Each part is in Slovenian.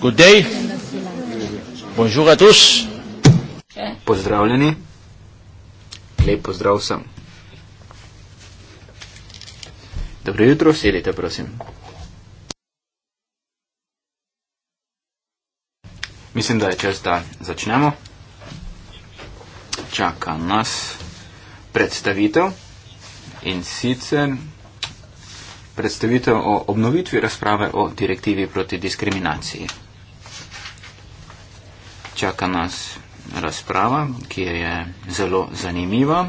Good day. Bonjour a tous. Pozdravljeni. Lep pozdrav vsem. Dobro jutro, sedite prosim. Mislim, da je čas, da začnemo. Čaka nas predstavitev in sicer predstavitev o obnovitvi razprave o direktivi proti diskriminaciji. Čaka nas razprava, ki je zelo zanimiva,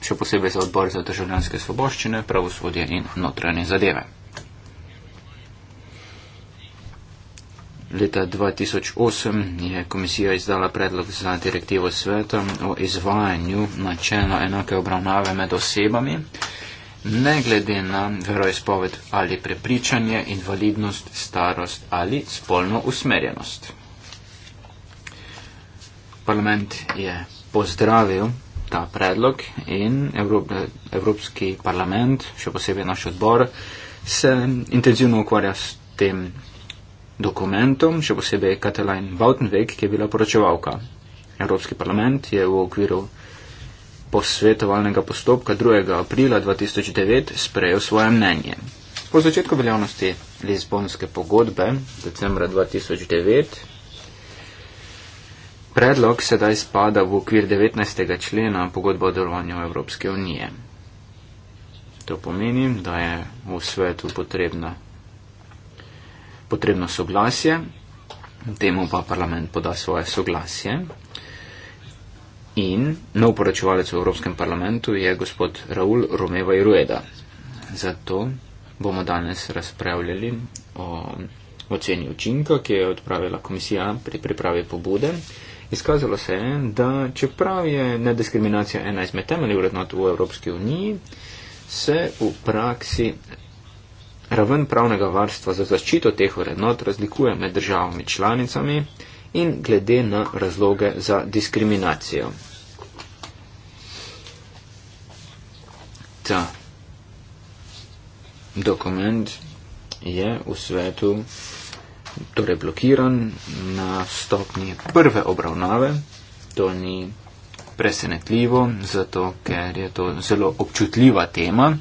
še posebej za odbor za državljanske svoboščine, pravosodje in notranje zadeve. Leta 2008 je komisija izdala predlog za direktivo sveta o izvajanju načela enake obravnave med osebami ne glede na veroizpoved ali prepričanje, invalidnost, starost ali spolno usmerjenost. Parlament je pozdravil ta predlog in Evropski parlament, še posebej naš odbor, se intenzivno ukvarja s tem dokumentom, še posebej Katalin Bautenweg, ki je bila poročevalka. Evropski parlament je v okviru posvetovalnega postopka 2. aprila 2009 sprejel svoje mnenje. Po začetku veljavnosti Lizbonske pogodbe decembra 2009 predlog sedaj spada v okvir 19. člena pogodbe o delovanju Evropske unije. To pomeni, da je v svetu potrebno, potrebno soglasje, temu pa parlament poda svoje soglasje in nov poročevalec v Evropskem parlamentu je gospod Raul Romeva Irueda. Zato bomo danes razpravljali o oceni učinka, ki je odpravila komisija pri pripravi pobude. Izkazalo se je, da čeprav je nediskriminacija ena izmed temeljih vrednot v Evropski uniji, se v praksi raven pravnega varstva za zaščito teh vrednot razlikuje med državami članicami in glede na razloge za diskriminacijo. ta dokument je v svetu torej blokiran na stopni prve obravnave. To ni presenetljivo, zato ker je to zelo občutljiva tema,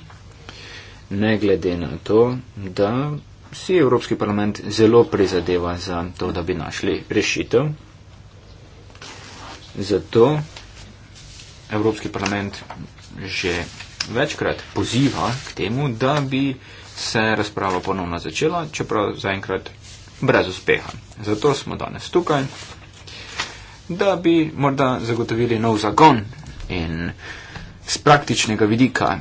ne glede na to, da si Evropski parlament zelo prizadeva za to, da bi našli rešitev. Zato Evropski parlament že večkrat poziva k temu, da bi se razprava ponovno začela, čeprav zaenkrat brez uspeha. Zato smo danes tukaj, da bi morda zagotovili nov zagon in z praktičnega vidika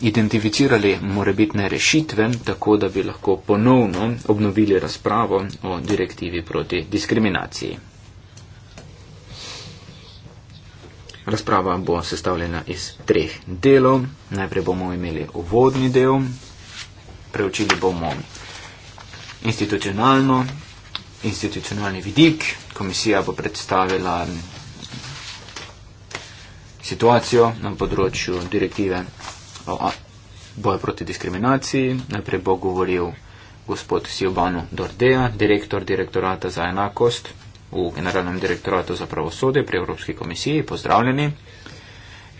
identificirali morebitne rešitve, tako da bi lahko ponovno obnovili razpravo o direktivi proti diskriminaciji. Razprava bo sestavljena iz treh delov. Najprej bomo imeli uvodni del, preučili bomo institucionalno, institucionalni vidik, komisija bo predstavila situacijo na področju direktive o boju proti diskriminaciji. Najprej bo govoril gospod Silvano Dordeja, direktor direktorata za enakost v Generalnem direktoratu za pravosodje pri Evropski komisiji. Pozdravljeni.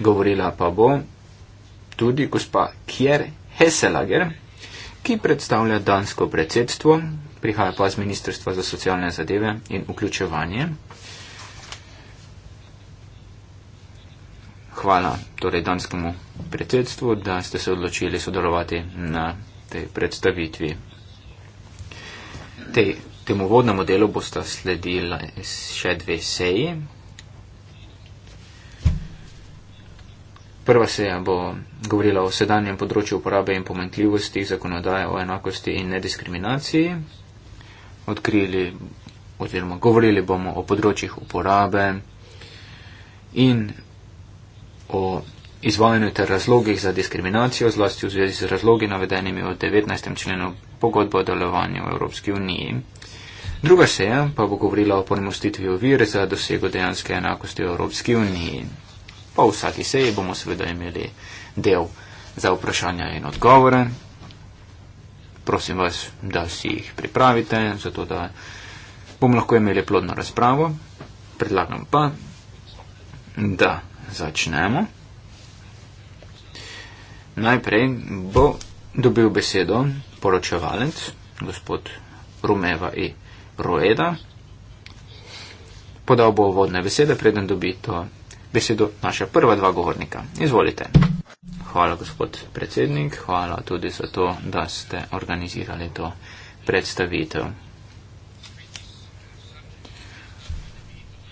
Govorila pa bo tudi gospa Kjer Heselager, ki predstavlja dansko predsedstvo, prihaja pa z Ministrstva za socialne zadeve in vključevanje. Hvala torej danskemu predsedstvu, da ste se odločili sodelovati na tej predstavitvi, tej temu vodnemu delu bosta sledila še dve seji. Prva seja bo govorila o sedanjem področju uporabe in pomankljivosti zakonodaje o enakosti in nediskriminaciji. Odkrili oziroma govorili bomo o področjih uporabe in o izvajanju ter razlogih za diskriminacijo, zlasti v zvezi z razlogi navedenimi v 19. členu pogodbe o delovanju v Evropski uniji. Druga seja pa bo govorila o premostitvi ovir za dosego dejanske enakosti v Evropski uniji. Po vsaki seji bomo seveda imeli del za vprašanja in odgovore. Prosim vas, da si jih pripravite, zato da bomo lahko imeli plodno razpravo. Predlagam pa, da začnemo. Najprej bo dobil besedo poročevalec, gospod Rumeva I. E. Roeda. Podal bo vodne besede, preden dobi to besedo naša prva dva govornika. Izvolite. Hvala, gospod predsednik. Hvala tudi za to, da ste organizirali to predstavitev.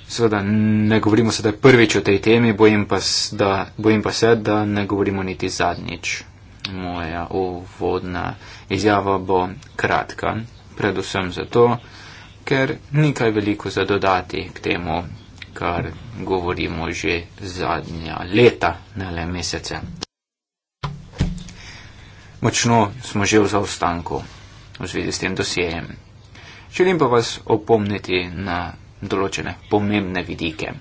Seveda ne govorimo sedaj prvič o tej temi, bojim pa, da, bojim pa se, da ne govorimo niti zadnjič. Moja uvodna izjava bo kratka, predvsem zato, ker ni kaj veliko za dodati k temu, kar govorimo že zadnja leta, ne le mesece. Močno smo že v zaostanku v zvezi s tem dosjejem. Želim pa vas opomniti na določene pomembne vidike.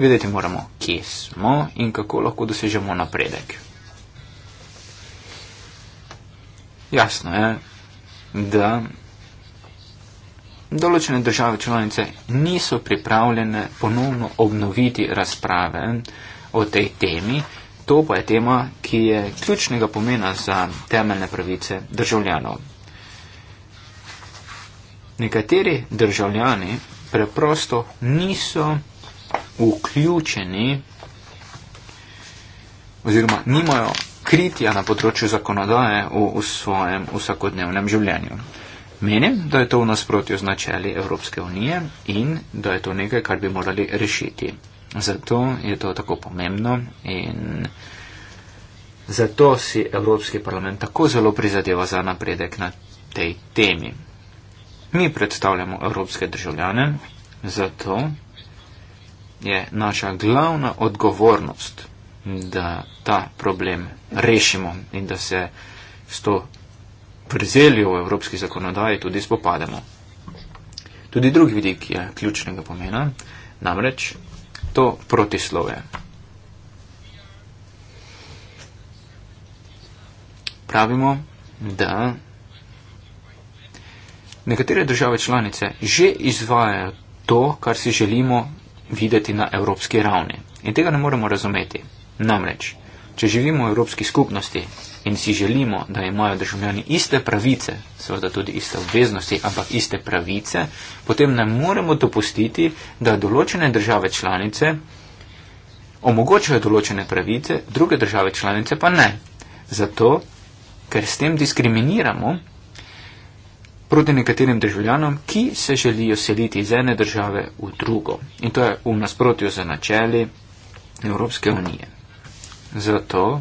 Vedeti moramo, kje smo in kako lahko dosežemo napredek. Jasno je, da določene države članice niso pripravljene ponovno obnoviti razprave o tej temi. To pa je tema, ki je ključnega pomena za temeljne pravice državljanov. Nekateri državljani preprosto niso vključeni oziroma nimajo kritja na področju zakonodaje v, v svojem vsakodnevnem življenju. Menim, da je to v nasprotju z načeli Evropske unije in da je to nekaj, kar bi morali rešiti. Zato je to tako pomembno in zato si Evropski parlament tako zelo prizadeva za napredek na tej temi. Mi predstavljamo evropske državljane, zato je naša glavna odgovornost, da ta problem rešimo in da se s to vrzeljo v evropski zakonodaji tudi spopademo. Tudi drugi vidik je ključnega pomena, namreč to protislove. Pravimo, da nekatere države članice že izvajajo to, kar si želimo videti na evropski ravni. In tega ne moremo razumeti. Namreč, če živimo v evropski skupnosti in si želimo, da imajo državljani iste pravice, seveda tudi iste obveznosti, ampak iste pravice, potem ne moremo dopustiti, da določene države članice omogočajo določene pravice, druge države članice pa ne. Zato, ker s tem diskriminiramo proti nekaterim državljanom, ki se želijo seliti iz ene države v drugo. In to je v nasprotju z načeli Evropske unije. Zato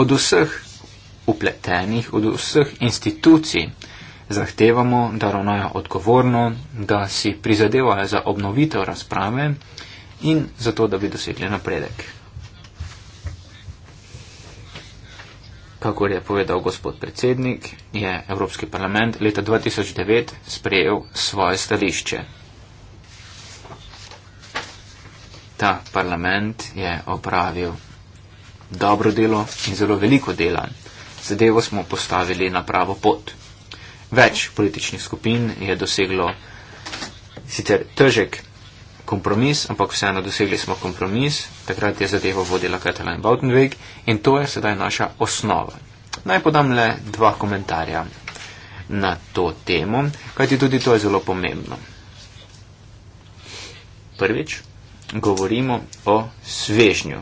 od vseh upletenih, od vseh institucij zahtevamo, da ravnajo odgovorno, da si prizadevajo za obnovitev razprave in zato, da bi dosegli napredek. Kakor je povedal gospod predsednik, je Evropski parlament leta 2009 sprejel svoje stališče. ta parlament je opravil dobro delo in zelo veliko dela. Zadevo smo postavili na pravo pot. Več političnih skupin je doseglo sicer težek kompromis, ampak vseeno dosegli smo kompromis. Takrat je zadevo vodila Katalin Bautenweg in to je sedaj naša osnova. Naj podam le dva komentarja na to temo, kajti tudi to je zelo pomembno. Prvič, govorimo o svežnju.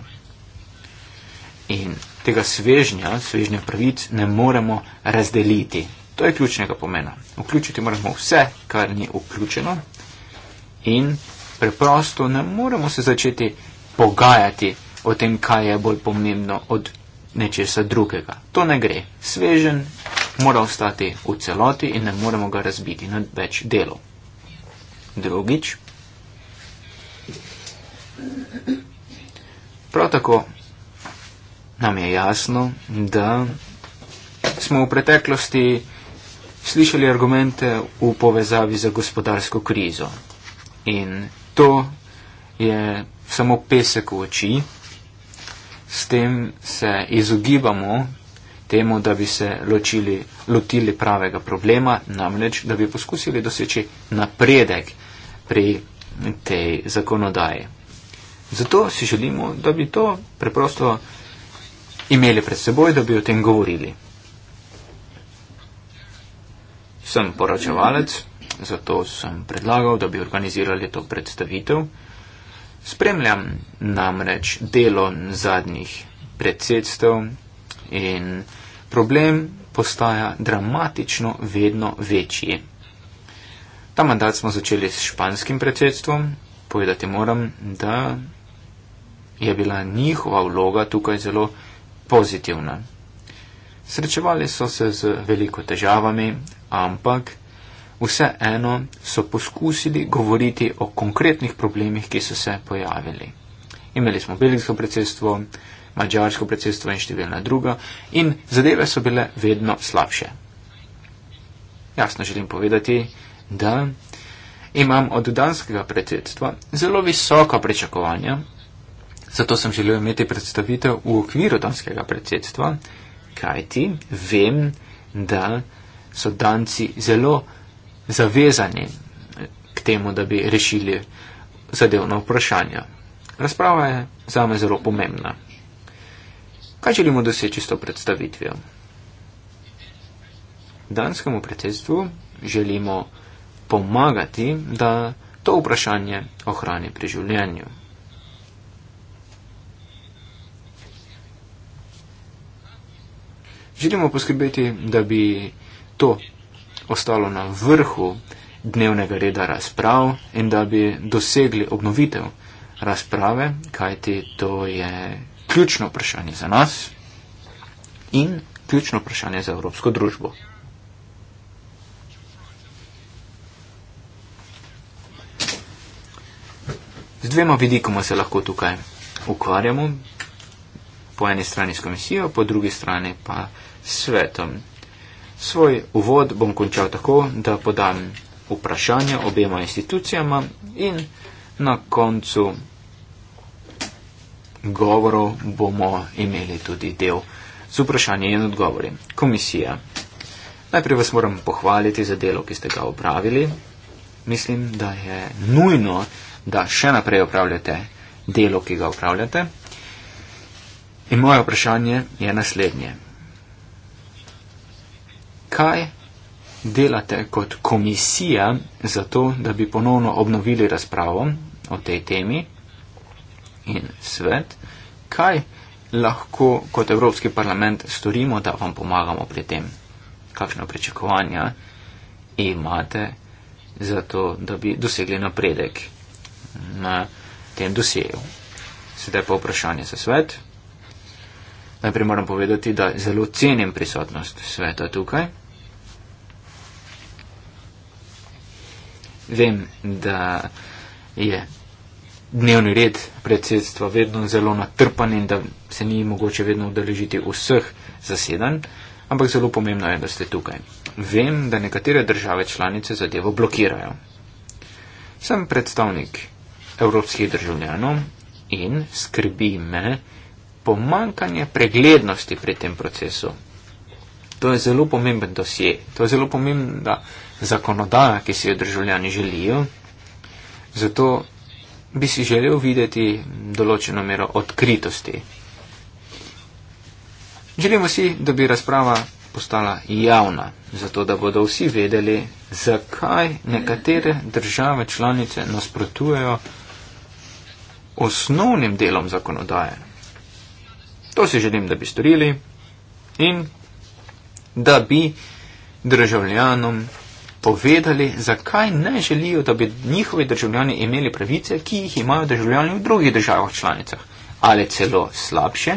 In tega svežnja, svežnja pravic, ne moremo razdeliti. To je ključnega pomena. Vključiti moramo vse, kar ni vključeno in preprosto ne moremo se začeti pogajati o tem, kaj je bolj pomembno od nečesa drugega. To ne gre. Svežen mora ostati v celoti in ne moremo ga razbiti na več delov. Drugič, Prav tako nam je jasno, da smo v preteklosti slišali argumente v povezavi z gospodarsko krizo. In to je samo pesek v oči, s tem se izogibamo temu, da bi se ločili, lotili pravega problema, namreč, da bi poskusili doseči napredek pri tej zakonodaji. Zato si želimo, da bi to preprosto imeli pred seboj, da bi o tem govorili. Sem poročevalec, zato sem predlagal, da bi organizirali to predstavitev. Spremljam namreč delo zadnjih predsedstev in problem postaja dramatično vedno večji. Ta mandat smo začeli s španskim predsedstvom. Povedati moram, da je bila njihova vloga tukaj zelo pozitivna. Srečevali so se z veliko težavami, ampak vseeno so poskusili govoriti o konkretnih problemih, ki so se pojavili. Imeli smo belgijsko predsedstvo, mađarsko predsedstvo in številna druga in zadeve so bile vedno slabše. Jasno želim povedati, da imam od danskega predsedstva zelo visoka pričakovanja, Zato sem želel imeti predstavitev v okviru danskega predsedstva, kajti vem, da so danci zelo zavezani k temu, da bi rešili zadevno vprašanje. Razprava je zame zelo pomembna. Kaj želimo doseči s to predstavitvijo? Danskemu predsedstvu želimo pomagati, da to vprašanje ohrani pri življenju. Želimo poskrbeti, da bi to ostalo na vrhu dnevnega reda razprav in da bi dosegli obnovitev razprave, kajti to je ključno vprašanje za nas in ključno vprašanje za evropsko družbo. Z dvema vidikoma se lahko tukaj ukvarjamo, po eni strani s komisijo, po drugi strani pa svetom. Svoj uvod bom končal tako, da podam vprašanja obema institucijama in na koncu govorov bomo imeli tudi del z vprašanji in odgovori. Komisija. Najprej vas moram pohvaliti za delo, ki ste ga opravili. Mislim, da je nujno, da še naprej opravljate delo, ki ga opravljate. In moje vprašanje je naslednje kaj delate kot komisija za to, da bi ponovno obnovili razpravo o tej temi in svet, kaj lahko kot Evropski parlament storimo, da vam pomagamo pri tem, kakšne pričakovanja imate za to, da bi dosegli napredek na tem dosegu. Sedaj pa vprašanje za svet. Najprej moram povedati, da zelo cenim prisotnost sveta tukaj, vem, da je dnevni red predsedstva vedno zelo natrpan in da se ni mogoče vedno udeležiti vseh zasedanj, ampak zelo pomembno je, da ste tukaj. Vem, da nekatere države članice zadevo blokirajo. Sem predstavnik evropskih državljanov in skrbi me pomankanje preglednosti pri tem procesu. To je zelo pomemben dosje, to je zelo pomembna zakonodaja, ki si jo državljani želijo. Zato bi si želel videti določeno mero odkritosti. Želimo si, da bi razprava postala javna, zato da bodo vsi vedeli, zakaj nekatere države članice nasprotujejo osnovnim delom zakonodaje. To si želim, da bi storili in da bi državljanom povedali, zakaj ne želijo, da bi njihovi državljani imeli pravice, ki jih imajo državljani v drugih državah članicah. Ali celo slabše,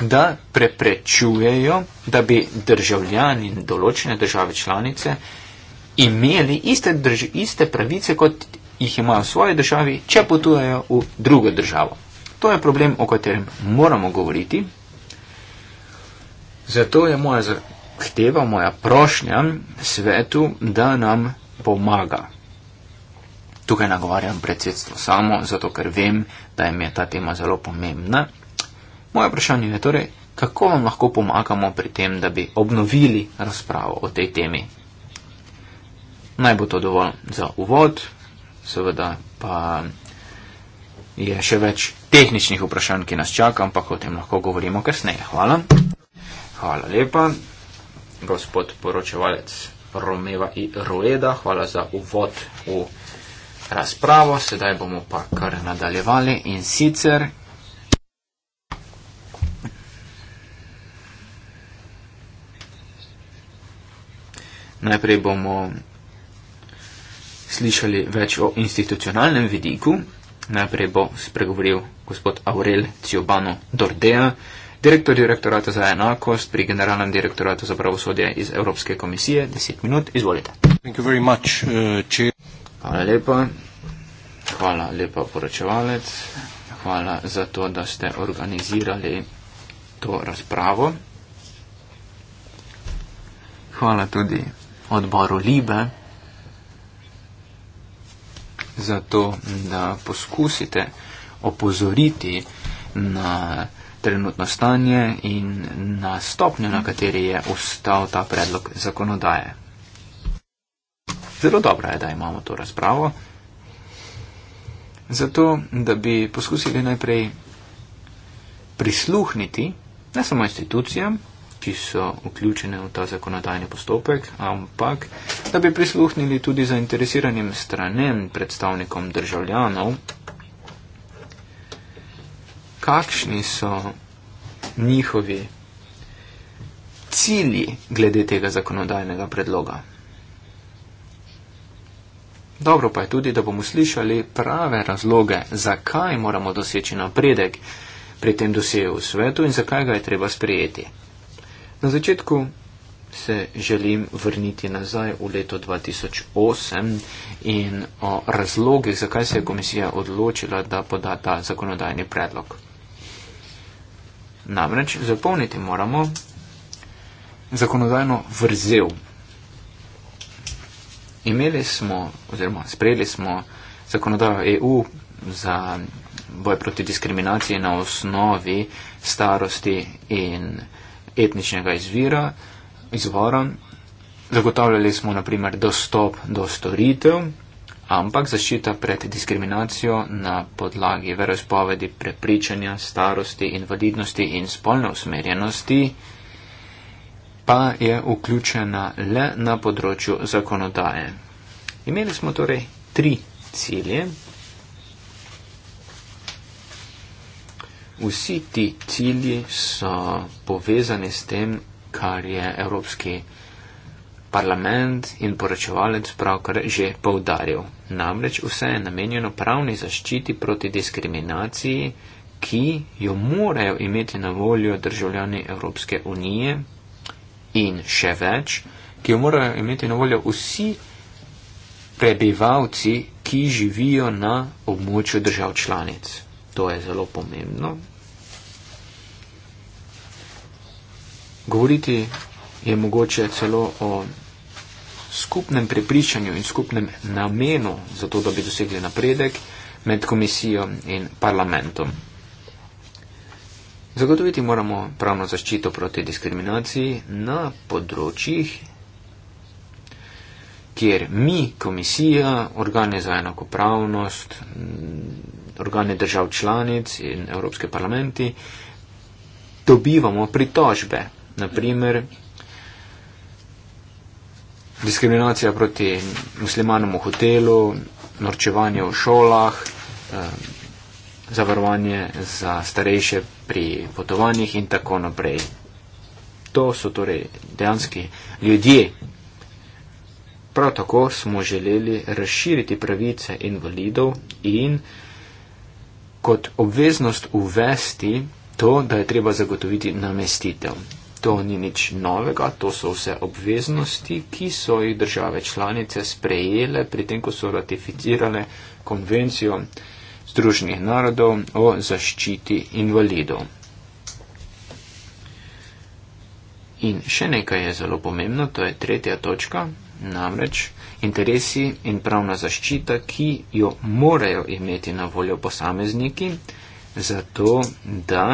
da preprečujejo, da bi državljani določene države članice imeli iste, drž iste pravice, kot jih imajo v svoji državi, če potujejo v drugo državo. To je problem, o katerem moramo govoriti. Zato je moja zahteva, moja prošnja svetu, da nam pomaga. Tukaj nagovarjam predsedstvo samo, zato ker vem, da jim je ta tema zelo pomembna. Moje vprašanje je torej, kako vam lahko pomagamo pri tem, da bi obnovili razpravo o tej temi. Naj bo to dovolj za uvod, seveda pa je še več tehničnih vprašanj, ki nas čaka, ampak o tem lahko govorimo kasneje. Hvala. Hvala lepa gospod poročevalec Romeva i Rueda, hvala za uvod v razpravo, sedaj bomo pa kar nadaljevali in sicer. Najprej bomo slišali več o institucionalnem vidiku. Najprej bo spregovoril gospod Aurel Ciobano Dordea, direktor direktorata za enakost pri generalnem direktoratu za pravosodje iz Evropske komisije. 10 minut, izvolite. Much, uh, če... Hvala lepa. Hvala lepa, poročevalec. Hvala za to, da ste organizirali to razpravo. Hvala tudi odboru Libe za to, da poskusite opozoriti na trenutno stanje in na stopnjo, na kateri je ustal ta predlog zakonodaje. Zelo dobro je, da imamo to razpravo. Zato, da bi poskusili najprej prisluhniti ne samo institucijam, ki so vključene v ta zakonodajni postopek, ampak da bi prisluhnili tudi zainteresiranim stranem, predstavnikom državljanov, kakšni so njihovi cilji glede tega zakonodajnega predloga. Dobro pa je tudi, da bomo slišali prave razloge, zakaj moramo doseči napredek pri tem dosegu v svetu in zakaj ga je treba sprejeti. Na začetku se želim vrniti nazaj v leto 2008 in o razlogih, zakaj se je komisija odločila, da poda ta zakonodajni predlog. Namreč zapolniti moramo zakonodajno vrzel. Imeli smo, oziroma sprejeli smo zakonodajo EU za boj proti diskriminaciji na osnovi starosti in etničnega izvira, izvora. Zagotavljali smo naprimer dostop do storitev, ampak zaščita pred diskriminacijo na podlagi verozpovedi, prepričanja, starosti, invalidnosti in spolne usmerjenosti pa je vključena le na področju zakonodaje. Imeli smo torej tri cilje. Vsi ti cilji so povezani s tem, kar je Evropski parlament parlament in poročevalec pravkar že poudarjal. Namreč vse je namenjeno pravni zaščiti proti diskriminaciji, ki jo morajo imeti na voljo državljani Evropske unije in še več, ki jo morajo imeti na voljo vsi prebivalci, ki živijo na območju držav članic. To je zelo pomembno. Govoriti je mogoče celo o skupnem prepričanju in skupnem namenu za to, da bi dosegli napredek med komisijo in parlamentom. Zagotoviti moramo pravno zaščito proti diskriminaciji na področjih, kjer mi, komisija, organe za enakopravnost, organe držav članic in Evropske parlamenti dobivamo pritožbe. Naprimer, diskriminacija proti muslimanom v hotelu, norčevanje v šolah, eh, zavarovanje za starejše pri potovanjih in tako naprej. To so torej dejanski ljudje. Prav tako smo želeli razširiti pravice invalidov in kot obveznost uvesti to, da je treba zagotoviti namestitev. To ni nič novega, to so vse obveznosti, ki so jih države članice sprejele pri tem, ko so ratificirale konvencijo Združenih narodov o zaščiti invalidov. In še nekaj je zelo pomembno, to je tretja točka, namreč interesi in pravna zaščita, ki jo morajo imeti na voljo posamezniki, zato da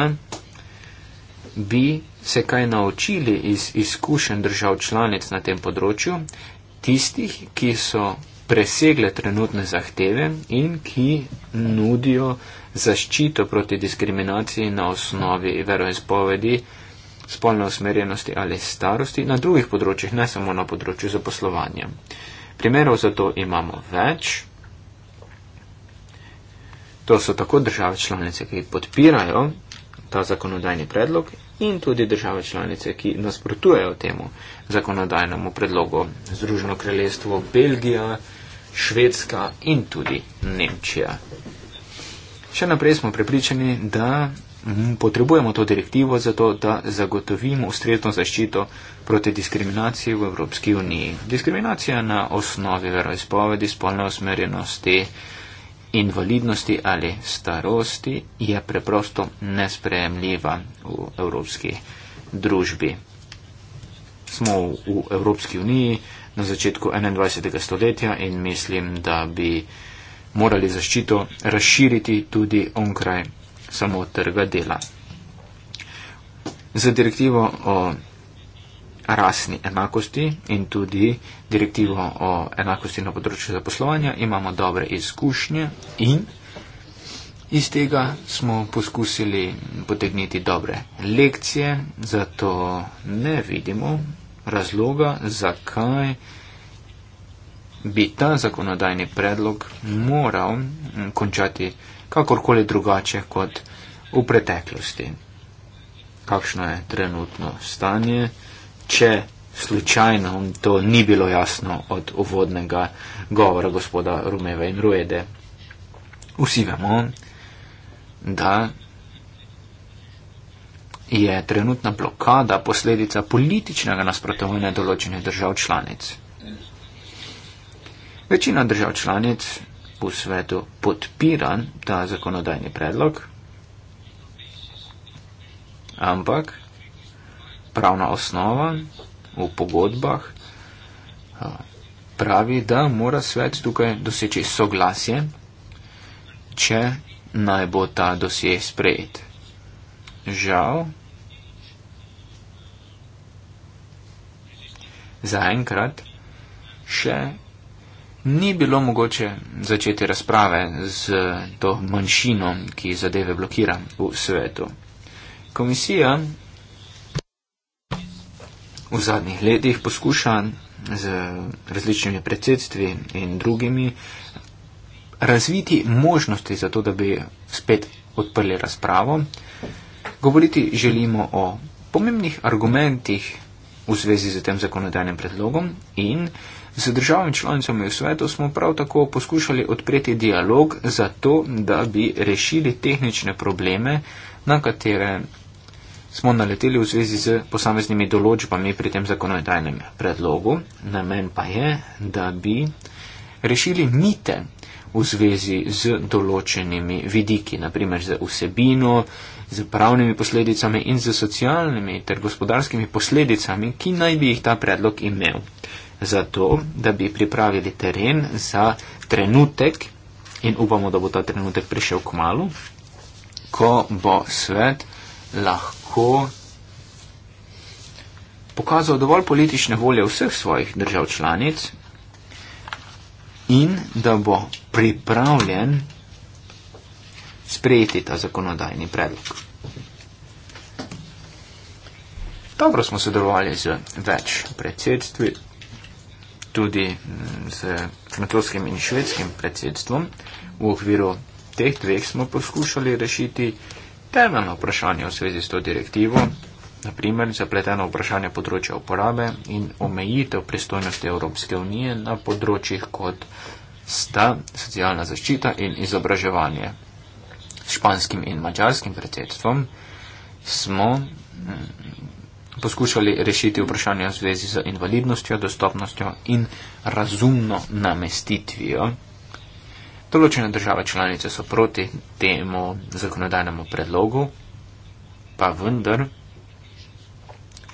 bi se kaj naučili iz izkušenj držav članic na tem področju, tistih, ki so presegle trenutne zahteve in ki nudijo zaščito proti diskriminaciji na osnovi veroizpovedi, spolne usmerjenosti ali starosti na drugih področjih, ne samo na področju zaposlovanja. Primerov za to imamo več. To so tako države članice, ki podpirajo ta zakonodajni predlog in tudi države članice, ki nasprotujejo temu zakonodajnemu predlogu. Združeno kraljestvo, Belgija, Švedska in tudi Nemčija. Še naprej smo prepričani, da potrebujemo to direktivo zato, da zagotovimo ustrezno zaščito proti diskriminaciji v Evropski uniji. Diskriminacija na osnovi veroizpovedi, spolne osmerjenosti, invalidnosti ali starosti je preprosto nespremljiva v evropski družbi. Smo v Evropski uniji na začetku 21. stoletja in mislim, da bi morali zaščito razširiti tudi onkraj samo trga dela. Za direktivo o rasni enakosti in tudi direktivo o enakosti na področju zaposlovanja, imamo dobre izkušnje in iz tega smo poskusili potegniti dobre lekcije, zato ne vidimo razloga, zakaj bi ta zakonodajni predlog moral končati kakorkoli drugače kot v preteklosti. Kakšno je trenutno stanje, če slučajno, to ni bilo jasno od uvodnega govora gospoda Rumeve in Ruede. Vsi vemo, da je trenutna blokada posledica političnega nasprotovanja določenih držav članic. Večina držav članic v svetu podpira ta zakonodajni predlog, ampak pravna osnova v pogodbah, pravi, da mora svet tukaj doseči soglasje, če naj bo ta dosje sprejet. Žal, zaenkrat še ni bilo mogoče začeti razprave z to manjšino, ki zadeve blokira v svetu. Komisija v zadnjih letih poskušanj z različnimi predsedstvi in drugimi razviti možnosti za to, da bi spet odprli razpravo. Govoriti želimo o pomembnih argumentih v zvezi z tem zakonodajnim predlogom in z državami članicami v svetu smo prav tako poskušali odpreti dialog za to, da bi rešili tehnične probleme, na katere smo naleteli v zvezi z posameznimi določbami pri tem zakonodajnem predlogu. Namen pa je, da bi rešili mite v zvezi z določenimi vidiki, naprimer z vsebino, z pravnimi posledicami in z socialnimi ter gospodarskimi posledicami, ki naj bi jih ta predlog imel. Zato, da bi pripravili teren za trenutek in upamo, da bo ta trenutek prišel k malu, ko bo svet lahko pokazal dovolj politične volje vseh svojih držav članic in da bo pripravljen sprejeti ta zakonodajni predlog. Dobro smo sodelovali z več predsedstvi, tudi z mm, francoskim in švedskim predsedstvom. V okviru teh dveh smo poskušali rešiti uh, Temeljno vprašanje v svezi s to direktivo, naprimer zapleteno vprašanje področja uporabe in omejitev pristojnosti Evropske unije na področjih kot sta socialna zaščita in izobraževanje. S španskim in mačarskim predsedstvom smo mm, poskušali rešiti vprašanje v zvezi z invalidnostjo, dostopnostjo in razumno namestitvijo Določene države članice so proti temu zakonodajnemu predlogu, pa vendar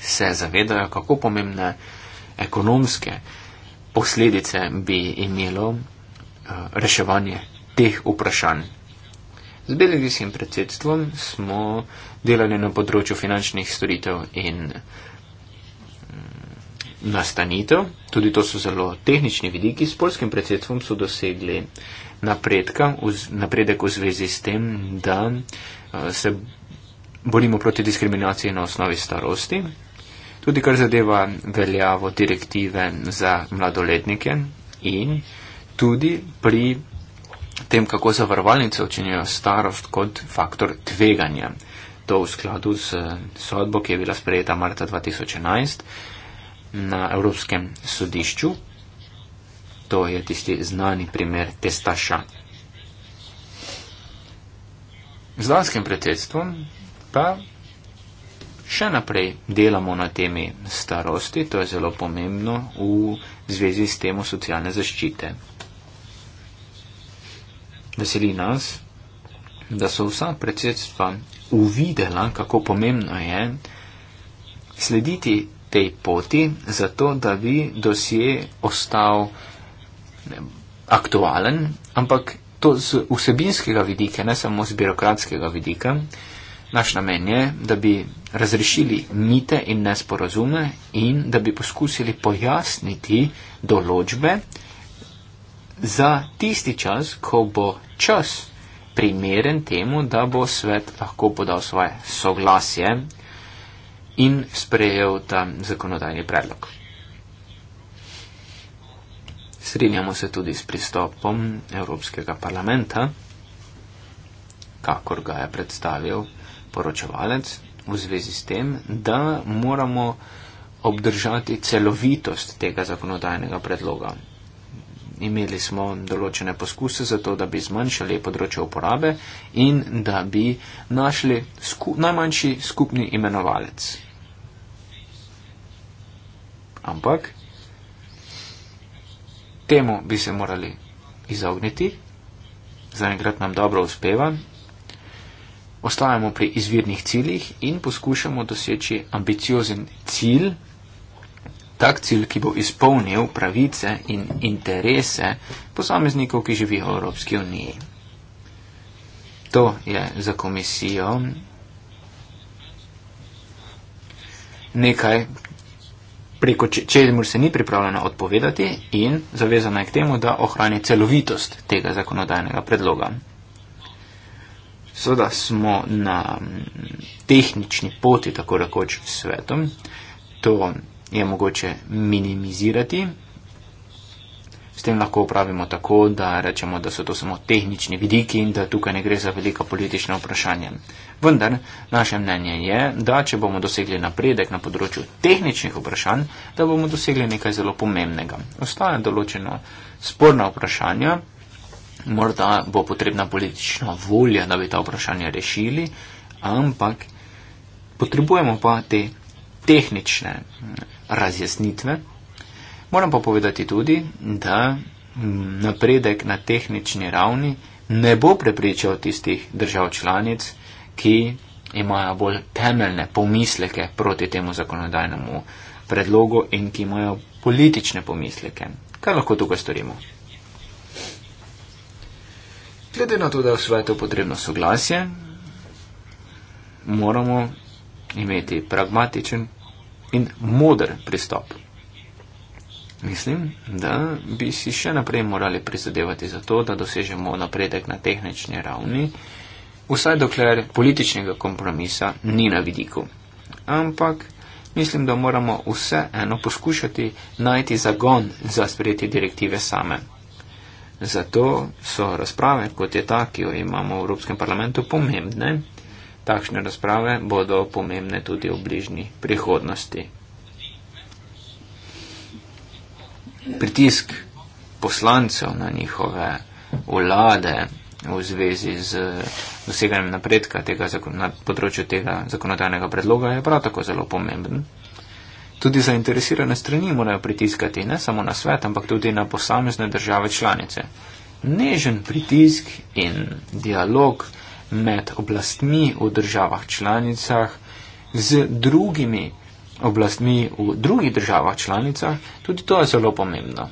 se zavedajo, kako pomembne ekonomske posledice bi imelo eh, reševanje teh vprašanj. Z belgijskim predsedstvom smo delali na področju finančnih storitev in mm, nastanitev. Tudi to so zelo tehnični vidiki. S polskim predsedstvom so dosegli napredka, napredek v zvezi s tem, da eh, se borimo proti diskriminaciji na osnovi starosti. Tudi kar zadeva veljavo direktive za mladoletnike in tudi pri tem, kako zavarovalnice očinjajo starost kot faktor tveganja. To v skladu z eh, sodbo, ki je bila sprejeta marca 2011 na Evropskem sodišču, To je tisti znani primer testaša. Z lanskim predsedstvom pa še naprej delamo na temi starosti, to je zelo pomembno v zvezi s temo socialne zaščite. Veseli nas, da so vsa predsedstva uvidela, kako pomembno je slediti tej poti, zato da bi dosje ostal vem, aktualen, ampak to z vsebinskega vidika, ne samo z birokratskega vidika. Naš namen je, da bi razrešili mite in nesporazume in da bi poskusili pojasniti določbe za tisti čas, ko bo čas primeren temu, da bo svet lahko podal svoje soglasje in sprejel ta zakonodajni predlog. Strinjamo se tudi s pristopom Evropskega parlamenta, kakor ga je predstavil poročevalec, v zvezi s tem, da moramo obdržati celovitost tega zakonodajnega predloga. Imeli smo določene poskuse za to, da bi zmanjšali področje uporabe in da bi našli sku najmanjši skupni imenovalec. Ampak temu bi se morali izogniti. Zaenkrat nam dobro uspeva. Ostajamo pri izvirnih ciljih in poskušamo doseči ambiciozen cilj, tak cilj, ki bo izpolnil pravice in interese posameznikov, ki živijo v Evropski uniji. To je za komisijo nekaj, preko čemu če se ni pripravljena odpovedati in zavezana je k temu, da ohrani celovitost tega zakonodajnega predloga. Sveda smo na tehnični poti, tako rekoč, s svetom. To je mogoče minimizirati, S tem lahko upravimo tako, da rečemo, da so to samo tehnični vidiki in da tukaj ne gre za velika politična vprašanja. Vendar naše mnenje je, da če bomo dosegli napredek na področju tehničnih vprašanj, da bomo dosegli nekaj zelo pomembnega. Ostaja določeno sporna vprašanja, morda bo potrebna politična volja, da bi ta vprašanja rešili, ampak potrebujemo pa te tehnične mm, razjasnitve, Moram pa povedati tudi, da napredek na tehnični ravni ne bo prepričal tistih držav članic, ki imajo bolj temeljne pomisleke proti temu zakonodajnemu predlogu in ki imajo politične pomisleke. Kaj lahko tukaj storimo? Glede na to, da je v svetu potrebno soglasje, moramo imeti pragmatičen in modr pristop. Mislim, da bi si še naprej morali prizadevati za to, da dosežemo napredek na tehnični ravni, vsaj dokler političnega kompromisa ni na vidiku. Ampak mislim, da moramo vse eno poskušati najti zagon za sprejeti direktive same. Zato so razprave, kot je ta, ki jo imamo v Evropskem parlamentu, pomembne. Takšne razprave bodo pomembne tudi v bližnji prihodnosti. pritisk poslancev na njihove vlade v zvezi z doseganjem napredka tega, na področju tega zakonodajnega predloga je prav tako zelo pomemben. Tudi zainteresirane strani morajo pritiskati ne samo na svet, ampak tudi na posamezne države članice. Nežen pritisk in dialog med oblastmi v državah članicah z drugimi oblastmi v drugih državah članicah, tudi to je zelo pomembno.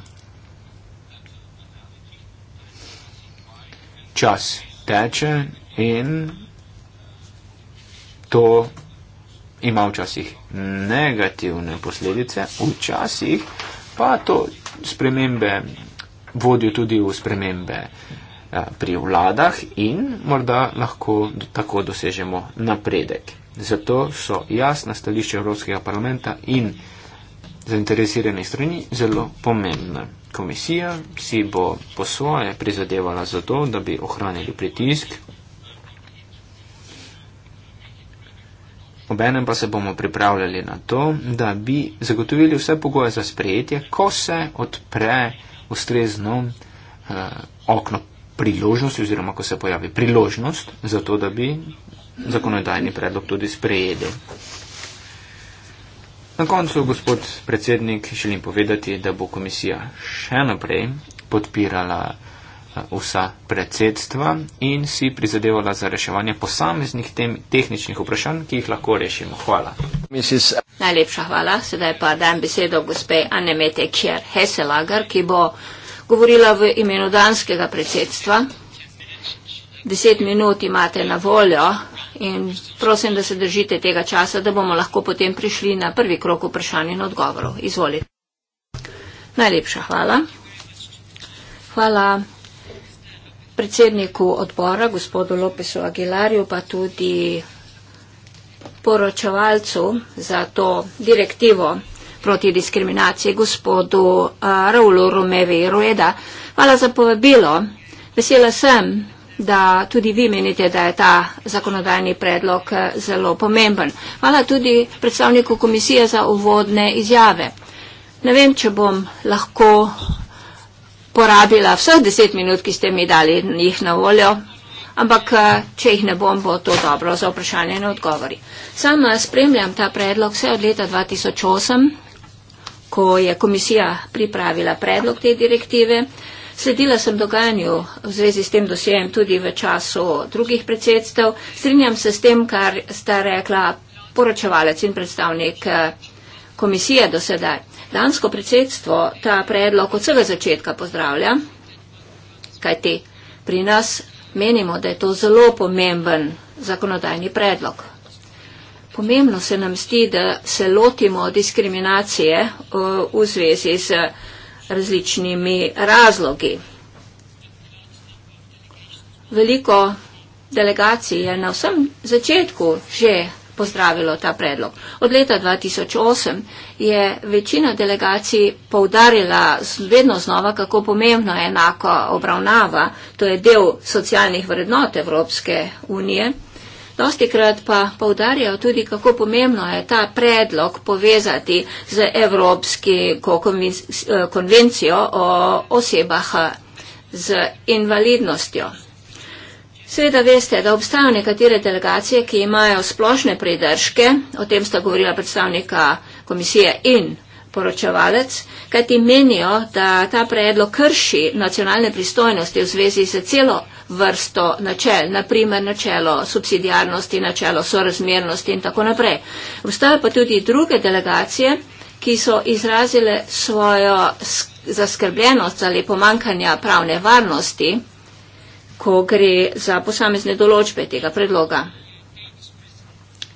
Čas teče in to ima včasih negativne posledice, včasih pa to spremembe vodijo tudi v spremembe eh, pri vladah in morda lahko tako dosežemo napredek. Zato so jasna stališča Evropskega parlamenta in zainteresirane strani zelo pomembne. Komisija si bo po svoje prizadevala za to, da bi ohranili pritisk. Obenem pa se bomo pripravljali na to, da bi zagotovili vse pogoje za sprejetje, ko se odpre ustrezno eh, okno priložnosti oziroma ko se pojavi priložnost za to, da bi zakonodajni predlog tudi sprejeli. Na koncu, gospod predsednik, želim povedati, da bo komisija še naprej podpirala eh, vsa predsedstva in si prizadevala za reševanje posameznih tem tehničnih vprašanj, ki jih lahko rešimo. Hvala. Mrs. Najlepša hvala. Sedaj pa dajem besedo gospe Annemete Kjer Heselager, ki bo govorila v imenu danskega predsedstva. Deset minut imate na voljo in prosim, da se držite tega časa, da bomo lahko potem prišli na prvi krok vprašanj in odgovorov. Izvolite. Najlepša hvala. Hvala predsedniku odbora, gospodu Lopesu Aguilarju, pa tudi poročevalcu za to direktivo proti diskriminaciji, gospodu eh, Raulu Rumeviru. Hvala za povabilo. Vesela sem, da tudi vi menite, da je ta zakonodajni predlog eh, zelo pomemben. Hvala tudi predstavniku komisije za uvodne izjave. Ne vem, če bom lahko porabila vseh deset minut, ki ste mi dali njih na voljo, ampak eh, če jih ne bom, bo to dobro za vprašanje in odgovori. Sam spremljam ta predlog vse od leta 2008, ko je komisija pripravila predlog te direktive. Sledila sem dogajanju v zvezi s tem dosjejem tudi v času drugih predsedstev. Strinjam se s tem, kar sta rekla poročevalec in predstavnik eh, komisije do sedaj. Dansko predsedstvo ta predlog od vsega začetka pozdravlja, kajti pri nas menimo, da je to zelo pomemben zakonodajni predlog. Pomembno se nam sti, da se lotimo diskriminacije eh, v zvezi z različnimi razlogi. Veliko delegacij je na vsem začetku že pozdravilo ta predlog. Od leta 2008 je večina delegacij poudarila vedno znova, kako pomembno je enako obravnava, to je del socialnih vrednot Evropske unije. Dosti krat pa povdarjajo tudi, kako pomembno je ta predlog povezati z Evropsko eh, konvencijo o osebah eh, z invalidnostjo. Sveda veste, da obstajajo nekatere delegacije, ki imajo splošne pridržke, o tem sta govorila predstavnika komisije in poročevalec, kajti menijo, da ta predlog krši nacionalne pristojnosti v zvezi z celo vrsto načel, naprimer načelo subsidijarnosti, načelo sorazmernosti in tako naprej. Vstajajo pa tudi druge delegacije, ki so izrazile svojo zaskrbljenost ali pomankanja pravne varnosti, ko gre za posamezne določbe tega predloga.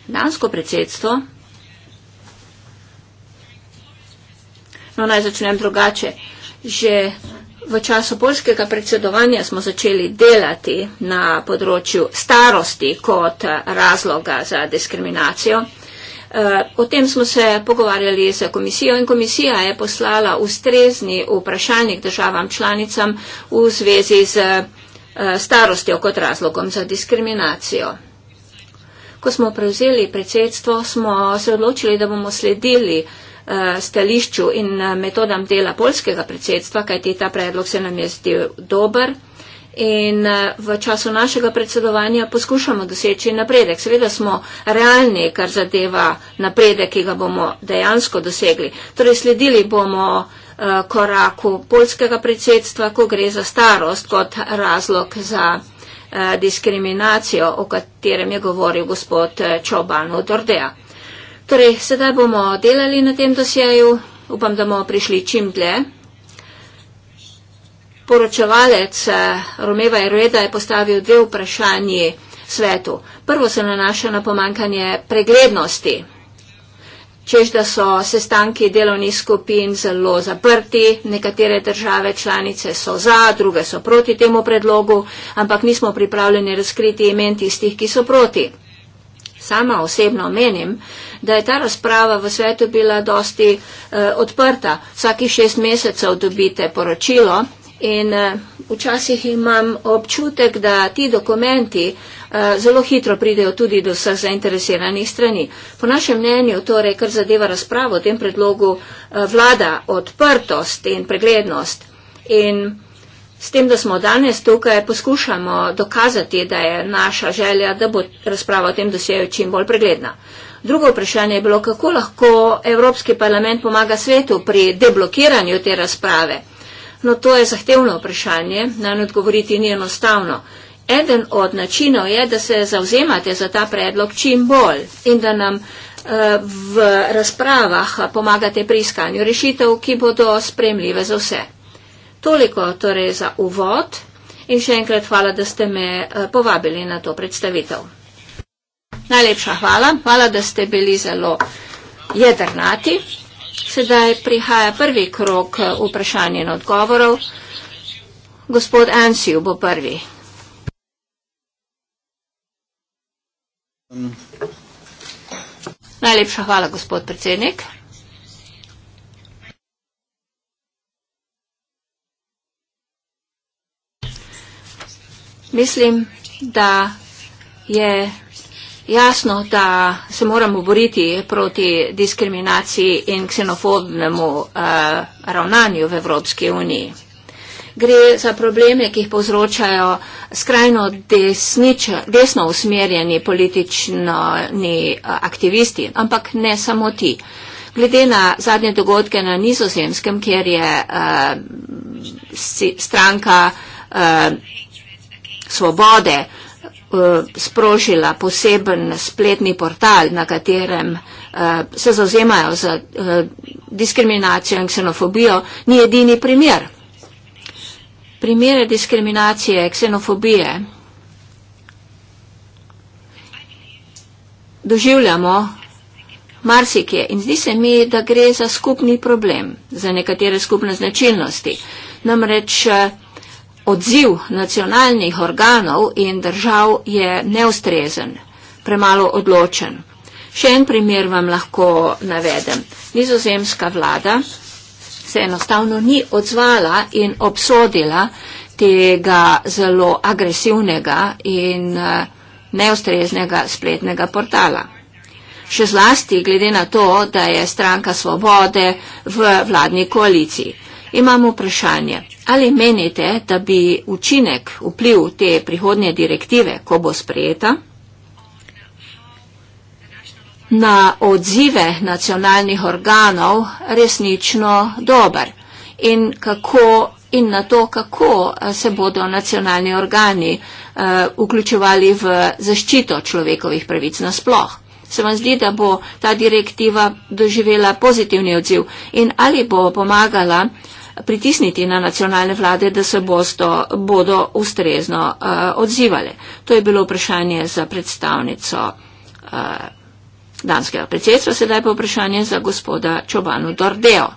Dansko predsedstvo No, naj začnem drugače. Že v času polskega predsedovanja smo začeli delati na področju starosti kot razloga za diskriminacijo. Eh, o tem smo se pogovarjali z komisijo in komisija je poslala ustrezni vprašalnik državam članicam v zvezi z eh, starostjo kot razlogom za diskriminacijo. Ko smo prevzeli predsedstvo, smo se odločili, da bomo sledili uh, Eh, stališču in eh, metodam dela polskega predsedstva, kajti ta predlog se nam je zdel dober. In eh, v času našega predsedovanja poskušamo doseči napredek. Seveda smo realni, kar zadeva napredek, ki ga bomo dejansko dosegli. Torej sledili bomo koraku polskega predsedstva, ko gre za starost kot razlog za diskriminacijo, o katerem je govoril gospod Čoban od Ordeja. Torej, sedaj bomo delali na tem dosjeju. Upam, da bomo prišli čim dlje. Poročevalec eh, Romeva Ereda je postavil dve vprašanji svetu. Prvo se nanaša na pomankanje preglednosti. Čež, da so sestanki delovnih skupin zelo zaprti, nekatere države članice so za, druge so proti temu predlogu, ampak nismo pripravljeni razkriti imen tistih, ki so proti. Sama osebno menim, da je ta razprava v svetu bila dosti eh, odprta. Vsakih šest mesecev dobite poročilo in eh, včasih imam občutek, da ti dokumenti eh, zelo hitro pridejo tudi do vseh zainteresiranih strani. Po našem mnenju, torej, kar zadeva razpravo o tem predlogu, eh, vlada odprtost in preglednost. In S tem, da smo danes tukaj, poskušamo dokazati, da je naša želja, da bo razprava o tem dosegla čim bolj pregledna. Uh, Drugo vprašanje je bilo, kako lahko Evropski parlament pomaga svetu pri deblokiranju te razprave. No, to je zahtevno vprašanje, naj odgovoriti ni enostavno. Eden od načinov je, da se zauzemate za ta predlog čim bolj in da nam eh, v razpravah pomagate pri iskanju rešitev, ki bodo spremljive za vse. Toliko torej za uvod in še enkrat hvala, da ste me eh, povabili na to predstavitev. Najlepša hvala. Hvala, da ste bili zelo jedrnati. Sedaj prihaja prvi krok eh, vprašanj in odgovorov. Gospod Ansiju bo prvi. Najlepša hvala, gospod predsednik. Mislim, da je jasno, da se moramo boriti proti diskriminaciji in ksenofobnemu uh, ravnanju v Evropski uniji. Gre za probleme, ki jih povzročajo skrajno desnič, desno usmerjeni politični eh, aktivisti, ampak ne samo ti. Glede na zadnje dogodke na nizozemskem, kjer je uh, stranka uh, svobode uh, Eh, sprožila poseben spletni portal, na katerem uh, se zauzemajo za uh, diskriminacijo in ksenofobijo, ni edini primer. Primere diskriminacije, ksenofobije doživljamo marsikje in zdi se mi, da gre za skupni problem, za nekatere skupne značilnosti. Namreč uh, odziv nacionalnih organov in držav je neustrezen, premalo odločen. Še en primer vam lahko navedem. Nizozemska vlada se enostavno ni odzvala in obsodila tega zelo agresivnega in eh, neustreznega spletnega portala. Še zlasti glede na to, da je stranka svobode v vladni koaliciji. Imam vprašanje, ali menite, da bi učinek vpliv te prihodnje direktive, ko bo sprejeta, na odzive nacionalnih organov resnično dober in, kako, in na to, kako eh, se bodo nacionalni organi uh, vključevali v zaščito človekovih pravic nasploh. Se vam zdi, da bo ta direktiva doživela pozitivni odziv in ali bo pomagala uh, pritisniti na nacionalne vlade, da se bosto, bodo ustrezno uh, eh, odzivali. To je bilo vprašanje za predstavnico uh, danskega predsedstva, sedaj pa vprašanje za gospoda Čobanu Dordeo.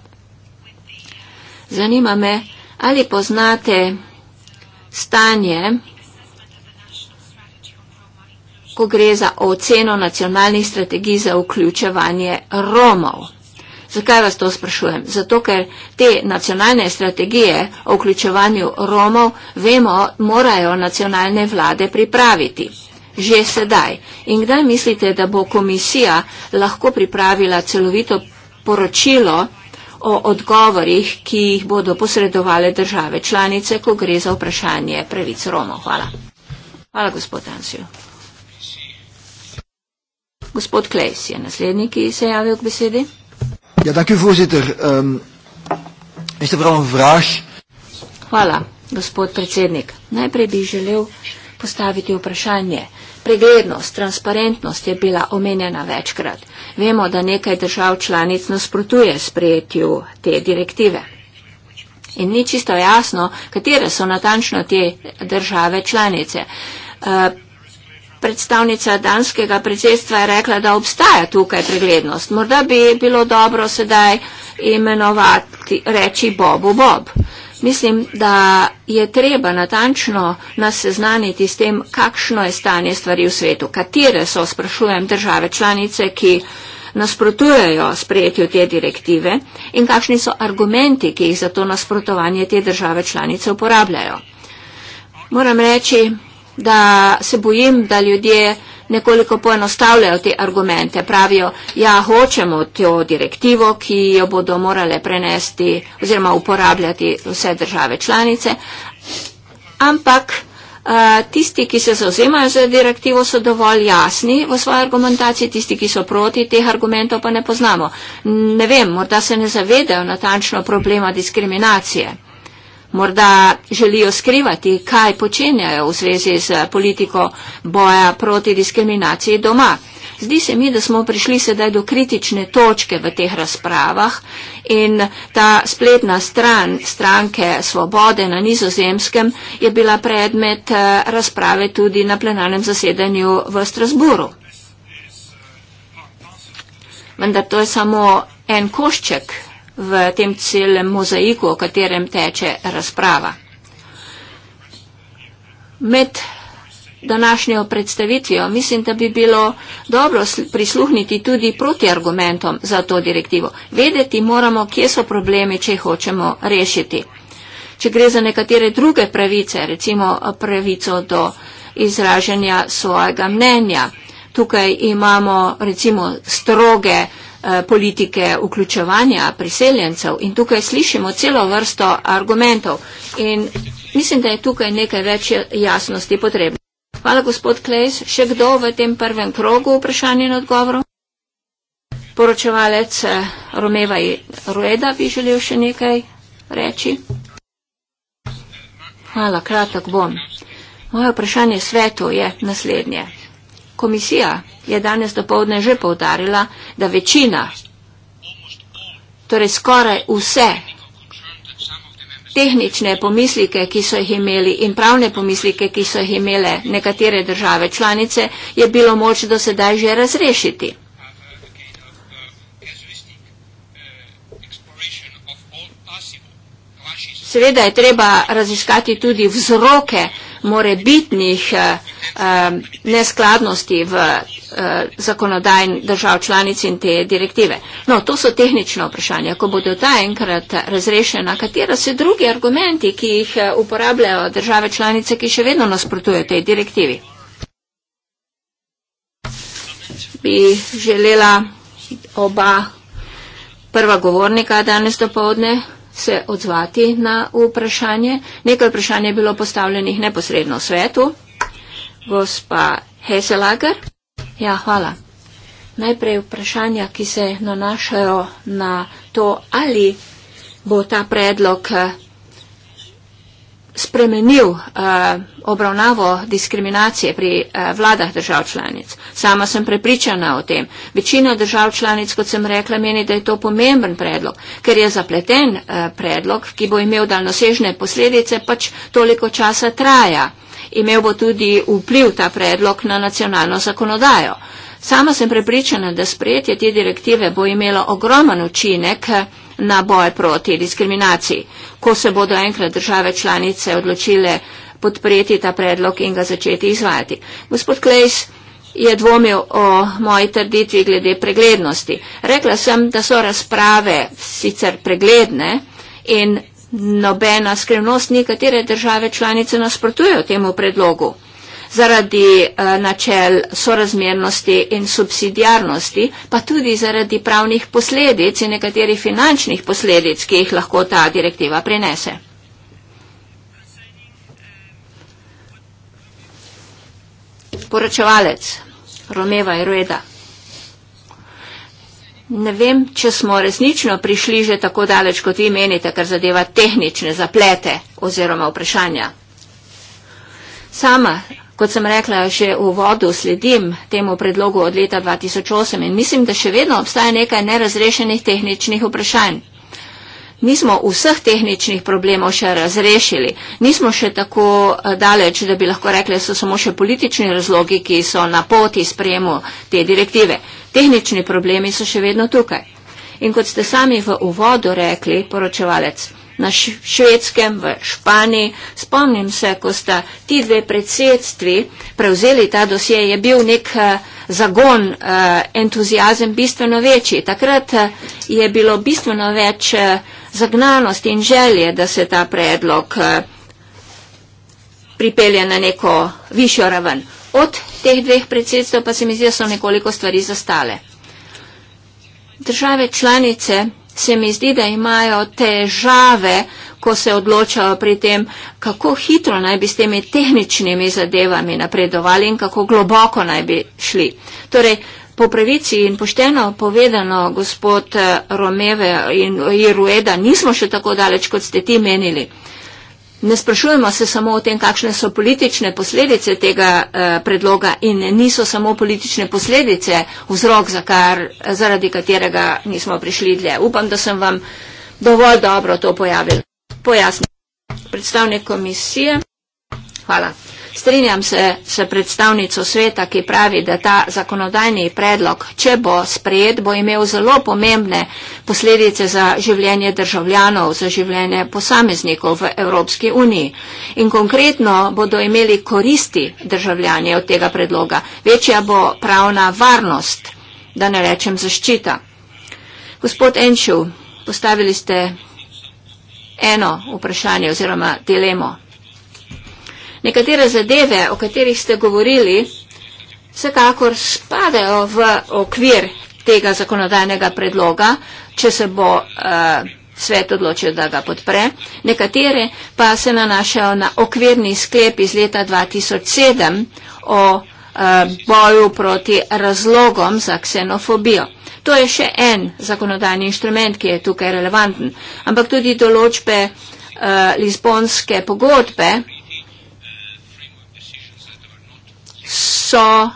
Zanima me, ali poznate stanje, ko gre za oceno nacionalnih strategij za vključevanje Romov. Zakaj vas to sprašujem? Zato, ker te nacionalne strategije o vključevanju Romov, vemo, morajo nacionalne vlade pripraviti. Že sedaj. In kdaj mislite, da bo komisija lahko pripravila celovito poročilo o odgovorih, ki jih bodo posredovale države članice, ko gre za vprašanje pravic Romov? Hvala. Hvala, gospod Ansijo. Gospod Klejs je naslednji, ki se je javil k besedi. Ja, dank u voorzitter. Um, is er vooral een vraag? Hvala, gospod predsednik. Najprej bi želel postaviti vprašanje. Preglednost, transparentnost je bila omenjena večkrat. Vemo, da nekaj držav članic nasprotuje sprejetju te direktive. In ni čisto jasno, katere so natančno te države članice. Uh, predstavnica danskega predsedstva je rekla, da obstaja tukaj preglednost. Morda bi bilo dobro sedaj imenovati, reči Bobu Bob. Mislim, da je treba natančno nas seznaniti s tem, kakšno je stanje stvari v svetu, katere so, sprašujem, države članice, ki nasprotujejo sprejetju te direktive in kakšni so argumenti, ki jih za to nasprotovanje te države članice uporabljajo. Moram reči, da se bojim, da ljudje nekoliko poenostavljajo te argumente. Pravijo, ja, hočemo to direktivo, ki jo bodo morale prenesti oziroma uporabljati vse države članice, ampak uh, tisti, ki se zauzemajo za direktivo, so dovolj jasni v svoji argumentaciji, tisti, ki so proti teh argumentov, pa ne poznamo. Ne vem, morda se ne zavedajo natančno problema diskriminacije morda želijo skrivati, kaj počenjajo v zvezi z politiko boja proti diskriminaciji doma. Zdi se mi, da smo prišli sedaj do kritične točke v teh razpravah in ta spletna stran stranke Svobode na nizozemskem je bila predmet eh, razprave tudi na plenarnem zasedanju v Strasburu. Vendar to je samo en košček v tem celem mozaiku, o katerem teče razprava. Med današnjo predstavitvijo mislim, da bi bilo dobro prisluhniti tudi proti argumentom za to direktivo. Vedeti moramo, kje so problemi, če jih hočemo rešiti. Če gre za nekatere druge pravice, recimo eh, pravico do izražanja svojega mnenja. Tukaj imamo recimo stroge Eh, politike vključevanja priseljencev in tukaj slišimo celo vrsto argumentov in mislim, da je tukaj nekaj več jasnosti potrebno. Hvala gospod Klejs. Še kdo v tem prvem krogu vprašanje in odgovoru? Poročevalec eh, Romeva i Rueda bi želel še nekaj reči. Hvala, kratek bom. Moje vprašanje svetu je naslednje. Komisija je danes dopovdne že povdarila, da večina, torej skoraj vse tehnične pomislike, ki so jih imeli in pravne pomislike, ki so jih imele nekatere države članice, je bilo moč do sedaj že razrešiti. Seveda je treba raziskati tudi vzroke morebitnih eh, eh, neskladnosti v eh, zakonodajni držav članic in te direktive. No, to so tehnične vprašanja. Ko bodo ta enkrat razrešena, katera se drugi argumenti, ki jih uporabljajo države članice, ki še vedno nasprotujejo tej direktivi? Bi želela oba prva govornika danes do povdne se odzvati na vprašanje. Nekaj vprašanje je bilo postavljenih neposredno v svetu. Gospa Heselager. Ja, hvala. Najprej vprašanja, ki se nanašajo na to, ali bo ta predlog spremenil uh, obravnavo diskriminacije pri uh, vladah držav članic. Sama sem prepričana o tem. Večina držav članic, kot sem rekla, meni, da je to pomemben predlog, ker je zapleten uh, predlog, ki bo imel daljnosežne posledice, pač toliko časa traja. Imel bo tudi vpliv ta predlog na nacionalno zakonodajo. Sama sem prepričana, da sprejetje te direktive bo imelo ogromen učinek, uh, na boj proti diskriminaciji. Ko se bodo enkrat države članice odločile podpreti ta predlog in ga začeti izvajati. Gospod Klejs je dvomil o moji trditvi glede preglednosti. Rekla sem, da so razprave sicer pregledne in nobena skrivnost ni, katere države članice nasprotujejo temu predlogu zaradi eh, načel sorazmernosti in subsidijarnosti, pa tudi zaradi pravnih posledic in nekaterih finančnih posledic, ki jih lahko ta direktiva prinese. Poročevalec Romeva Irueda. Ne vem, če smo resnično prišli že tako daleč, kot vi menite, kar zadeva tehnične zaplete oziroma vprašanja. Sama kot sem rekla, že v vodu sledim temu predlogu od leta 2008 in mislim, da še vedno obstaja nekaj nerazrešenih tehničnih vprašanj. Nismo vseh tehničnih problemov še razrešili, nismo še tako eh, daleč, da bi lahko rekli, da so samo še politični razlogi, ki so na poti sprejemu te direktive. Tehnični problemi so še vedno tukaj. In kot ste sami v uvodu rekli, poročevalec, na Švedskem, v Španiji. Spomnim se, ko sta ti dve predsedstvi prevzeli ta dosje, je bil nek eh, zagon, eh, entuzijazem bistveno večji. Takrat eh, je bilo bistveno več zagnanosti in želje, da se ta predlog pripelje na neko višjo raven. Od teh dveh predsedstv pa se mi zdi, da so nekoliko stvari zastale. Države članice se mi zdi, da imajo težave, ko se odločajo pri tem, kako hitro naj bi s temi tehničnimi zadevami napredovali in kako globoko naj bi šli. Torej, po pravici in pošteno povedano, gospod eh, Romeve in Irueda, nismo še tako daleč, kot ste ti menili. Uh, Ne sprašujemo se samo o tem, kakšne so politične posledice tega eh, predloga in niso samo politične posledice vzrok, za kar, eh, zaradi katerega nismo prišli dlje. Upam, da sem vam dovolj dobro to pojasnil. Predstavnik komisije. Hvala. Strinjam se s predstavnico sveta, ki pravi, da ta zakonodajni predlog, če bo sprejet, bo imel zelo pomembne posledice za življenje državljanov, za življenje posameznikov v Evropski uniji. In konkretno bodo imeli koristi državljanje od tega predloga. Večja bo pravna varnost, da ne rečem zaščita. Gospod Enšu, postavili ste eno vprašanje oziroma dilemo nekatere zadeve, o katerih ste govorili, vsekakor spadajo v okvir tega zakonodajnega predloga, če se bo uh, svet odločil, da ga podpre. Nekatere pa se nanašajo na okvirni sklep iz leta 2007 o uh, boju proti razlogom za ksenofobijo. To je še en zakonodajni inštrument, ki je tukaj relevanten. Ampak tudi določbe uh, Lizbonske pogodbe so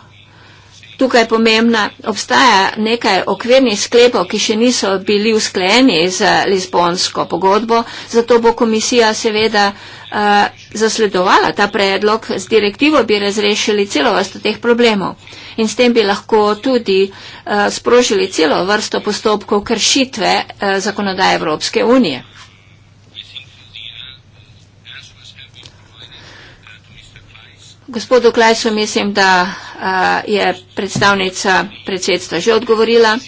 tukaj pomembna. Obstaja nekaj okvirnih sklepov, ki še niso bili usklejeni z Lizbonsko pogodbo, zato bo komisija seveda eh, zasledovala ta predlog, z direktivo bi razrešili celo vrsto teh problemov in s tem bi lahko tudi eh, sprožili celo vrsto postopkov kršitve eh, zakonodaje Evropske unije. Gospodu Klesu mislim, da je predstavnica predsedstva že odgovorila.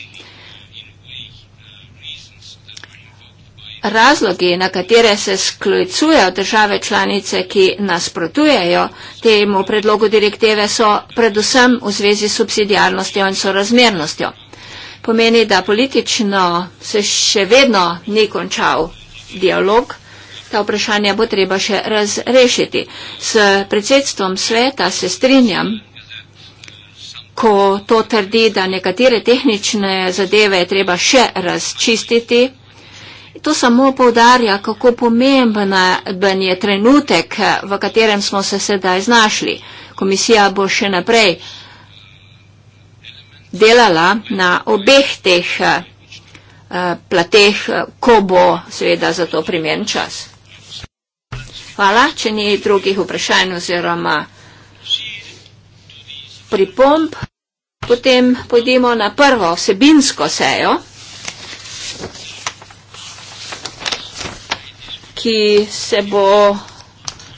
Razlogi, na katere se sklojcujejo države članice, ki nasprotujejo temu predlogu direktive, so predvsem v zvezi s subsidijarnostjo in sorazmernostjo. Pomeni, da politično se še vedno ni končal dialog ta vprašanja bo treba še razrešiti. S predsedstvom sveta se strinjam, ko to trdi, da nekatere tehnične zadeve je treba še razčistiti. To samo povdarja, kako pomemben je trenutek, v katerem smo se sedaj znašli. Komisija bo še naprej delala na obeh teh eh, plateh, ko bo seveda za to primern čas. Hvala. Če ni drugih vprašanj oziroma pripomb, potem pojdimo na prvo vsebinsko sejo, ki se bo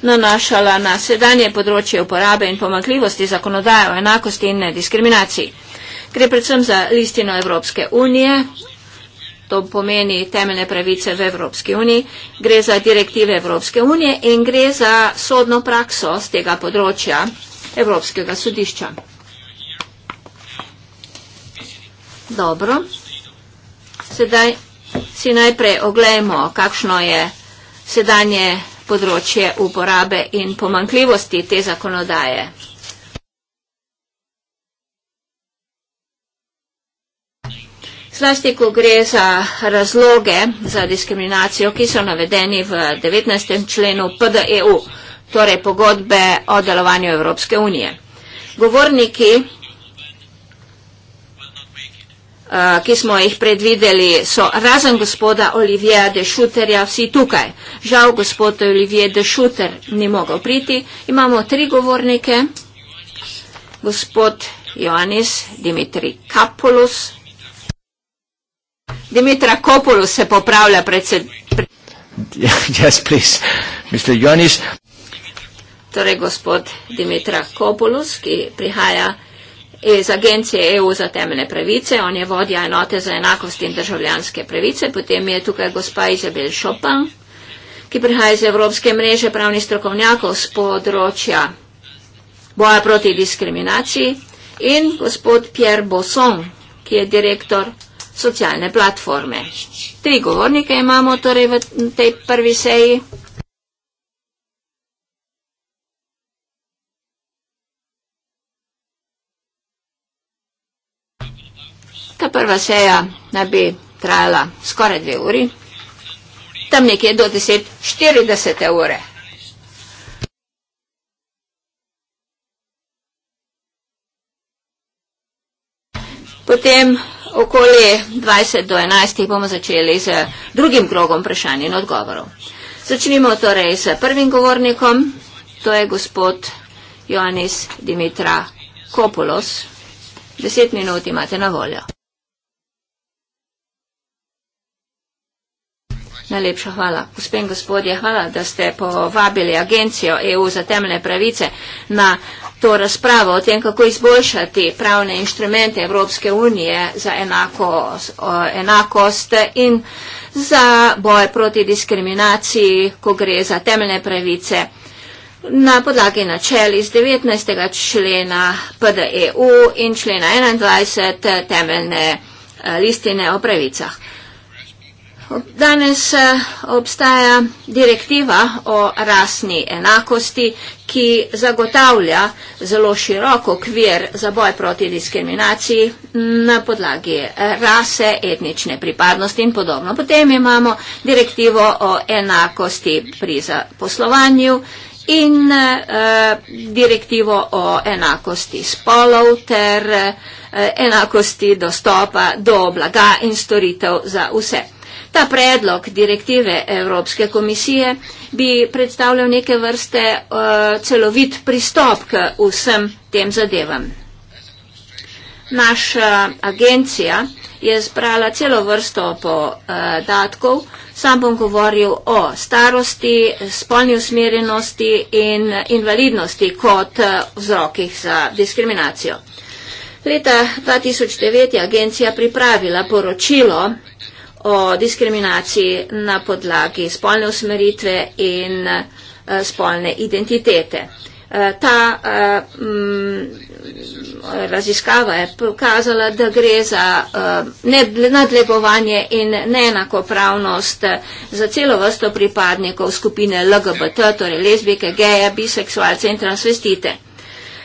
nanašala na sedanje področje uporabe in pomakljivosti zakonodaje o enakosti in nediskriminaciji. Gre predvsem za listino Evropske unije to pomeni temeljne pravice v Evropski uniji, gre za direktive Evropske unije in gre za sodno prakso z tega področja Evropskega sodišča. Dobro. Sedaj si najprej oglejmo, kakšno je sedanje področje uporabe in pomankljivosti te zakonodaje. Zlasti, ko gre za razloge za diskriminacijo, ki so navedeni v 19. členu PDEU, torej pogodbe o delovanju Evropske unije. Govorniki, eh, ki smo jih predvideli, so razen gospoda Olivija de Šuterja vsi tukaj. Žal gospod Olivije de Šuter ni mogel priti. Imamo tri govornike. Gospod Ioannis Dimitri Kapulus. Dimitra Kopulus se popravlja predsed... Ja, yes, please. Mr. Ioannis. Torej, gospod Dimitra Kopulus, ki prihaja iz Agencije EU za temeljne pravice, on je vodja enote za enakost in državljanske pravice, potem je tukaj gospa Izabel Šopan, ki prihaja iz Evropske mreže pravnih strokovnjakov z področja boja proti diskriminaciji in gospod Pierre Bosson, ki je direktor socialne platforme. Tri govornike imamo torej v tej prvi seji. Ta prva seja naj bi trajala skoraj dve uri, tam nekje do 10.40 ure. Potem okoli 20 do 11 bomo začeli z drugim krogom vprašanj in odgovorov. Začnimo torej s prvim govornikom, to je gospod Joannis Dimitra Kopulos. Deset minut imate na voljo. Najlepša hvala. Gospen gospodje, hvala, da ste povabili agencijo EU za temeljne pravice na to razpravo o tem, kako izboljšati pravne inštrumente Evropske unije za enakost, enakost in za boj proti diskriminaciji, ko gre za temeljne pravice na podlagi načel iz 19. člena PDEU in člena 21. temeljne eh, listine o pravicah. Danes eh, obstaja direktiva o rasni enakosti, ki zagotavlja zelo širok okvir za boj proti diskriminaciji na podlagi rase, etnične pripadnosti in podobno. Potem imamo direktivo o enakosti pri zaposlovanju in eh, direktivo o enakosti spolov ter eh, enakosti dostopa do blaga in storitev za vse. Ta predlog direktive Evropske komisije bi predstavljal neke vrste uh, celovit pristop k vsem tem zadevam. Naša agencija je zbrala celo vrsto podatkov, sam bom govoril o starosti, spolni usmerjenosti in invalidnosti kot eh, vzrokih za diskriminacijo. Leta 2009 je agencija pripravila poročilo o diskriminaciji na podlagi spolne usmeritve in eh, spolne identitete. Eh, ta um, raziskava je pokazala, da gre za um, nadlegovanje in neenakopravnost za celo vrsto pripadnikov skupine LGBT, torej lezbike, geje, biseksualce in transvestite.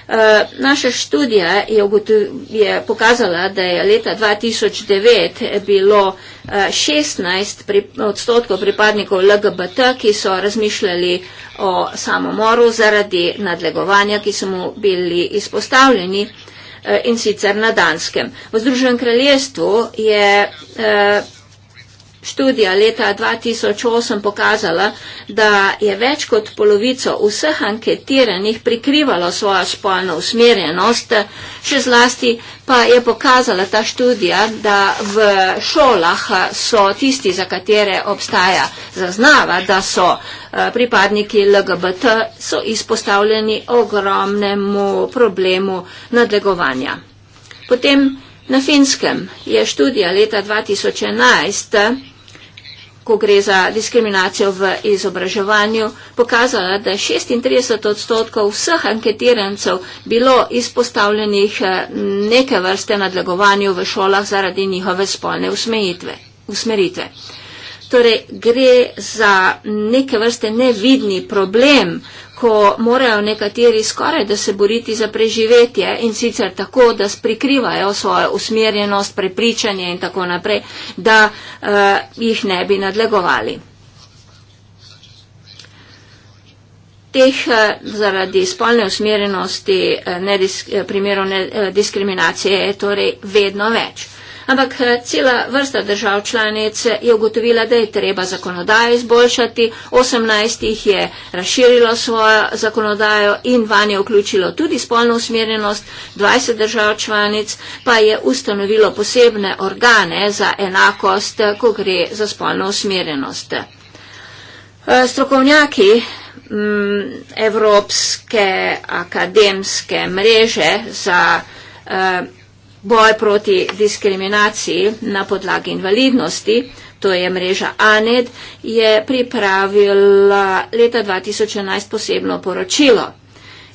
Eh, naša študija je, je pokazala, da je leta 2009 bilo 16 eh, pri odstotkov pripadnikov LGBT, ki so razmišljali o samomoru zaradi nadlegovanja, ki so mu bili izpostavljeni eh, in sicer na Danskem. V Združenem kraljestvu je študija leta 2008 pokazala, da je več kot polovico vseh anketiranih prikrivalo svojo spolno usmerjenost, še zlasti pa je pokazala ta študija, da v šolah so tisti, za katere obstaja zaznava, da so eh, pripadniki LGBT, so izpostavljeni ogromnemu problemu nadlegovanja. Potem na finskem je študija leta 2011 ko gre za diskriminacijo v izobraževanju, pokazala, da 36 odstotkov vseh anketirancev bilo izpostavljenih eh, neke vrste nadlegovanju v šolah zaradi njihove spolne usmeritve. usmeritve. Torej, gre za neke vrste nevidni problem, ko morajo nekateri skoraj da se boriti za preživetje in sicer tako, da sprikrivajo svojo usmerjenost, prepričanje in tako naprej, da uh, jih ne bi nadlegovali. Teh eh, zaradi spolne usmerjenosti eh, ne, primerov ne, diskriminacije je torej vedno več ampak eh, cela vrsta držav članic je ugotovila, da je treba zakonodajo izboljšati. 18 jih je razširilo svojo zakonodajo in vanje vključilo tudi spolno usmerjenost. 20 držav članic pa je ustanovilo posebne organe za enakost, ko gre za spolno usmerjenost. Eh, strokovnjaki mm, Evropske akademske mreže za eh, boj proti diskriminaciji na podlagi invalidnosti, to je mreža ANED, je pripravila leta 2011 posebno poročilo.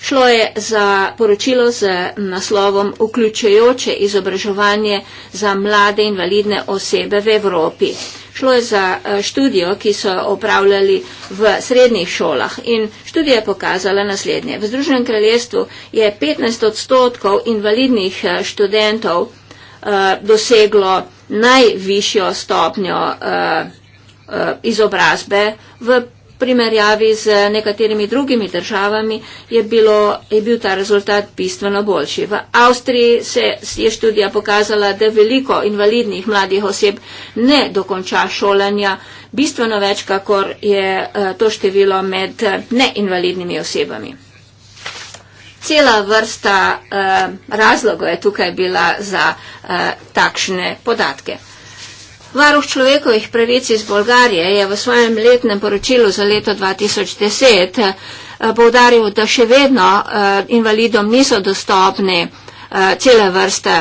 Šlo je za poročilo z naslovom Vključujoče izobraževanje za mlade invalidne osebe v Evropi. Šlo je za eh, študijo, ki so jo opravljali v srednjih šolah in študija je pokazala naslednje. V Združenem kraljestvu je 15 odstotkov invalidnih eh, študentov eh, doseglo najvišjo stopnjo izobrazbe v primerjavi z nekaterimi drugimi državami je, bilo, je bil ta rezultat bistveno boljši. V Avstriji se je študija pokazala, da veliko invalidnih mladih oseb ne dokonča šolanja, bistveno več, kakor je eh, to število med eh, neinvalidnimi osebami. Cela vrsta eh, razlogov je tukaj bila za eh, takšne podatke. Varuh človekovih pravic iz Bolgarije je v svojem letnem poročilu za leto 2010 eh, povdaril, da še vedno eh, invalidom niso dostopni eh, cele vrste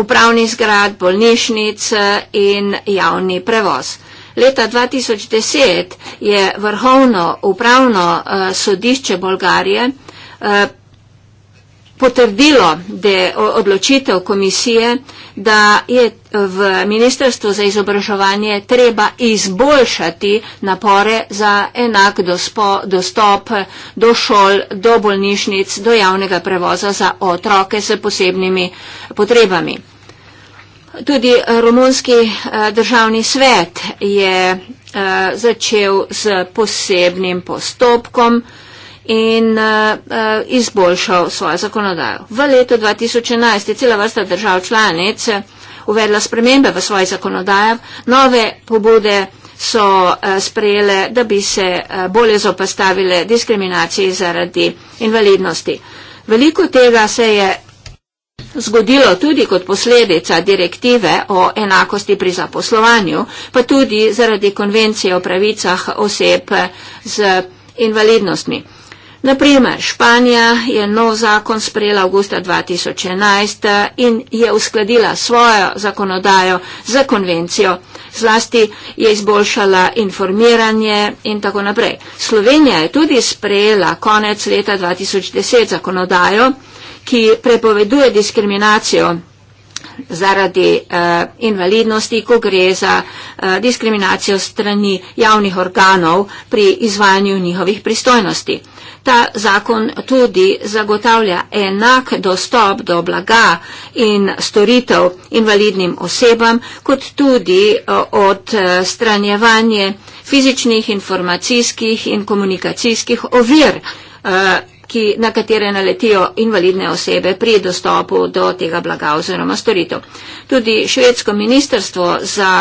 upravnih zgrad, bolnišnic in javni prevoz. Leta 2010 je vrhovno upravno sodišče Bolgarije potrdilo de, odločitev komisije, da je v Ministrstvu za izobraževanje treba izboljšati napore za enak dospo, dostop do šol, do bolnišnic, do javnega prevoza za otroke s posebnimi potrebami. Tudi eh, Romunski eh, državni svet je eh, začel s posebnim postopkom, in uh, uh, izboljšal svojo zakonodajo. V letu 2011 je cela vrsta držav članic eh, uvedla spremembe v svoji zakonodaji, nove pobude so uh, sprejele, da bi se uh, bolje zopastavile diskriminaciji zaradi invalidnosti. Veliko tega se je zgodilo tudi kot posledica direktive o enakosti pri zaposlovanju, pa tudi zaradi konvencije o pravicah oseb z invalidnostmi. Naprimer, Španija je nov zakon sprejela avgusta 2011 in je uskladila svojo zakonodajo za konvencijo, zlasti je izboljšala informiranje in tako naprej. Slovenija je tudi sprejela konec leta 2010 zakonodajo, ki prepoveduje diskriminacijo zaradi uh, invalidnosti, ko gre za uh, diskriminacijo strani javnih organov pri izvajanju njihovih pristojnosti. Ta zakon tudi zagotavlja enak dostop do blaga in storitev invalidnim osebam, kot tudi uh, odstranjevanje fizičnih, informacijskih in komunikacijskih ovir. Uh, ki, na katere naletijo invalidne osebe pri dostopu do tega blaga oziroma storitev. Tudi švedsko ministrstvo za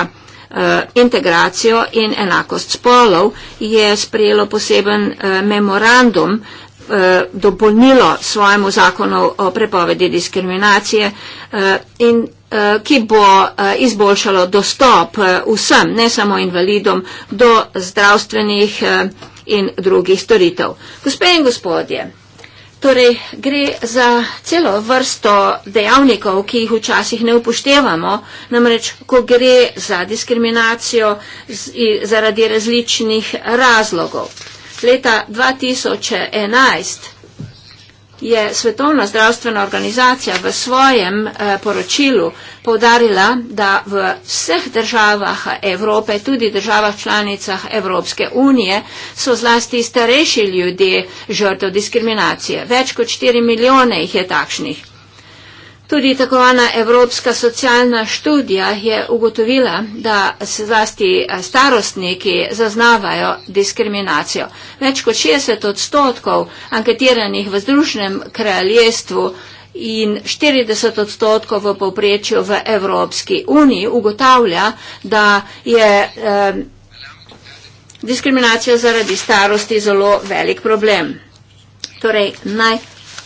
eh, integracijo in enakost spolov je sprejelo poseben eh, memorandum eh, dopolnilo svojemu zakonu o prepovedi diskriminacije in ki bo izboljšalo dostop vsem, ne samo invalidom, do zdravstvenih in drugih storitev. Gospe in gospodje, torej gre za celo vrsto dejavnikov, ki jih včasih ne upoštevamo, namreč ko gre za diskriminacijo zaradi različnih razlogov. Leta 2011 je Svetovna zdravstvena organizacija v svojem eh, poročilu povdarila, da v vseh državah Evrope, tudi državah članicah Evropske unije, so zlasti starejši ljudje žrtev diskriminacije. Več kot 4 milijone jih je takšnih. Tudi takovana Evropska socialna študija je ugotovila, da se zlasti eh, starostniki zaznavajo diskriminacijo. Več kot 60 odstotkov anketiranih v Združnem kraljestvu in 40 odstotkov v povprečju v Evropski uniji ugotavlja, da je eh, diskriminacija zaradi starosti zelo velik problem. Torej, naj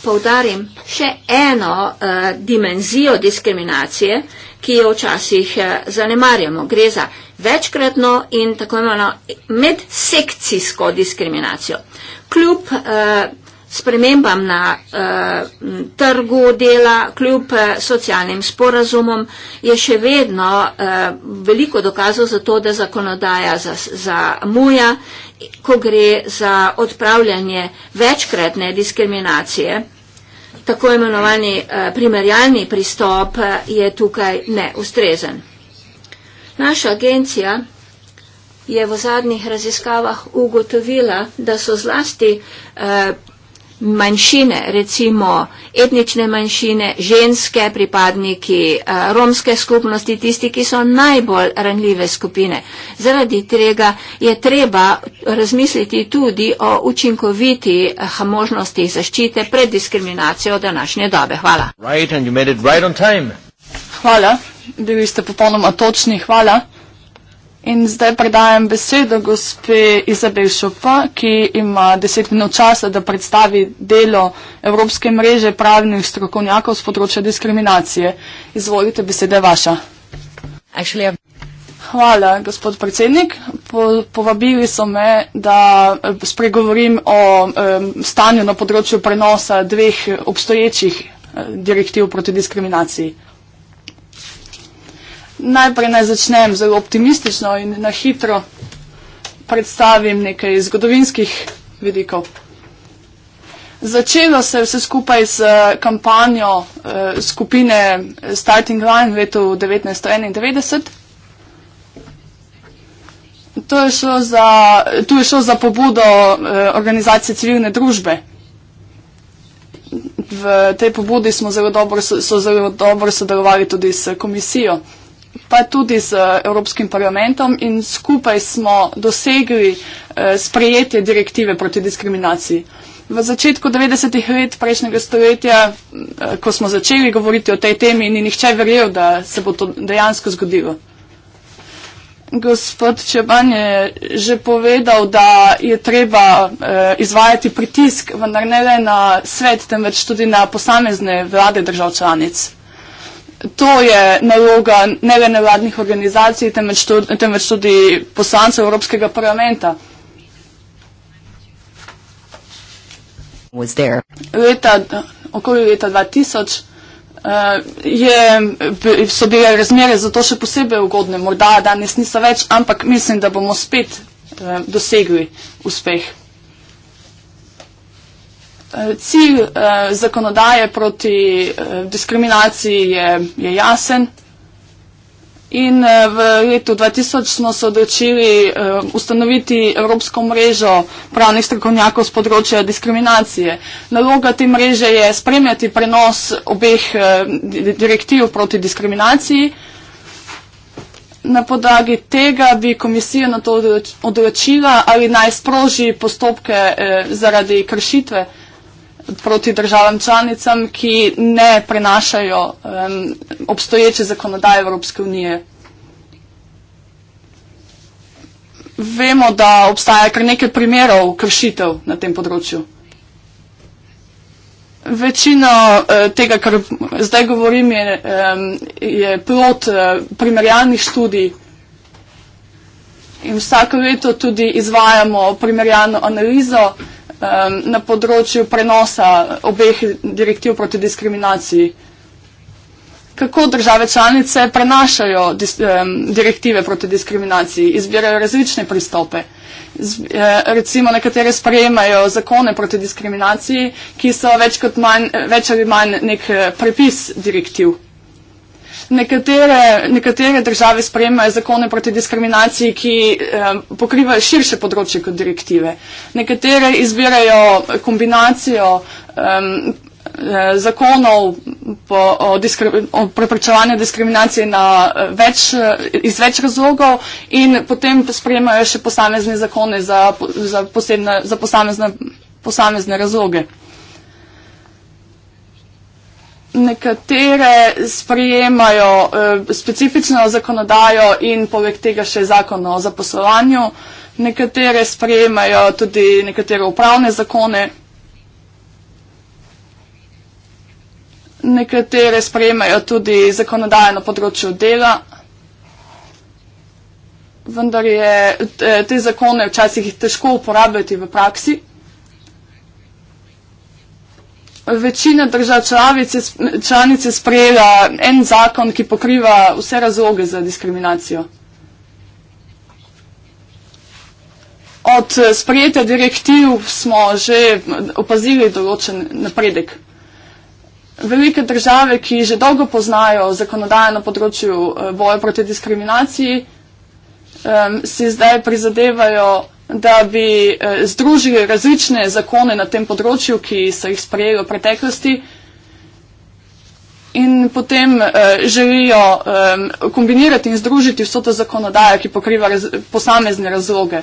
poudarim še eno uh, dimenzijo diskriminacije, ki jo včasih uh, zanemarjamo. Gre za večkratno in tako imeno medsekcijsko diskriminacijo. Kljub uh, spremembam na uh, trgu dela, kljub uh, socialnim sporazumom je še vedno uh, veliko dokazov za to, da zakonodaja za, za muja ko gre za odpravljanje večkratne diskriminacije, tako imenovani eh, primerjalni pristop eh, je tukaj neustrezen. Naša agencija je v zadnjih raziskavah ugotovila, da so zlasti eh, manjšine, recimo etnične manjšine, ženske, pripadniki eh, romske skupnosti, tisti, ki so najbolj ranljive skupine. Zaradi tega je treba razmisliti tudi o učinkoviti eh, možnosti zaščite pred diskriminacijo današnje dobe. Hvala. Right, right Hvala, bili ste popolnoma točni. Hvala. In zdaj predajam besedo gospe Izabel Šupa, ki ima deset minut časa, da predstavi delo Evropske mreže pravnih strokovnjakov z področja diskriminacije. Izvolite, beseda je vaša. Hvala, gospod predsednik. Po, povabili so me, da eh, spregovorim o um, stanju na področju prenosa dveh obstoječih uh, direktiv proti diskriminaciji najprej naj začnem zelo optimistično in na hitro predstavim nekaj zgodovinskih vidikov. Začelo se vse skupaj s kampanjo eh, skupine Starting Line v letu 1991. To je za, tu je šlo za pobudo eh, organizacije civilne družbe. V tej pobudi smo zelo dobro, so, so zelo dobro sodelovali tudi s komisijo pa tudi z eh, Evropskim parlamentom in skupaj smo dosegli eh, sprejetje direktive proti diskriminaciji. V začetku 90-ih let prejšnjega stoletja, eh, ko smo začeli govoriti o tej temi, ni nihče verjel, da se bo to dejansko zgodilo. Gospod Čeban je že povedal, da je treba izvajati pritisk, vendar ne le na svet, temveč tudi na posamezne vlade držav članic. To je naloga ne le nevladnih organizacij, temveč tudi, temveč tudi poslancev Evropskega parlamenta. Leta, okoli leta 2000 uh, eh, je, so bile razmere zato še posebej ugodne. Morda danes niso več, ampak mislim, da bomo spet uh, dosegli uspeh. Eh, cilj eh, zakonodaje proti eh, diskriminaciji je, je jasen. In eh, v letu 2000 smo se odločili uh, ustanoviti Evropsko mrežo pravnih strokovnjakov z področja diskriminacije. Naloga te mreže je spremljati prenos obeh uh, direktiv proti diskriminaciji. Na podlagi tega bi komisija na to odločila ali naj sproži postopke uh, zaradi kršitve uh, proti državam članicam, ki ne prenašajo um, obstoječe zakonodaje Evropske unije. Vemo, da obstaja kar nekaj primerov kršitev na tem področju. Večina eh, tega, kar zdaj govorim, je, eh, je plot eh, primerjalnih študij in vsako leto tudi izvajamo primerjalno analizo, um, na področju prenosa obeh direktiv proti diskriminaciji. Kako države članice prenašajo dis, um, direktive proti diskriminaciji, izbirajo različne pristope. Z, eh, recimo nekatere sprejemajo zakone proti diskriminaciji, ki so več, manj, več ali manj nek eh, prepis direktiv nekatere, nekatere države sprejemajo zakone proti diskriminaciji, ki eh, pokrivajo širše področje kot direktive. Nekatere izbirajo kombinacijo eh, zakonov po, o, diskri, o preprečevanju diskriminacije eh, več, eh, iz več razlogov in potem sprejemajo še posamezne zakone za, za, posebne, za posamezne, posamezne razloge nekatere sprejemajo eh, specifično zakonodajo in poleg tega še zakon o zaposlovanju, nekatere sprejemajo tudi nekatere upravne zakone, nekatere sprejemajo tudi zakonodajo na področju dela, vendar je eh, te zakone včasih težko uporabljati v praksi večina držav članice, članice sprejela en zakon, ki pokriva vse razloge za diskriminacijo. Od eh, sprejete direktiv smo že opazili določen napredek. Velike države, ki že dolgo poznajo zakonodajo na področju eh, boja proti diskriminaciji, eh, si zdaj prizadevajo da bi eh, združili različne zakone na tem področju, ki so jih sprejeli v preteklosti. In potem eh, želijo eh, kombinirati in združiti vso to zakonodajo, ki pokriva raz posamezne razloge.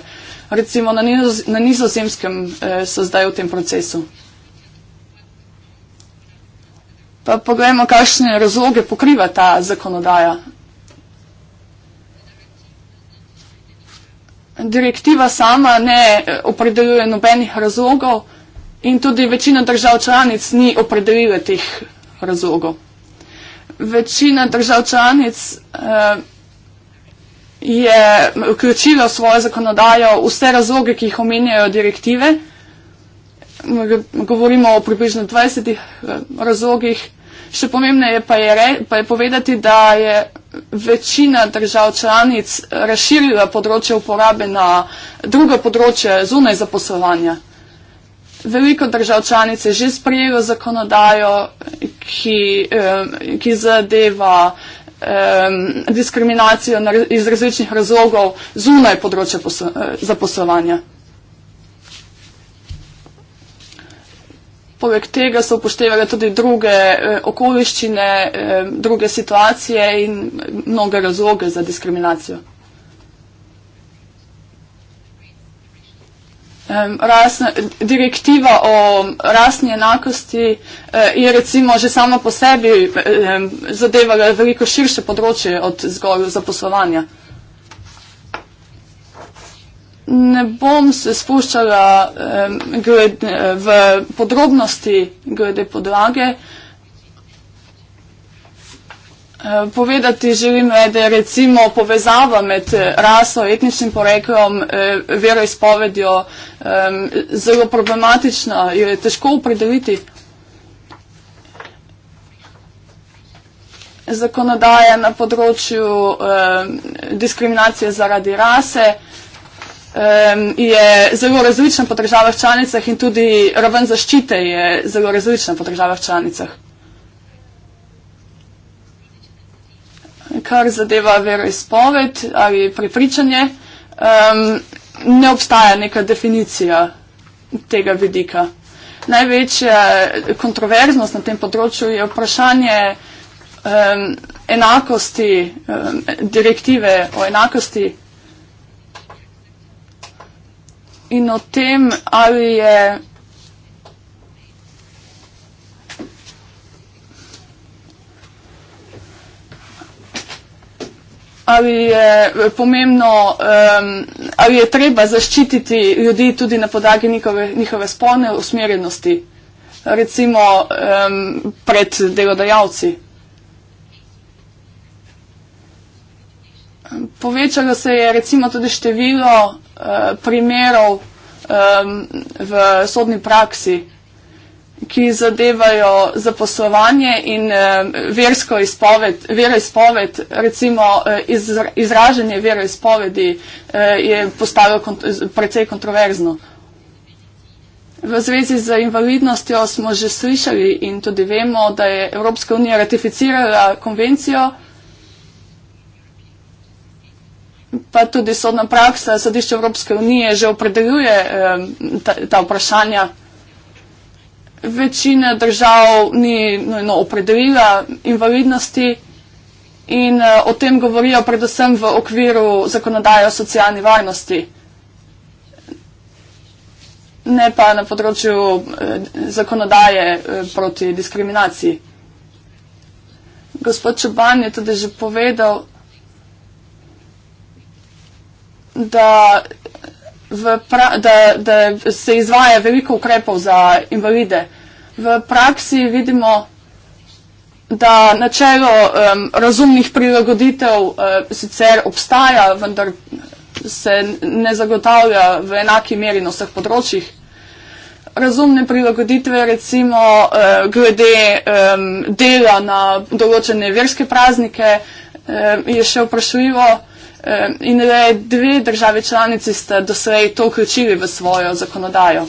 Recimo na, nizoz na nizozemskem eh, so zdaj v tem procesu. Pa poglejmo, kakšne razloge pokriva ta zakonodaja. direktiva sama ne eh, opredeljuje nobenih razlogov in tudi večina držav članic ni opredelila teh razlogov. Večina držav članic eh, je vključila v svojo zakonodajo vse razloge, ki jih omenjajo direktive. Govorimo o približno 20 eh, razlogih. Še pomembneje pa je, pa je povedati, da je večina držav članic razširila področje uporabe na druga področja zunaj zaposlovanja. Veliko držav članic je že sprejelo zakonodajo, ki, eh, ki zadeva eh, diskriminacijo iz različnih razlogov zunaj področja eh, zaposlovanja. Poleg tega so upoštevali tudi druge eh, okoliščine, eh, druge situacije in mnoge razloge za diskriminacijo. Rasna, direktiva o rasni enakosti eh, je recimo že samo po sebi zadevala veliko širše področje od zgolj zaposlovanja ne bom se spuščala eh, glede, v podrobnosti glede podlage. Povedati želim le, da je recimo povezava med eh, raso, etničnim poreklom, eh, veroizpovedjo zelo problematična, jo je težko opredeliti. Zakonodaja na področju diskriminacije zaradi rase um, je zelo različna po državah članicah in tudi raven zaščite je zelo različna po državah članicah. Kar zadeva veroizpoved ali prepričanje, um, ne obstaja neka definicija tega vidika. Največja kontroverznost na tem področju je vprašanje um, enakosti, um, direktive o enakosti in o tem, ali je. Ali je eh, pomembno, um, ali je treba zaščititi ljudi tudi na podlagi njihove, njihove spolne usmerjenosti, recimo um, pred delodajalci. Povečalo se je recimo tudi število Eh, primerov um, v sodni praksi, ki zadevajo zaposlovanje in um, versko izpoved, veroizpoved, recimo eh, izra, izraženje veroizpovedi uh, je postalo kont precej kontroverzno. V zvezi z invalidnostjo smo že slišali in tudi vemo, da je Evropska unija ratificirala konvencijo pa tudi sodna praksa, sodišče Evropske unije že opredeljuje ta, ta vprašanja. Večina držav ni nojno opredelila invalidnosti in eh, o tem govorijo predvsem v okviru zakonodaje o socialni varnosti, ne pa na področju eh, zakonodaje eh, proti diskriminaciji. Gospod Čuban je tudi že povedal, da, pra, da, da se izvaja veliko ukrepov za invalide. V praksi vidimo, da načelo um, razumnih prilagoditev uh, sicer obstaja, vendar se ne zagotavlja v enaki meri na vseh področjih. Razumne prilagoditve recimo uh, glede um, dela na določene verske praznike uh, je še vprašljivo. Uh, in le dve države članice sta doslej to vključili v svojo zakonodajo.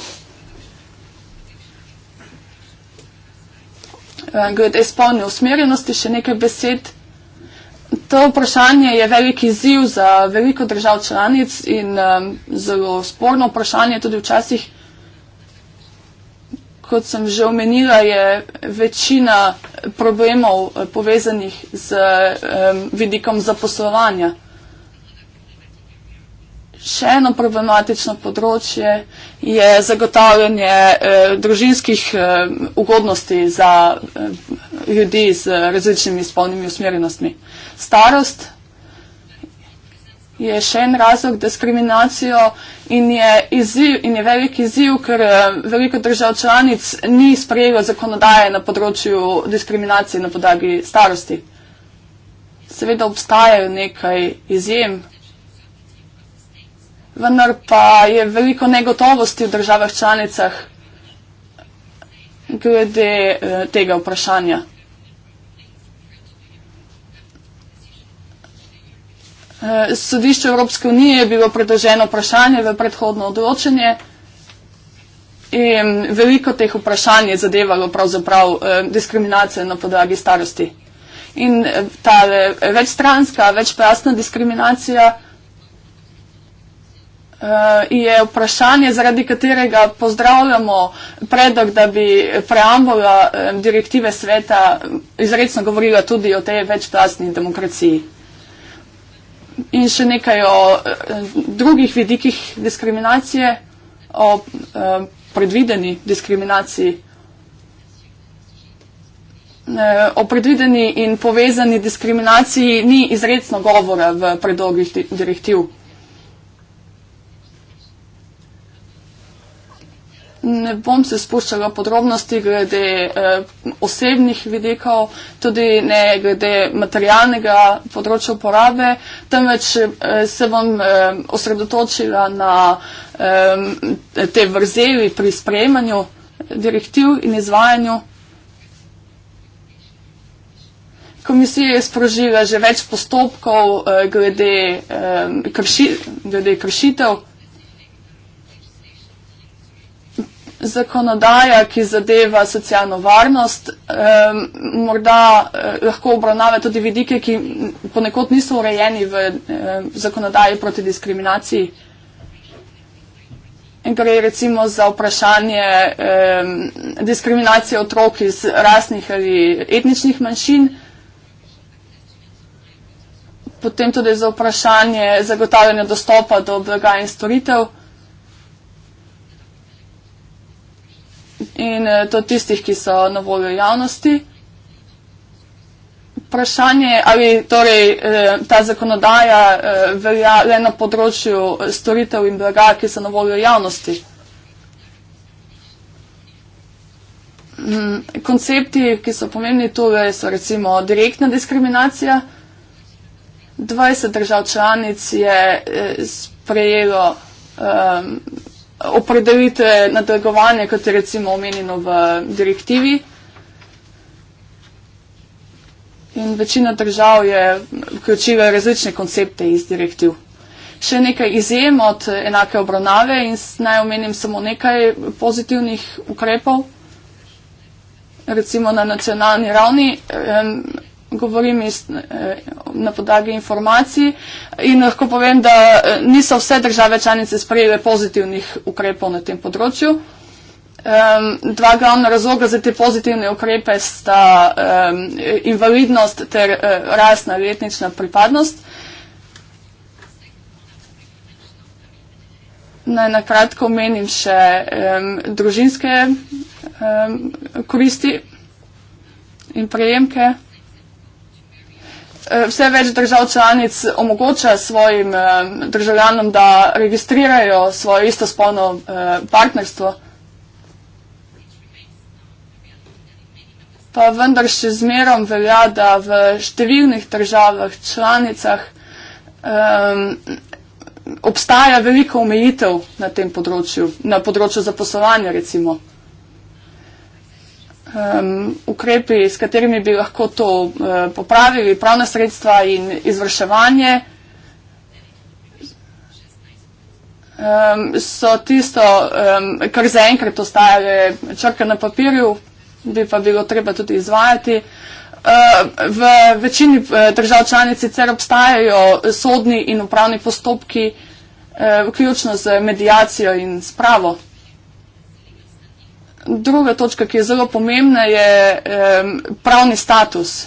Glede spolne usmerjenosti, še nekaj besed. To vprašanje je veliki ziv za veliko držav članic in um, zelo sporno vprašanje tudi včasih. Kot sem že omenila, je večina problemov eh, povezanih z um, vidikom zaposlovanja. Še eno problematično področje je zagotavljanje eh, družinskih eh, ugodnosti za eh, ljudi z različnimi spolnimi usmerjenostmi. Starost je še en razlog diskriminacijo in je, izziv, in je velik izziv, ker eh, veliko držav članic ni sprejelo zakonodaje na področju diskriminacije na podlagi starosti. Seveda obstajajo nekaj izjem vendar pa je veliko negotovosti v državah članicah glede eh, tega vprašanja. Eh, sodišče Evropske unije je bilo predloženo vprašanje v predhodno odločenje in veliko teh vprašanj je zadevalo pravzaprav eh, diskriminacijo na podlagi starosti. In eh, ta eh, večstranska, večpojasna diskriminacija eh, Eh, je vprašanje, zaradi katerega pozdravljamo predlog, da bi preambula eh, direktive sveta izredno govorila tudi o tej večplastni demokraciji. In še nekaj o eh, drugih vidikih diskriminacije, o predvideni diskriminaciji. O predvideni in povezani diskriminaciji ni izredno govora v predlogih direktiv. ne bom se spuščala podrobnosti glede eh, osebnih vidikov, tudi ne glede materialnega področja uporabe, temveč eh, se bom eh, osredotočila na eh, te vrzeli pri sprejemanju direktiv in izvajanju. Komisija je sprožila že več postopkov eh, glede, eh, krši, glede kršitev. zakonodaja, ki zadeva socialno varnost, eh, morda eh, lahko obravnava tudi vidike, ki ponekod niso urejeni v eh, zakonodaji proti diskriminaciji. Gre recimo za vprašanje eh, diskriminacije otrok iz rasnih ali etničnih manjšin, potem tudi za vprašanje zagotavljanja dostopa do blaga in storitev. in eh, to tistih, ki so na voljo javnosti. Vprašanje, ali torej eh, ta zakonodaja eh, velja le na področju storitev in blaga, ki so na voljo javnosti. Mm, koncepti, ki so pomembni tukaj, so recimo direktna diskriminacija. 20 držav članic je sprejelo um, opredelite nadlegovanje, kot je recimo omenjeno v direktivi. In večina držav je vključila različne koncepte iz direktiv. Še nekaj izjem od enake obravnave in naj omenim samo nekaj pozitivnih ukrepov. Recimo na nacionalni ravni govorim iz, eh, na podlagi informacij in lahko povem, da eh, niso vse države članice sprejele pozitivnih ukrepov na tem področju. Um, dva glavna razloga za te pozitivne ukrepe sta um, invalidnost ter uh, eh, rasna in etnična pripadnost. Naj na kratko omenim še um, družinske um, koristi in prejemke. Eh, vse več držav članic omogoča svojim eh, državljanom, da registrirajo svoje istospolno eh, partnerstvo. Pa vendar še zmerom velja, da v številnih državah članicah um, obstaja veliko omejitev na tem področju, na področju zaposlovanja recimo um, ukrepi, s katerimi bi lahko to uh, popravili, pravne sredstva in izvrševanje, um, so tisto, um, kar zaenkrat ostaje črka na papirju, bi pa bilo treba tudi izvajati. V večini eh, držav članic sicer obstajajo sodni in upravni postopki, eh, vključno z medijacijo in spravo druga točka, ki je zelo pomembna, je um, pravni status.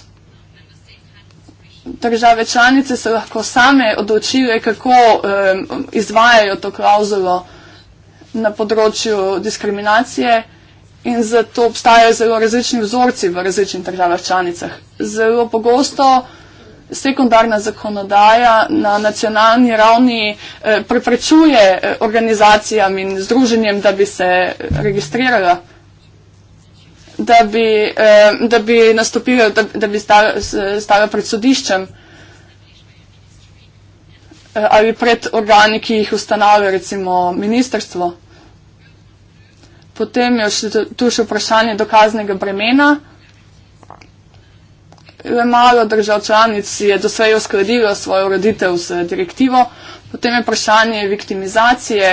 Države članice se lahko same odločile, kako um, izvajajo to klauzulo na področju diskriminacije in zato obstajajo zelo različni vzorci v različnih državah članicah. Zelo pogosto sekundarna zakonodaja na nacionalni ravni eh, preprečuje eh, organizacijam in združenjem, da bi se eh, registrirala da bi, eh, da bi nastopil, da, da bi stala pred sodiščem eh, ali pred organi, ki jih ustanavlja recimo ministerstvo. Potem je še, tu še vprašanje dokaznega bremena. Le malo držav članic je doslej uskladilo svojo roditev z direktivo. Potem je vprašanje viktimizacije.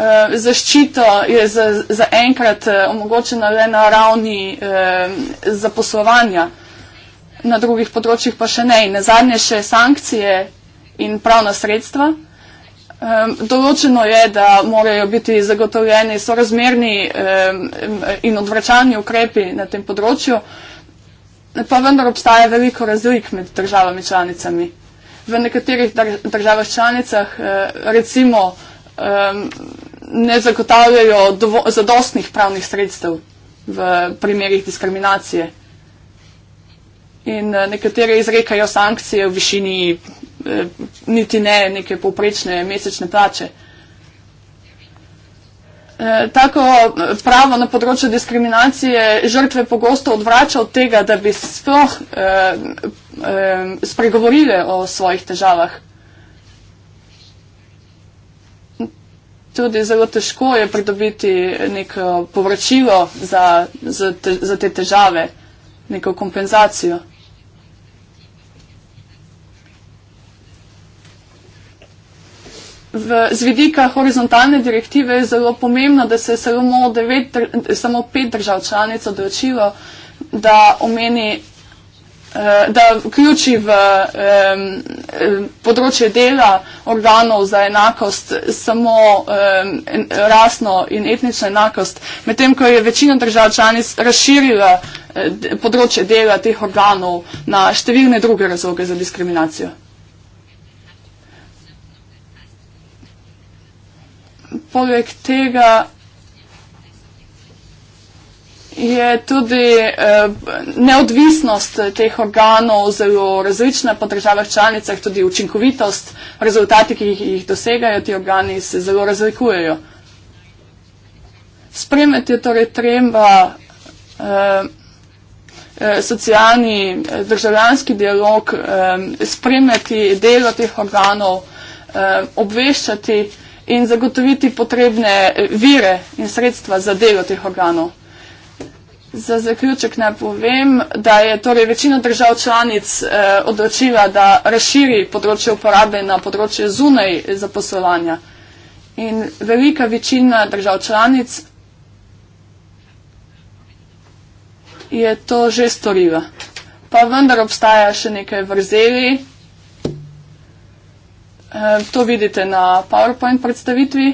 Eh, zaščito je zaenkrat za eh, omogočena le na ravni eh, zaposlovanja, na drugih področjih pa še ne. In zadnje še sankcije in pravna sredstva. Eh, določeno je, da morajo biti zagotovljeni sorazmerni eh, in odvračani ukrepi na tem področju, pa vendar obstaja veliko razlik med državami članicami. V nekaterih državah članicah, eh, recimo, eh, ne zagotavljajo zadostnih pravnih sredstev v primerih diskriminacije. In eh, nekatere izrekajo sankcije v višini eh, niti ne neke poprečne mesečne plače. Eh, tako pravo na področju diskriminacije žrtve pogosto odvrača od tega, da bi sploh eh, eh, spregovorile o svojih težavah. tudi zelo težko je pridobiti neko povračilo za, za, te, za te težave, neko kompenzacijo. V, z vidika horizontalne direktive je zelo pomembno, da se je samo, samo pet držav članic odločilo, da omeni Eh, da vključi v um, področje dela organov za enakost samo um, rasno in etnično enakost, medtem ko je večina držav članic razširila eh, področje dela teh organov na številne druge razloge za diskriminacijo. Poleg tega je tudi eh, neodvisnost teh organov zelo različna po državah članicah, tudi učinkovitost, rezultati, ki jih dosegajo ti organi, se zelo razlikujejo. Spremeti je torej treba eh, eh, socialni državljanski dialog, spremeti delo teh organov, obveščati in zagotoviti potrebne vire in sredstva za delo teh organov. Za zaključek naj povem, da je torej večina držav članic eh, odločila, da razširi področje uporabe na področje zunaj zaposlovanja. In velika večina držav članic je to že storila. Pa vendar obstaja še nekaj vrzeli. Eh, to vidite na PowerPoint predstavitvi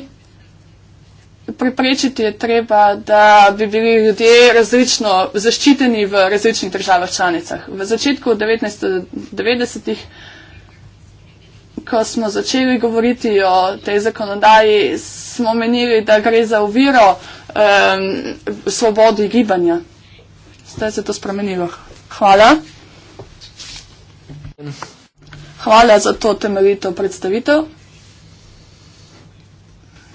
preprečiti je treba, da bi bili ljudje različno zaščiteni v različnih državah članicah. V začetku 1990-ih, ko smo začeli govoriti o tej zakonodaji, smo menili, da gre za uviro um, svobodi gibanja. Zdaj se je to spremenilo. Hvala. Hvala za to temeljito predstavitev.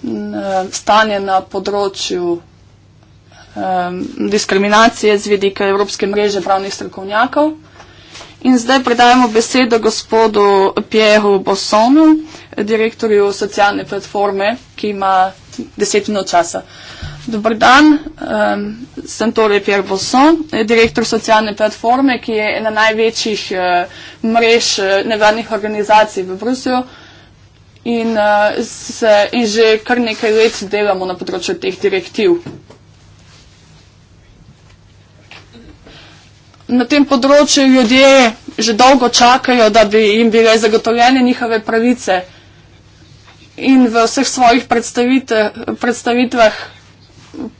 Eh, stanje na področju eh, diskriminacije z vidika Evropske mreže pravnih strokovnjakov. In zdaj predajamo besedo gospodu Pjehu Bosonu, direktorju socialne platforme, ki ima desetino časa. Dobar dan, um, sem torej Pierre Bosson, direktor socialne platforme, ki je ena največjih uh, mrež nevladnih organizacij v Bruslju. Uh, in, uh, se, in že kar nekaj let delamo na področju teh direktiv. Na tem področju ljudje že dolgo čakajo, da bi jim bile zagotovljene njihove pravice in v vseh svojih predstavitvah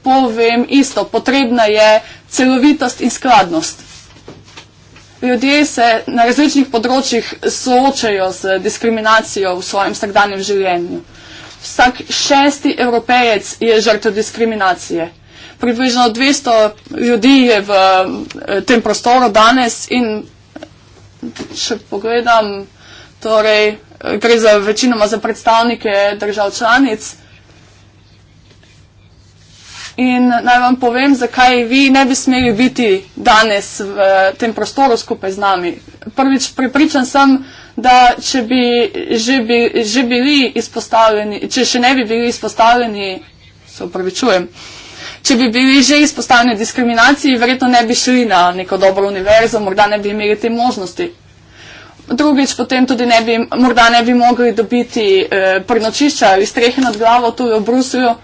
povem isto, potrebna je celovitost in skladnost ljudje se na različnih področjih soočajo z diskriminacijo v svojem vsakdanjem življenju. Vsak šesti evropejec je žrtev diskriminacije. Približno 200 ljudi je v eh, tem prostoru danes in eh, če pogledam, torej eh, gre za večinoma za predstavnike držav članic, In naj vam povem, zakaj vi ne bi smeli biti danes v tem prostoru skupaj z nami. Prvič, pripričan sem, da če bi že, bi, že bili izpostavljeni, če še ne bi bili izpostavljeni, se upravičujem, če bi bili že izpostavljeni diskriminaciji, verjetno ne bi šli na neko dobro univerzo, morda ne bi imeli te možnosti. Drugič, potem tudi ne bi, morda ne bi mogli dobiti eh, prenočišča ali strehe nad glavo tu v Bruslju.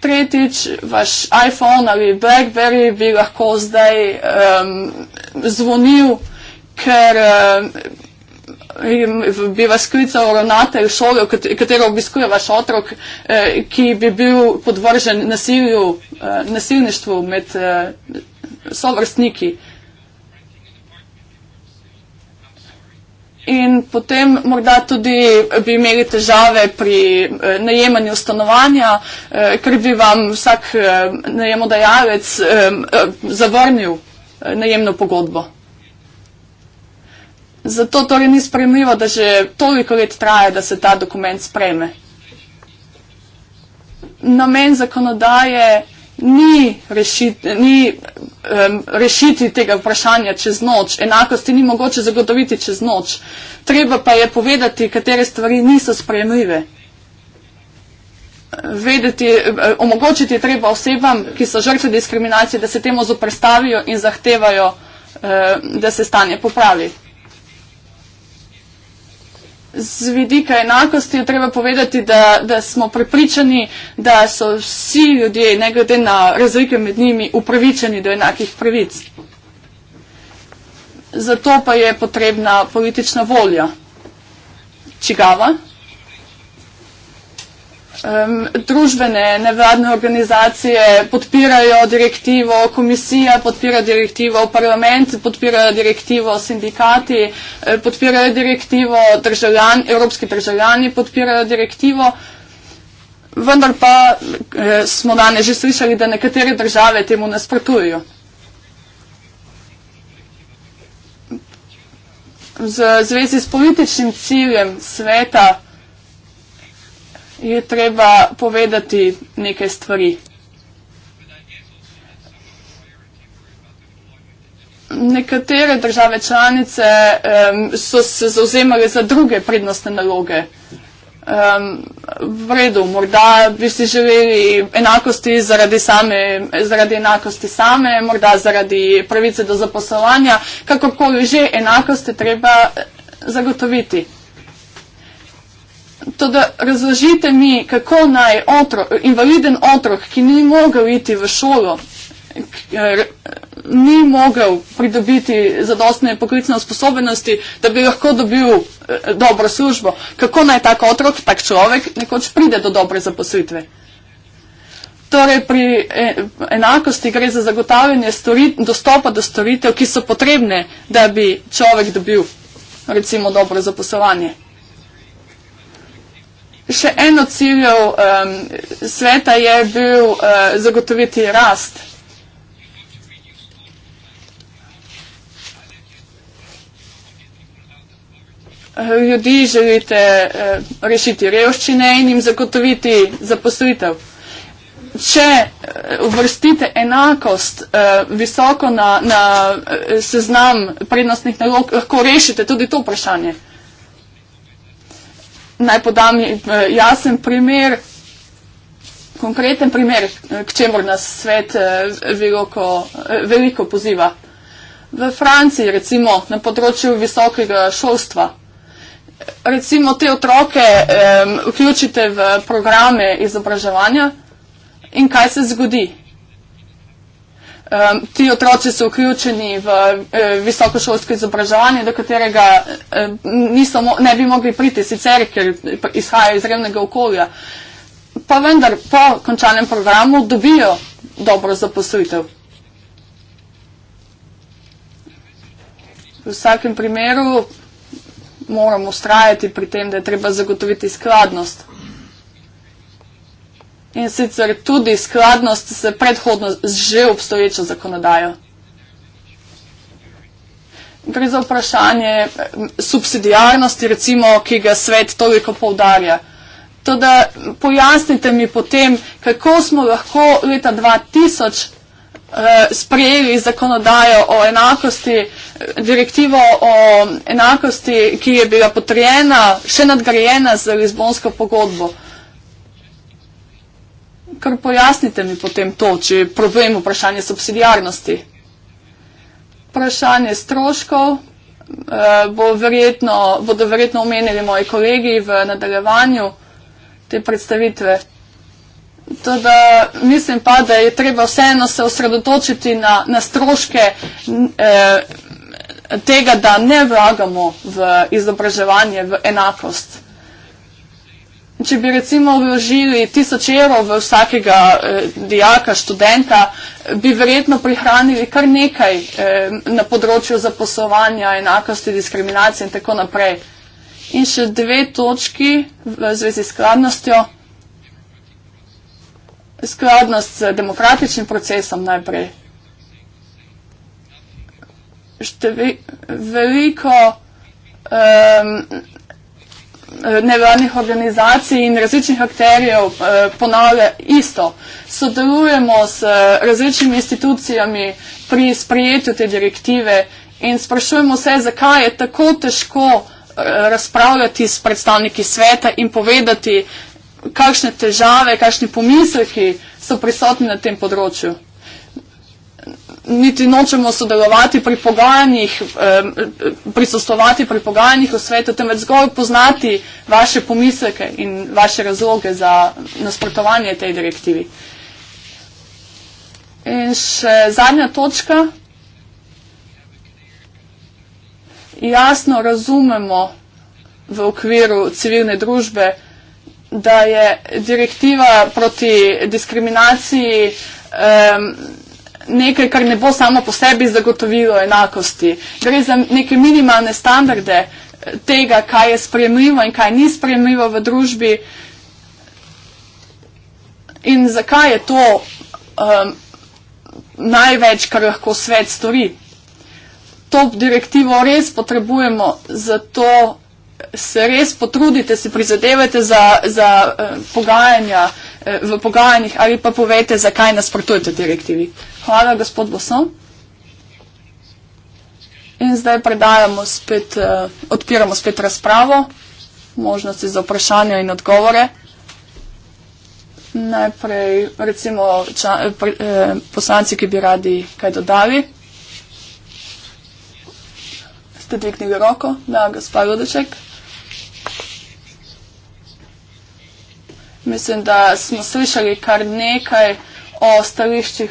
Tretjič, vaš iPhone ali BlackBerry bi lahko zdaj um, zvonil, ker um, bi vas klical ravnatelj šole, katero obiskuje vaš otrok, eh, ki bi bil podvržen nasilju, eh, nasilništvu med eh, sovrstniki. Eh, in potem morda tudi bi imeli težave pri eh, najemanju stanovanja, eh, ker bi vam vsak eh, najemodajalec zavrnil najemno pogodbo. Zato torej ni spremljivo, da že toliko let traje, da se ta dokument spreme. Namen zakonodaje je, ni, rešit, ni um, rešiti tega vprašanja čez noč. Enakosti ni mogoče zagotoviti čez noč. Treba pa je povedati, katere stvari niso sprejemljive. Vedeti, eh, omogočiti je treba osebam, ki so žrtve diskriminacije, da se temu zoprstavijo in zahtevajo, eh, da se stanje popravi. Z vidika enakosti je treba povedati, da, da smo pripričani, da so vsi ljudje, ne glede na razlike med njimi, upravičeni do enakih pravic. Zato pa je potrebna politična volja. Čigava? um, družbene nevladne organizacije podpirajo direktivo, komisija podpira direktivo, parlament podpira direktivo, sindikati eh, podpirajo direktivo, državljan, evropski državljani podpirajo direktivo. Vendar pa eh, smo danes že slišali, da nekatere države temu nasprotujejo. V zvezi s političnim ciljem sveta je treba povedati neke stvari. Nekatere države članice um, so se zauzemale za druge prednostne naloge. Um, v redu, morda bi si želeli enakosti zaradi, same, zaradi enakosti same, morda zaradi pravice do zaposlovanja, kakorkoli že enakosti treba eh, zagotoviti. Toda razložite mi, kako naj otro, invaliden otrok, ki ni mogel iti v šolo, ker ni mogel pridobiti zadostne poklicne usposobenosti, da bi lahko dobil eh, dobro službo, kako naj tak otrok, tak človek, nekoč pride do dobre zaposlitve. Torej, pri eh, enakosti gre za zagotavljanje storit, dostopa do storitev, ki so potrebne, da bi človek dobil recimo dobro zaposlovanje. Še en od ciljev um, sveta je bil uh, zagotoviti rast. Ljudi želite uh, rešiti revščine in jim zagotoviti zaposlitev. Če eh, uvrstite enakost uh, visoko na, na seznam prednostnih nalog, lahko rešite tudi to vprašanje naj podam eh, jasen primer, konkreten primer, eh, k čemur nas svet eh, veliko, veliko poziva. V Franciji, recimo, na področju visokega šolstva, recimo te otroke vključite v programe izobraževanja in kaj se zgodi? Um, ti otroci so vključeni v eh, visokošolsko izobraževanje, do katerega eh, niso, ne bi mogli priti sicer, ker izhajajo iz revnega okolja. Pa vendar po končanem programu dobijo dobro zaposlitev. V vsakem primeru moramo ustrajati pri tem, da je treba zagotoviti skladnost in sicer tudi skladnost s predhodno že obstoječo zakonodajo. Gre za vprašanje subsidijarnosti, recimo, ki ga svet toliko povdarja. Teda pojasnite mi potem, kako smo lahko leta 2000 eh, sprejeli zakonodajo o enakosti, eh, direktivo o enakosti, ki je bila potrjena, še nadgrajena z Lizbonsko pogodbo kar pojasnite mi potem to, če je problem vprašanje subsidijarnosti. Vprašanje stroškov eh, bo verjetno, bodo verjetno omenili moji kolegi v nadaljevanju te predstavitve. Teda, mislim pa, da je treba vseeno se osredotočiti na, na stroške eh, tega, da ne vlagamo v izobraževanje, v enakost če bi recimo vložili tisoč evrov v vsakega eh, dijaka, študenta, bi verjetno prihranili kar nekaj eh, na področju zaposlovanja, enakosti, diskriminacije in tako naprej. In še dve točki v zvezi s skladnostjo. Skladnost z demokratičnim procesom najprej. Števi, veliko um, Eh, nevladnih organizacij in različnih akterjev eh, ponavlja isto. Sodelujemo s eh, različnimi institucijami pri sprejetju te direktive in sprašujemo se, zakaj je tako težko razpravljati s predstavniki sveta in povedati, kakšne težave, kakšni pomisleki so prisotni na tem področju niti nočemo sodelovati pri pogajanjih, prisostovati pri pogajanjih v svetu, temveč zgolj poznati vaše pomisleke in vaše razloge za nasprotovanje tej direktivi. In še zadnja točka. Jasno razumemo v okviru civilne družbe, da je direktiva proti diskriminaciji um, nekaj, kar ne bo samo po sebi zagotovilo enakosti. Gre za neke minimalne standarde eh, tega, kaj je spremljivo in kaj ni spremljivo v družbi. In zakaj je to um, največ, kar lahko svet stori? To direktivo res potrebujemo, zato se res potrudite, se prizadevajte za, za uh, pogajanja. Eh, v pogajanjih ali pa povete, zakaj nasprotujete direktivi. Hvala, gospod Boson. In zdaj predajamo spet, eh, odpiramo spet razpravo, možnosti za vprašanja in odgovore. Najprej recimo ča, eh, pre, eh, poslanci, ki bi radi kaj dodali. Ste dvignili roko? Da, gospod Vodeček. Mislim, da smo slišali kar nekaj o stališčih.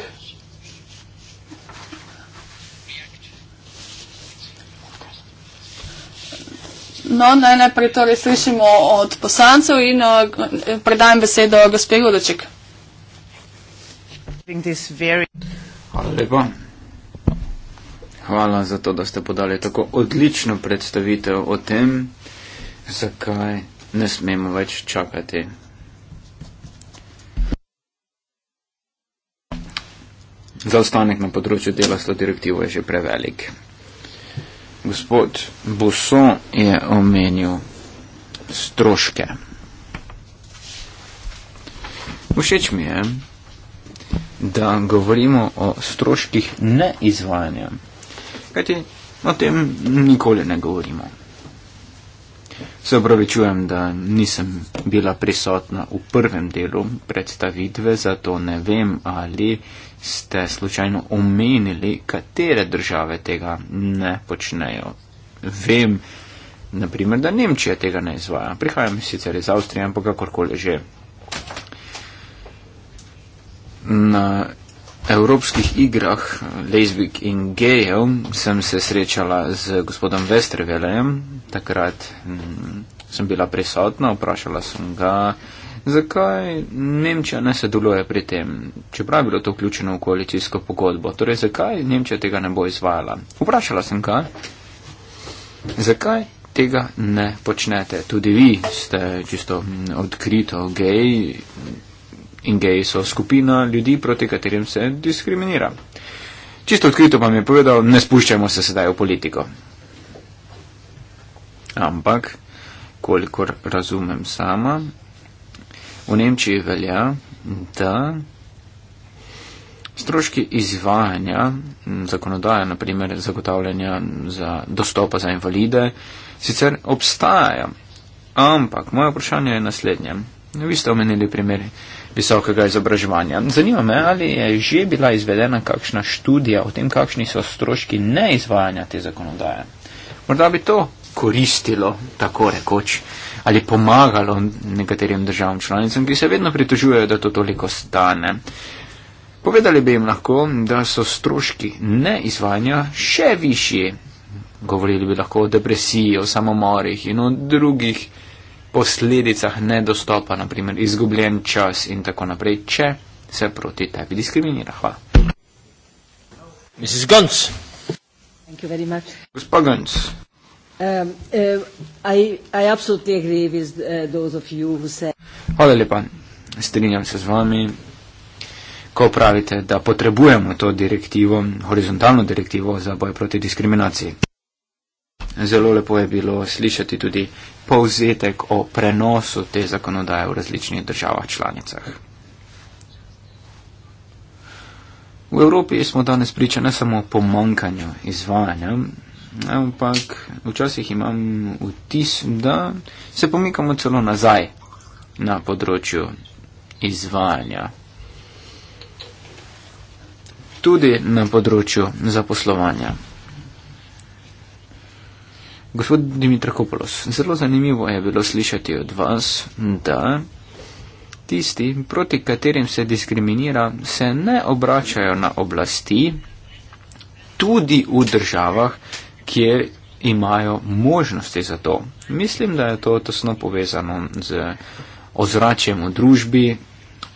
No, naj najprej torej slišimo od poslancev in eh, predajem besedo gospe Gudoček. Hvala lepa. Hvala za to, da ste podali tako odlično predstavitev o tem, zakaj ne smemo več čakati zaostanek na področju dela s to direktivo je že prevelik. Gospod Buso je omenil stroške. Všeč mi je, da govorimo o stroških neizvajanja, kajti o tem nikoli ne govorimo. Se opravičujem, da nisem bila prisotna v prvem delu predstavitve, zato ne vem, ali ste slučajno omenili, katere države tega ne počnejo. Vem, naprimer, da Nemčija tega ne izvaja. Prihajam sicer iz Avstrije, ampak kakorkoli že. Na evropskih igrah lezbik in gejev sem se srečala z gospodom Vestrevelem. Takrat m, mm, sem bila prisotna, vprašala sem ga, uh, Zakaj Nemčija ne sodeluje pri tem, čeprav je bilo to vključeno v koalicijsko pogodbo? Torej, zakaj Nemčija tega ne bo izvajala? Vprašala sem ga, zakaj tega ne počnete? Tudi vi ste čisto mm, odkrito gej in gej so skupina ljudi, proti katerim se diskriminira. Čisto odkrito vam je povedal, ne spuščajmo se sedaj v politiko. Ampak, kolikor razumem sama, V Nemčiji velja, da stroški izvajanja zakonodaje, naprimer zagotavljanja za dostopa za invalide, sicer obstajajo. Ampak moje vprašanje je naslednje. Vi ste omenili primer visokega izobraževanja. Zanima me, ali je že bila izvedena kakšna študija o tem, kakšni so stroški neizvajanja te zakonodaje. Morda bi to koristilo, tako rekoč ali pomagalo nekaterim državam članicam, ki se vedno pritožujejo, da to toliko stane. Povedali bi jim lahko, da so stroški neizvanja še višji. Govorili bi lahko o depresiji, o samomorih in o drugih posledicah nedostopa, naprimer izgubljen čas in tako naprej, če se proti tebi diskriminira. Hvala. Mrs. Guns. Thank you very much. Gospa Guns. Um, uh, uh, Hvala lepa. Strinjam se z vami. Ko pravite, da potrebujemo to direktivo, horizontalno direktivo za boj proti diskriminaciji. Zelo lepo je bilo slišati tudi povzetek o prenosu te zakonodaje v različnih državah članicah. V Evropi smo danes priča ne samo pomankanju izvajanja ampak včasih imam vtis, da se pomikamo celo nazaj na področju izvajanja. Tudi na področju zaposlovanja. Gospod Dimitrakopolos, zelo zanimivo je bilo slišati od vas, da tisti, proti katerim se diskriminira, se ne obračajo na oblasti, tudi v državah, kjer imajo možnosti za to. Mislim, da je to tesno povezano z ozračjem v družbi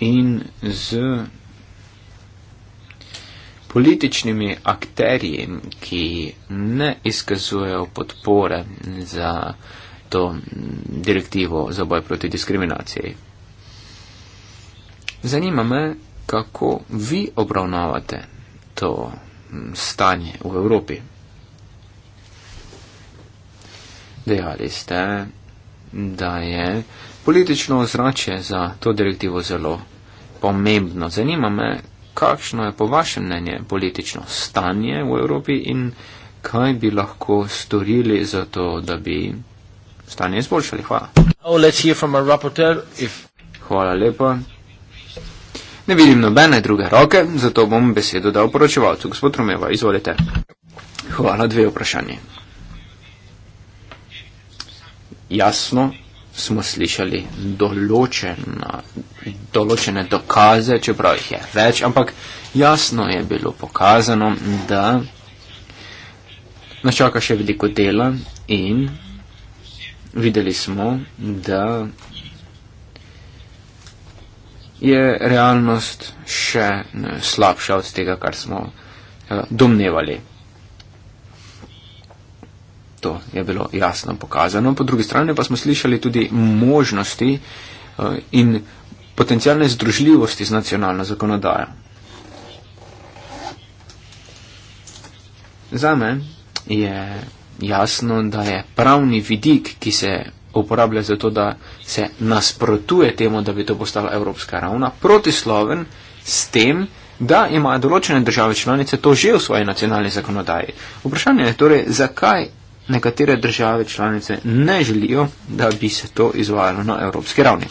in z političnimi akterji, ki ne izkazujejo podpore za to direktivo za boj proti diskriminaciji. Zanima me, kako vi obravnavate to stanje v Evropi. dejali ste, da je politično ozračje za to direktivo zelo pomembno. Zanima me, kakšno je po vašem mnenju politično stanje v Evropi in kaj bi lahko storili za to, da bi stanje izboljšali. Hvala. Oh, Hvala lepa. Ne vidim nobene druge roke, zato bom besedo dal poročevalcu. Gospod Romeva, izvolite. Hvala, dve vprašanje jasno smo slišali določene, določene dokaze, čeprav jih je več, ampak jasno je bilo pokazano, da nas čaka še veliko dela in videli smo, da je realnost še slabša od tega, kar smo eh, domnevali to je bilo jasno pokazano. Po drugi strani pa smo slišali tudi možnosti eh, in potencijalne združljivosti z nacionalno zakonodajo. Zame je jasno, da je pravni vidik, ki se uporablja za to, da se nasprotuje temu, da bi to postala evropska ravna, protisloven s tem, da imajo določene države članice to že v svoji nacionalni zakonodaji. Vprašanje je torej, zakaj nekatere države članice ne želijo, da bi se to izvajalo na evropski ravni.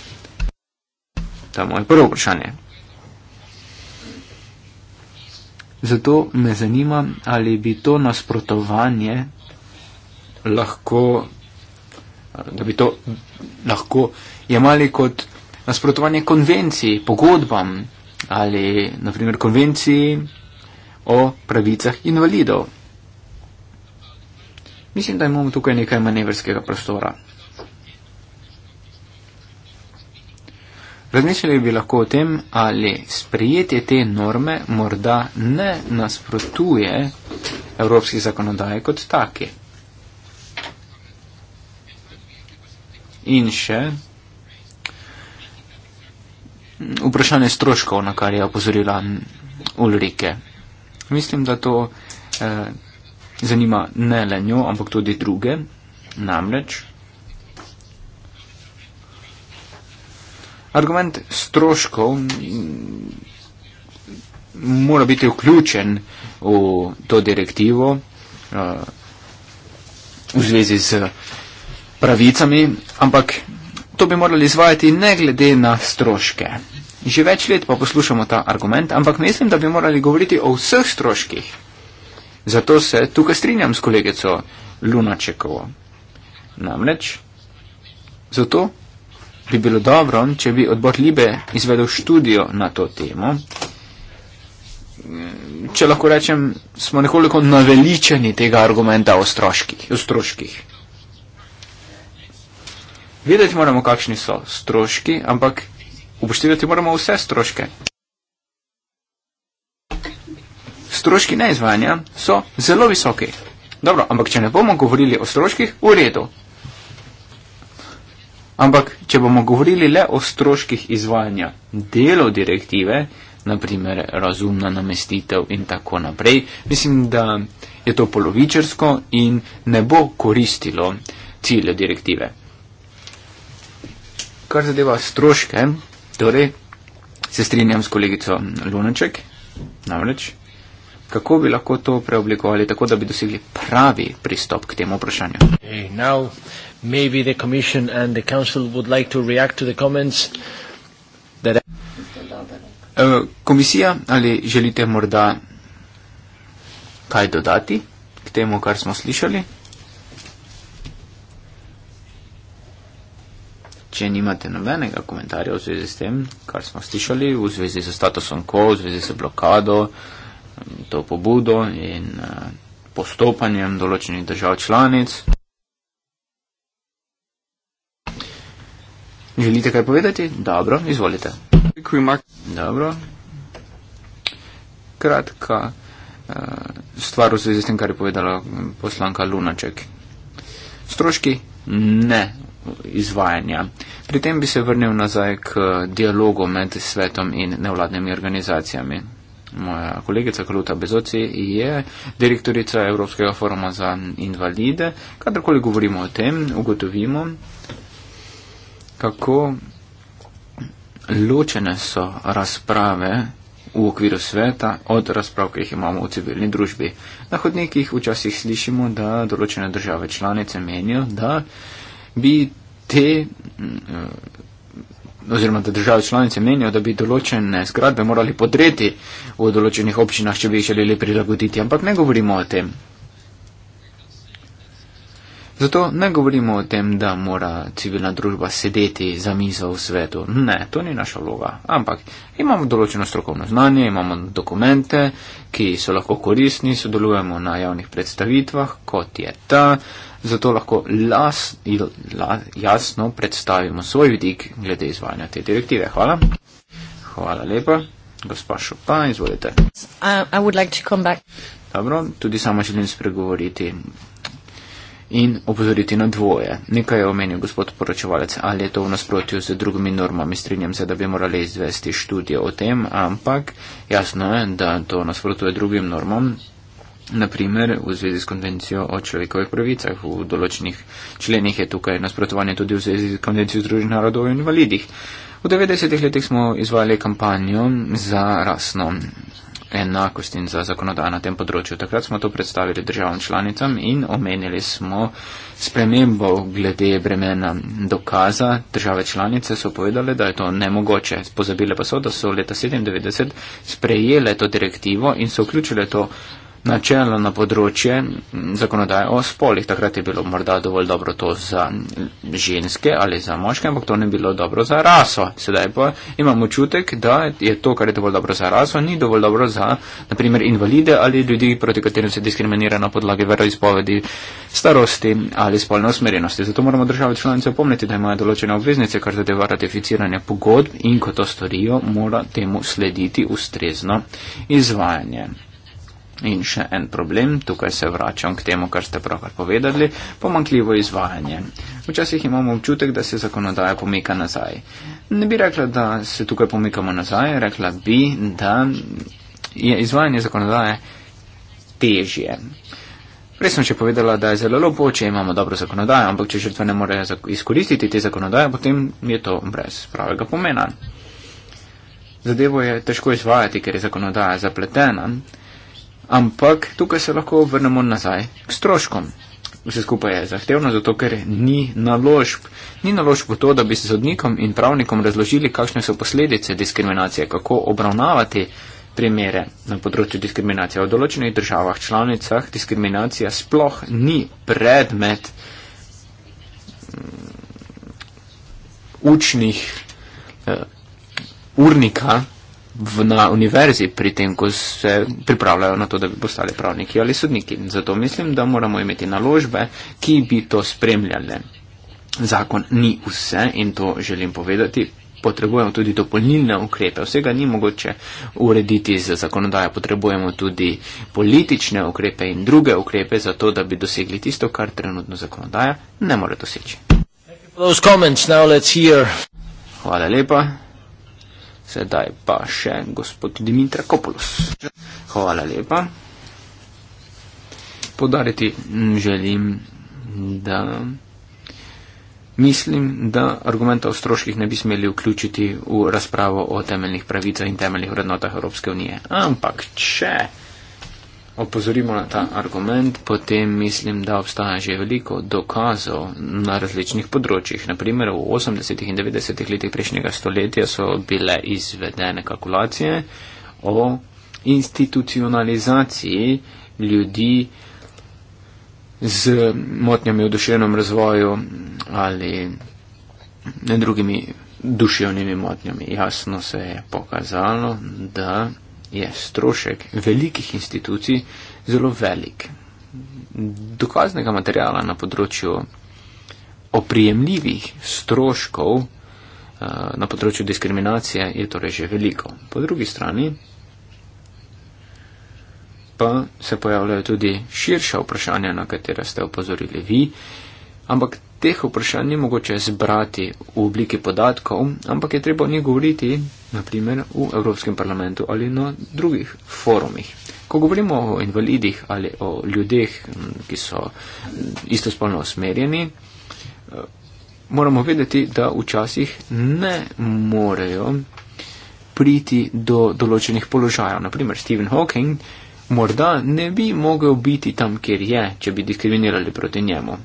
To je moje prvo vprašanje. Zato me zanima, ali bi to nasprotovanje lahko, da bi to lahko jemali kot nasprotovanje konvenciji, pogodbam ali naprimer konvenciji o pravicah invalidov. Mislim, da imamo tukaj nekaj manevrskega prostora. Razmišljali bi lahko o tem, ali sprijetje te norme morda ne nasprotuje evropski zakonodaji kot taki. In še vprašanje stroškov, na kar je opozorila Ulrike. Mislim, da to. Eh, zanima ne le njo, ampak tudi druge. Namreč argument stroškov mora biti vključen v to direktivo eh, v zvezi z pravicami, ampak to bi morali izvajati ne glede na stroške. Že več let pa poslušamo ta argument, ampak mislim, da bi morali govoriti o vseh stroških. Zato se tukaj strinjam s kolegico Lunačekovo. Namreč, zato bi bilo dobro, če bi odbor Libe izvedel študijo na to temo. Če lahko rečem, smo nekoliko naveličeni tega argumenta o stroških. O stroških. Vedeti moramo, kakšni so stroški, ampak upoštevati moramo vse stroške. stroški neizvajanja so zelo visoki. Dobro, ampak če ne bomo govorili o stroških, v redu. Ampak, če bomo govorili le o stroških izvajanja delov direktive, naprimer razumna namestitev in tako naprej, mislim, da je to polovičarsko in ne bo koristilo cilja direktive. Kar zadeva stroške, torej, se strinjam s kolegico Lunaček, namreč kako bi lahko to preoblikovali, tako da bi dosegli pravi pristop k temu vprašanju. E, komisija ali želite morda kaj dodati k temu, kar smo slišali? Če nimate nobenega komentarja v zvezi s tem, kar smo slišali, v zvezi s statusom quo, v zvezi s blokado, uh, to pobudo in eh, postopanjem določenih držav članic. Želite kaj povedati? Dobro, izvolite. Dobro. Kratka eh, stvar v zvezi s tem, kar je povedala poslanka Lunaček. Stroški ne izvajanja. Pri tem bi se vrnil nazaj k dialogu med svetom in nevladnimi organizacijami moja kolegica Kluta Bezoci je direktorica Evropskega foruma za invalide. Kadarkoli govorimo o tem, ugotovimo, kako ločene so razprave v okviru sveta od razprav, ki jih imamo v civilni družbi. Na hodnikih včasih slišimo, da določene države članice menijo, da bi te. Uh, oziroma da države članice menijo, da bi določene zgradbe morali podreti v določenih občinah, če bi jih želeli prilagoditi, ampak ne govorimo o tem. Zato ne govorimo o tem, da mora civilna družba sedeti za mizo v svetu. Ne, to ni naša vloga. Ampak imamo določeno strokovno znanje, imamo dokumente, ki so lahko korisni, sodelujemo na javnih predstavitvah, kot je ta. Zato lahko las, las, jasno predstavimo svoj vidik glede izvajanja te direktive. Hvala. Hvala lepa. Gospa Šopa, izvolite. I, I like Dobro, tudi sama želim spregovoriti in obzoriti na dvoje. Nekaj je omenil gospod poročevalec, ali je to v nasprotju z drugimi normami. Strinjam se, da bi morali izvesti študije o tem, ampak jasno je, da to nasprotuje drugim normam. Naprimer, v zvezi s konvencijo o človekovih pravicah, v določenih členih je tukaj nasprotovanje tudi v zvezi s konvencijo Združenih narodov o invalidih. V 90-ih letih smo izvali kampanjo za rasno enakost in za zakonodajo na tem področju. Takrat smo to predstavili državam članicam in omenili smo spremembo glede bremena dokaza. Države članice so povedali, da je to nemogoče. Pozabile pa so, da so leta 1997 sprejele to direktivo in so vključile to načelno na področje zakonodaje o spolih. Takrat je bilo morda dovolj dobro to za ženske ali za moške, ampak to ni bilo dobro za raso. Sedaj pa imam občutek, da je to, kar je dovolj dobro za raso, ni dovolj dobro za, naprimer, invalide ali ljudi, proti katerim se diskriminira na podlagi veroizpovedi, starosti ali spolne usmerjenosti. Zato moramo države članice opomniti, da imajo določene obveznice, kar zadeva ratificiranje pogodb in ko to storijo, mora temu slediti ustrezno izvajanje. In še en problem, tukaj se vračam k temu, kar ste pravkar povedali, pomankljivo izvajanje. Včasih imamo občutek, da se zakonodaja pomika nazaj. Ne bi rekla, da se tukaj pomikamo nazaj, rekla bi, da je izvajanje zakonodaje težje. Res sem še povedala, da je zelo lepo, če imamo dobro zakonodajo, ampak če žrtve ne morejo izkoristiti te zakonodaje, potem je to brez pravega pomena. Zadevo je težko izvajati, ker je zakonodaja zapletena ampak tukaj se lahko vrnemo nazaj k stroškom. Vse skupaj je zahtevno, zato ker ni naložb. Ni naložb v to, da bi se sodnikom in pravnikom razložili, kakšne so posledice diskriminacije, kako obravnavati primere na področju diskriminacije. V določenih državah članicah diskriminacija sploh ni predmet mm, učnih uh, urnika v, na univerzi pri tem, ko se pripravljajo na to, da bi postali pravniki ali sodniki. Zato mislim, da moramo imeti naložbe, ki bi to spremljale. Zakon ni vse in to želim povedati. Potrebujemo tudi dopolnilne ukrepe. Vsega ni mogoče urediti z zakonodajo. Potrebujemo tudi politične ukrepe in druge ukrepe za to, da bi dosegli tisto, kar trenutno zakonodaja ne more doseči. Hvala lepa. Sedaj pa še gospod Dimitra Kopolos. Hvala lepa. Podariti želim, da mislim, da argumenta o stroških ne bi smeli vključiti v razpravo o temeljnih pravicah in temeljnih vrednotah Evropske unije. Ampak če opozorimo na ta argument, potem mislim, da obstaja že veliko dokazov na različnih področjih. Naprimer, v 80. in 90. letih prejšnjega stoletja so bile izvedene kalkulacije o institucionalizaciji ljudi z motnjami v duševnem razvoju ali drugimi duševnimi motnjami. Jasno se je pokazalo, da je strošek velikih institucij zelo velik. Dokaznega materijala na področju oprijemljivih stroškov eh, na področju diskriminacije je torej že veliko. Po drugi strani pa se pojavljajo tudi širša vprašanja, na katera ste opozorili vi, ampak teh vprašanj ni mogoče zbrati v obliki podatkov, ampak je treba o njih govoriti, naprimer, v Evropskem parlamentu ali na drugih forumih. Ko govorimo o invalidih ali o ljudeh, ki so istospolno usmerjeni, moramo vedeti, da včasih ne morejo priti do določenih položajev. Naprimer, Stephen Hawking morda ne bi mogel biti tam, kjer je, če bi diskriminirali proti njemu.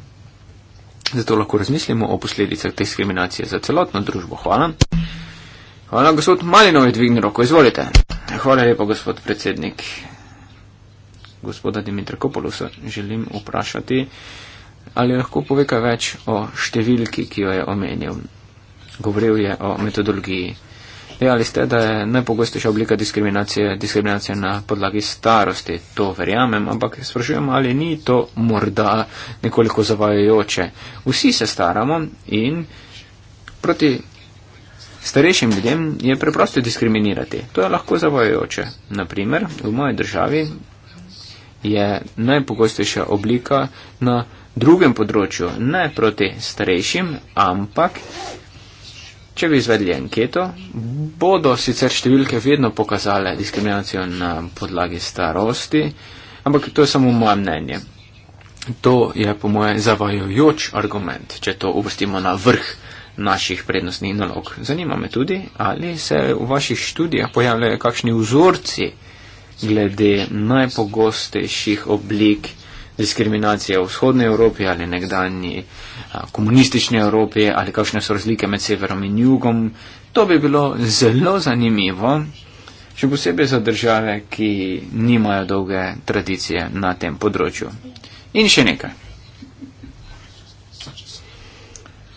Zato lahko razmislimo o posledicah te diskriminacije za celotno družbo. Hvala. Hvala, gospod Malinov, je dvignil roko. Izvolite. Hvala lepa, gospod predsednik. Gospoda Dimitra Kopolusa želim vprašati, ali lahko pove kaj več o številki, ki jo je omenil. Govoril je o metodologiji. Dejali ste, da je najpogostejša oblika diskriminacije diskriminacija na podlagi starosti. To verjamem, ampak sprašujem, ali ni to morda nekoliko zavajajoče. Vsi se staramo in proti starejšim ljudem je preprosto diskriminirati. To je lahko zavajajoče. Naprimer, v moji državi je najpogostejša oblika na drugem področju, ne proti starejšim, ampak Če bi izvedli anketo, bodo sicer številke vedno pokazale diskriminacijo na podlagi starosti, ampak to je samo moje mnenje. To je po moje zavajojoč argument, če to uvrstimo na vrh naših prednostnih nalog. Zanima me tudi, ali se v vaših študijah pojavljajo kakšni vzorci glede najpogostejših oblik diskriminacije v vzhodnej Evropi ali nekdanji. Uh, komunistični Evropi ali kakšne so razlike med severom in jugom. To bi bilo zelo zanimivo, še posebej za države, ki nimajo dolge tradicije na tem področju. In še nekaj.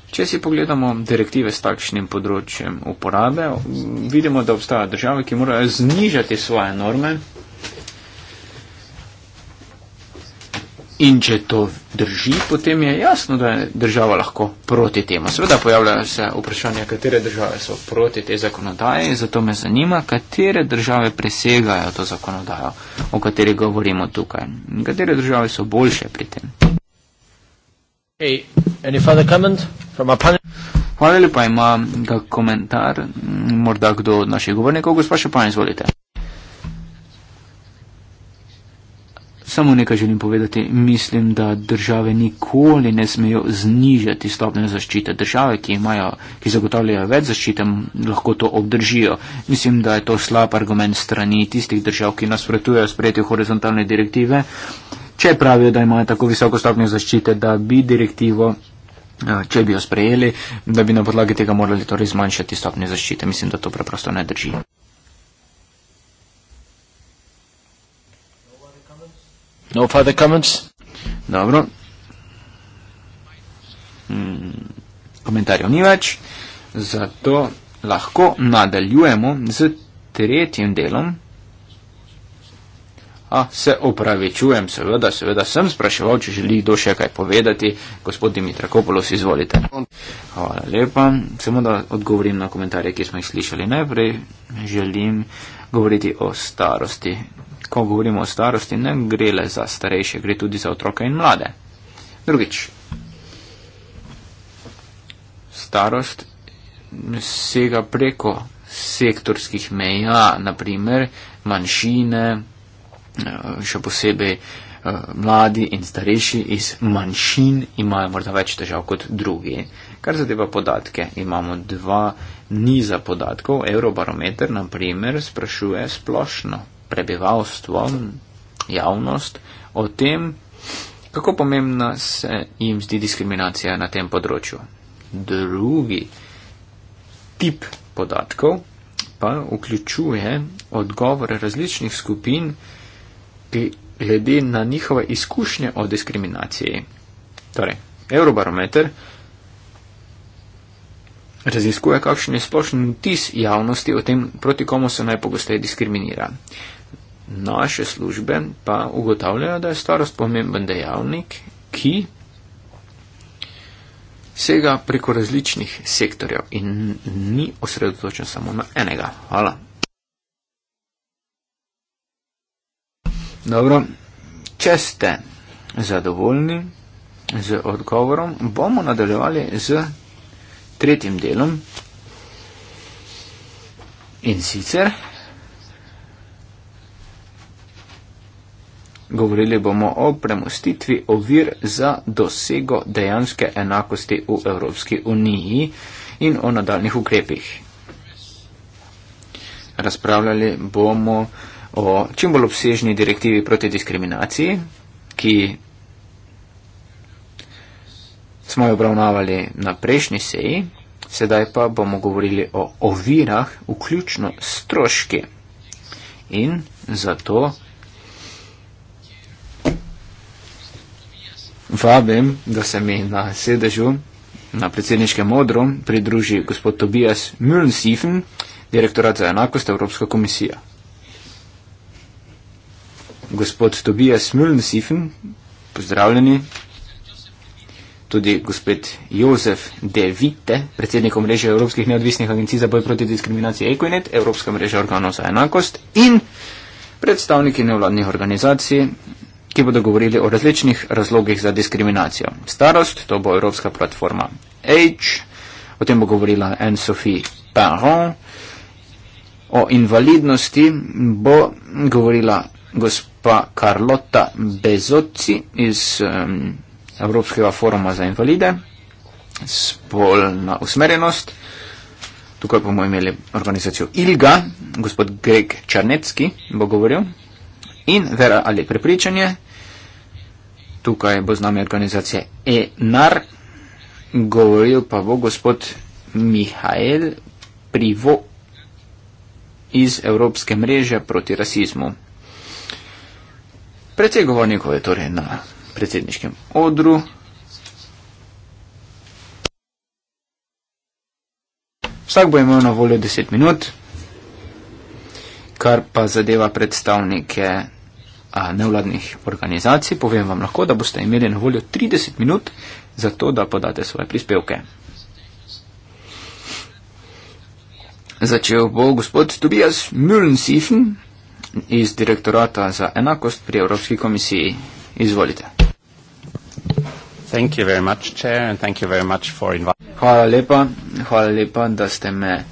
Če si pogledamo direktive s takšnim področjem uporabe, vidimo, da obstajajo države, ki morajo znižati svoje norme In če to drži, potem je jasno, da je država lahko proti temu. Seveda pojavljajo se vprašanja, katere države so proti te zakonodaje, zato me zanima, katere države presegajo to zakonodajo, o kateri govorimo tukaj. Katere države so boljše pri tem? Hey, any further comment from our panel? Hvala lepa, ima ga komentar, morda kdo od naših govornikov, gospod Šepan, izvolite. Samo nekaj želim povedati. Mislim, da države nikoli ne smejo znižati stopne zaščite. Države, ki, imajo, ki zagotavljajo več zaščite, lahko to obdržijo. Mislim, da je to slab argument strani tistih držav, ki nasprotujejo sprejeti horizontalne direktive. Če pravijo, da imajo tako visoko stopnjo zaščite, da bi direktivo, eh, če bi jo sprejeli, da bi na podlagi tega morali torej zmanjšati stopnjo zaščite. Mislim, da to preprosto ne drži. No further comments? Dobro. Hmm, komentarje ni več, zato lahko nadaljujemo z tretjim delom. A, se opravičujem, seveda, seveda sem spraševal, če želi kdo še kaj povedati. Gospod Dimitrakopolos, izvolite. Hvala lepa. Samo da odgovorim na komentarje, ki smo jih slišali. Najprej želim govoriti o starosti ko govorimo o starosti, ne gre le za starejše, gre tudi za otroke in mlade. Drugič, starost sega preko sektorskih meja, naprimer manjšine, eh, še posebej eh, mladi in starejši iz manjšin imajo morda več težav kot drugi. Kar zadeva podatke, imamo dva niza podatkov. Eurobarometer, naprimer, sprašuje splošno prebivalstvom, javnost, o tem, kako pomembna se jim zdi diskriminacija na tem področju. Drugi tip podatkov pa vključuje odgovore različnih skupin glede na njihove izkušnje o diskriminaciji. Torej, Eurobarometer raziskuje, kakšen je splošen vtis javnosti o tem, proti komu se najpogosteje diskriminira naše službe pa ugotavljajo, da je starost pomemben dejavnik, ki sega preko različnih sektorjev in ni osredotočen samo na enega. Hvala. Dobro, če ste zadovoljni z odgovorom, bomo nadaljevali z tretjim delom. In sicer. Govorili bomo o premustitvi ovir za dosego dejanske enakosti v Evropski uniji in o nadaljnih ukrepih. Razpravljali bomo o čim bolj obsežni direktivi proti diskriminaciji, ki smo jo obravnavali na prejšnji seji, sedaj pa bomo govorili o ovirah, vključno stroški. In zato Vabim, da se mi na sedežu na predsedniškem modru pridruži gospod Tobias Müllensiefen, direktorat za enakost Evropska komisija. Gospod Tobias Müllensiefen, pozdravljeni. Tudi gospod Jozef De Vitte, predsednik mreže Evropskih neodvisnih agencij za boj proti diskriminaciji Equinet, Evropska mreža organov za enakost in predstavniki nevladnih organizacij, ki bodo govorili o različnih razlogih za diskriminacijo. Starost, to bo Evropska platforma Age, o tem bo govorila Anne-Sophie Perron, o invalidnosti bo govorila gospa Carlota Bezoci iz um, Evropskega foruma za invalide, spolna usmerjenost, tukaj bomo imeli organizacijo ILGA, gospod Greg Črnecki bo govoril, in vera ali prepričanje. Tukaj bo z nami organizacija Enar, govoril pa bo gospod Mihajl Privo iz Evropske mreže proti rasizmu. Predsej govornikov je torej na predsedniškem odru. Vsak bo imel na voljo 10 minut, kar pa zadeva predstavnike nevladnih organizacij, povem vam lahko, da boste imeli na voljo 30 minut za to, da podate svoje prispevke. Začel bo gospod Tobias Müllensiefen iz direktorata za enakost pri Evropski komisiji. Izvolite. Hvala lepa, hvala lepa, da ste me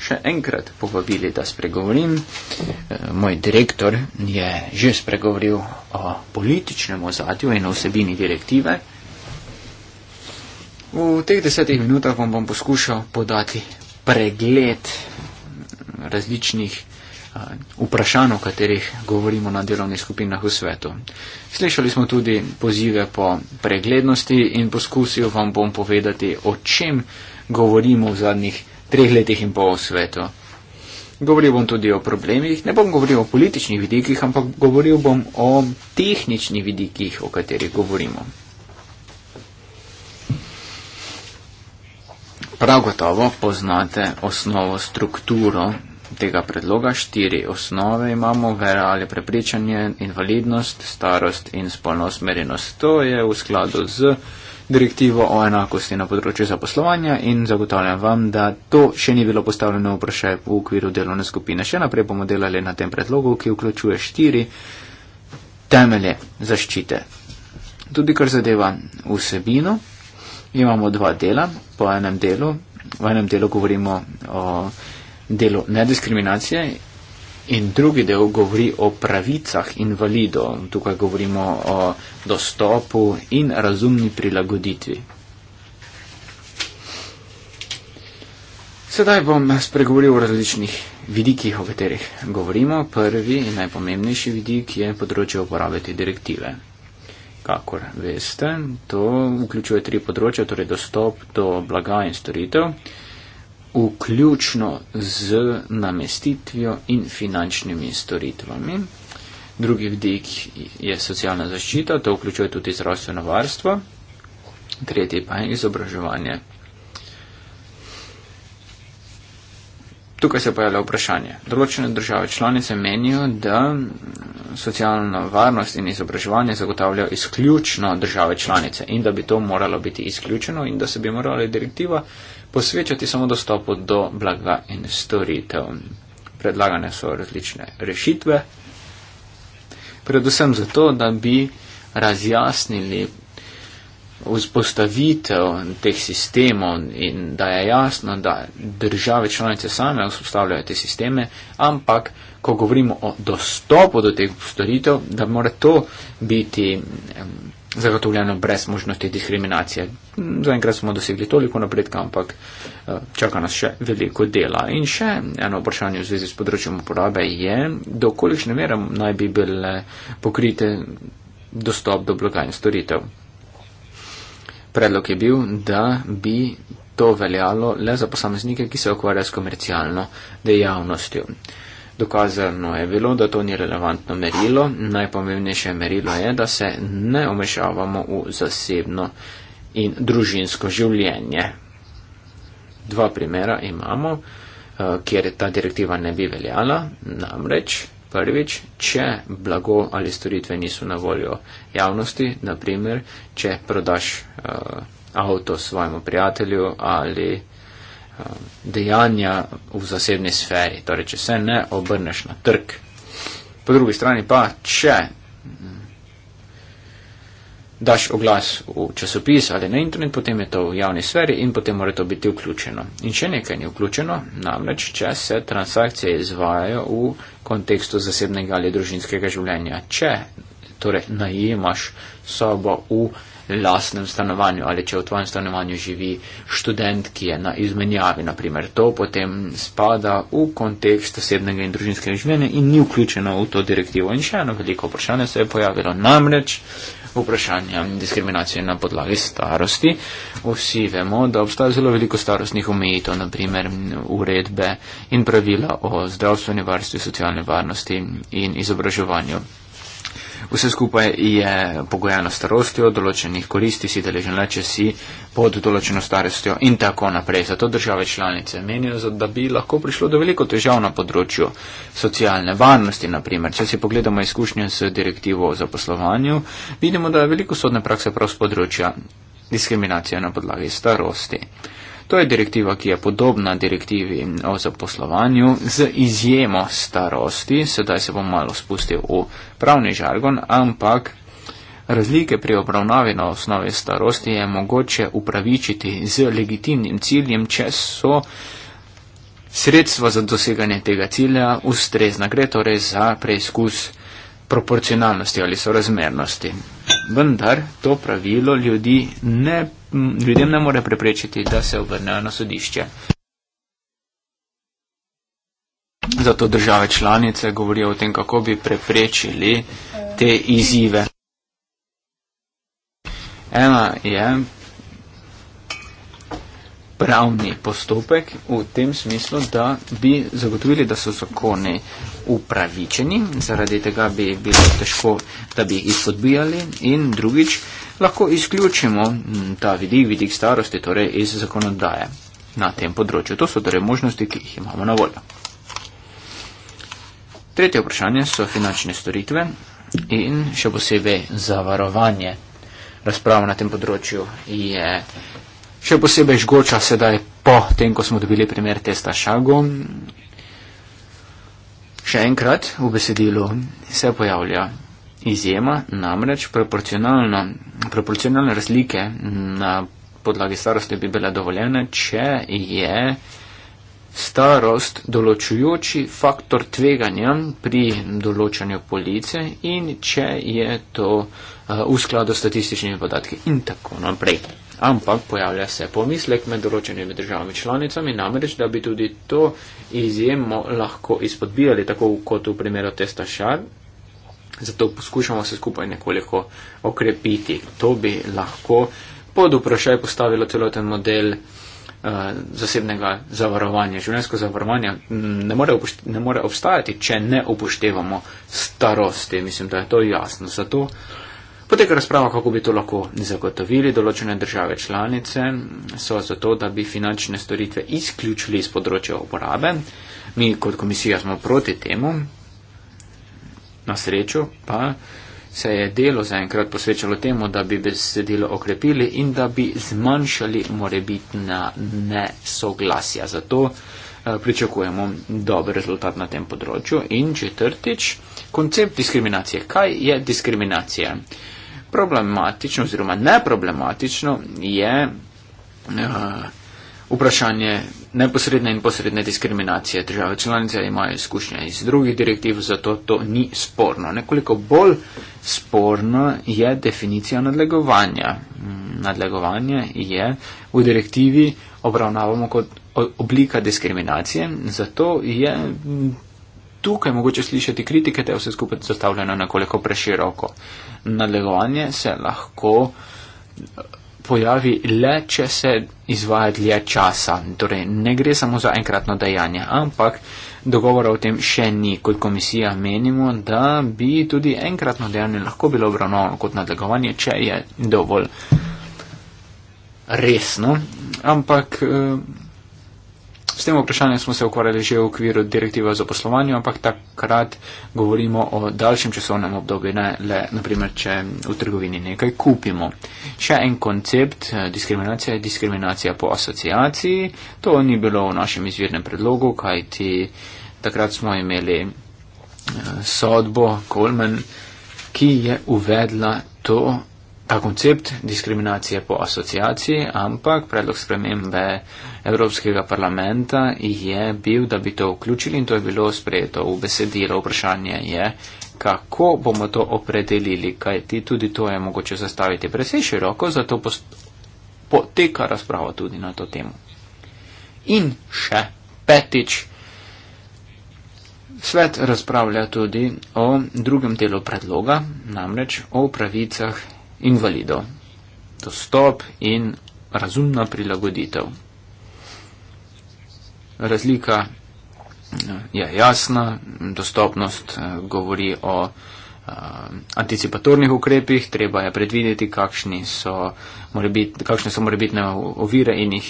še enkrat povabili, da spregovorim. E, moj direktor je že spregovoril o političnem ozadju in osebini direktive. V teh desetih minutah vam bom poskušal podati pregled različnih vprašanj, o katerih govorimo na delovnih skupinah v svetu. Slišali smo tudi pozive po preglednosti in poskusil vam bom povedati, o čem govorimo v zadnjih treh letih in pol v svetu. Govoril bom tudi o problemih, ne bom govoril o političnih vidikih, ampak govoril bom o tehničnih vidikih, o katerih govorimo. Prav gotovo poznate osnovo strukturo tega predloga. Štiri osnove imamo, vera ali prepričanje, invalidnost, starost in spolno usmerjenost. To je v skladu z direktivo o enakosti na področju zaposlovanja in zagotavljam vam, da to še ni bilo postavljeno vprašaj v okviru delovne skupine. Še naprej bomo delali na tem predlogu, ki vključuje štiri temelje zaščite. Tudi kar zadeva vsebino, imamo dva dela po enem delu. V enem delu govorimo o delu nediskriminacije In drugi del govori o pravicah invalidov. Tukaj govorimo o dostopu in razumni prilagoditvi. Sedaj bom spregovoril o različnih vidikih, o katerih govorimo. Prvi in najpomembnejši vidik je področje uporabe te direktive. Kakor veste, to vključuje tri področja, torej dostop do blaga in storitev, vključno z namestitvijo in finančnimi storitvami. Drugi vdik je socialna zaščita, to vključuje tudi zdravstveno varstvo. Tretji pa je izobraževanje. Tukaj se pojavlja vprašanje. Določene države članice menijo, da socialno varnost in izobraževanje zagotavljajo izključno države članice in da bi to moralo biti izključeno in da se bi morala direktiva posvečati samo dostopu do blaga in storitev. Predlagane so različne rešitve, predvsem zato, da bi razjasnili vzpostavitev teh sistemov in da je jasno, da države članice same vzpostavljajo te sisteme, ampak ko govorimo o dostopu do teh storitev, da mora to biti. Um, zagotovljeno brez možnosti diskriminacije. Zaenkrat smo dosegli toliko napredka, ampak eh, čaka nas še veliko dela. In še eno vprašanje v zvezi s področjem uporabe je, do kolikšne mere naj bi bile pokrite dostop do blaga in storitev. Predlog je bil, da bi to veljalo le za posameznike, ki se ukvarjajo s komercialno dejavnostjo. Dokazano je bilo, da to ni relevantno merilo. Najpomembnejše merilo je, da se ne omešavamo v zasebno in družinsko življenje. Dva primera imamo, eh, kjer ta direktiva ne bi veljala. Namreč, prvič, če blago ali storitve niso na voljo javnosti, naprimer, če prodaš eh, avto svojemu prijatelju ali. Eh, dejanja v zasebni sferi. Torej, če se ne obrneš na trg. Po drugi strani pa, če mm, daš oglas v časopis ali na internet, potem je to v javni sferi in potem mora to biti vključeno. In še nekaj ni vključeno, namreč, če se transakcije izvajajo v kontekstu zasebnega ali družinskega življenja. Če torej najemaš sobo v lasnem stanovanju ali če v tvojem stanovanju živi študent, ki je na izmenjavi, naprimer. To potem spada v kontekst osebnega in družinskega življenja in ni vključeno v to direktivo. In še eno veliko vprašanje se je pojavilo, namreč vprašanje diskriminacije na podlagi starosti. Vsi vemo, da obstaja zelo veliko starostnih omejitev, naprimer uredbe in pravila o zdravstveni varstvi, socialne varnosti in izobraževanju. Vse skupaj je pogojeno starostjo, določenih koristi si deležen le, če si pod določeno starostjo in tako naprej. Zato države članice menijo, da bi lahko prišlo do veliko težav na področju socialne varnosti. Naprimer, če si pogledamo izkušnje z direktivo o zaposlovanju, vidimo, da je veliko sodne prakse prav z področja diskriminacije na podlagi starosti. To je direktiva, ki je podobna direktivi o zaposlovanju z izjemo starosti. Sedaj se bom malo spustil v pravni žargon, ampak razlike pri obravnavi na osnovi starosti je mogoče upravičiti z legitimnim ciljem, če so sredstva za doseganje tega cilja ustrezna. Gre torej za preizkus proporcionalnosti ali sorazmernosti. Vendar to pravilo ljudi ne, ljudem ne more preprečiti, da se obrnejo na sodišče. Zato države članice govorijo o tem, kako bi preprečili te izzive. Ena je pravni postopek v tem smislu, da bi zagotovili, da so zakoni upravičeni, zaradi tega bi bilo težko, da bi jih izpodbijali in drugič lahko izključimo mm, ta vidik, vidik starosti, torej iz zakonodaje na tem področju. To so torej možnosti, ki jih imamo na voljo. Tretje vprašanje so finančne storitve in še posebej zavarovanje. Razprava na tem področju je še posebej žgoča sedaj po tem, ko smo dobili primer testa Šago Še enkrat v besedilu se pojavlja izjema, namreč proporcionalne razlike na podlagi starosti bi bile dovoljene, če je starost določujoči faktor tveganja pri določanju police in če je to uh, v skladu s statističnimi podatki in tako naprej ampak pojavlja se pomislek med določenimi državami članicami, namreč da bi tudi to izjemo lahko izpodbijali, tako kot v primeru testa šar. Zato poskušamo se skupaj nekoliko okrepiti. To bi lahko pod vprašaj postavilo celoten model eh, zasebnega zavarovanja. Življenjsko zavarovanje mm, ne more, ne more obstajati, če ne upoštevamo starosti. Mislim, da je to jasno. Zato uh, Poteka razprava, kako bi to lahko zagotovili. Določene države članice so za to, da bi finančne storitve izključili iz področja uporabe. Mi kot komisija smo proti temu. Na srečo pa se je delo zaenkrat posvečalo temu, da bi besedilo okrepili in da bi zmanjšali morebitna nesoglasja. Zato eh, pričakujemo dober rezultat na tem področju. In četrtič, koncept diskriminacije. Kaj je diskriminacija? problematično oziroma neproblematično je uh, vprašanje neposredne in posredne diskriminacije. Države članice imajo izkušnje iz drugih direktiv, zato to ni sporno. Nekoliko bolj sporna je definicija nadlegovanja. Mm, nadlegovanje je v direktivi obravnavamo kot oblika diskriminacije, zato je mm, tukaj mogoče slišati kritike, da je vse skupaj zastavljeno nekoliko preširoko. Nadaljevanje se lahko eh, pojavi le, če se izvaja dlje časa. Torej, ne gre samo za enkratno dejanje, ampak dogovora o tem še ni. Kot komisija menimo, da bi tudi enkratno dejanje lahko bilo obravnavano kot nadaljevanje, če je dovolj resno. Ampak. Eh, S tem vprašanjem smo se ukvarjali že v okviru direktive za poslovanje, ampak takrat govorimo o daljšem časovnem obdobju, ne le, naprimer, če v trgovini nekaj kupimo. Še en koncept eh, diskriminacije je diskriminacija po asociaciji. To ni bilo v našem izvirnem predlogu, kajti takrat smo imeli eh, sodbo Kolmen, ki je uvedla to ta koncept diskriminacije po asociaciji, ampak predlog spremembe Evropskega parlamenta je bil, da bi to vključili in to je bilo sprejeto v besedilo. Vprašanje je, kako bomo to opredelili, kaj ti tudi to je mogoče zastaviti presej široko, zato poteka razprava tudi na to temo. In še petič. Svet razpravlja tudi o drugem delu predloga, namreč o pravicah invalidov. Dostop in razumna prilagoditev. Razlika eh, je jasna, dostopnost eh, govori o Um, anticipatornih ukrepih, treba je predvideti, kakšni so morebit, kakšne so morebitne ovire in jih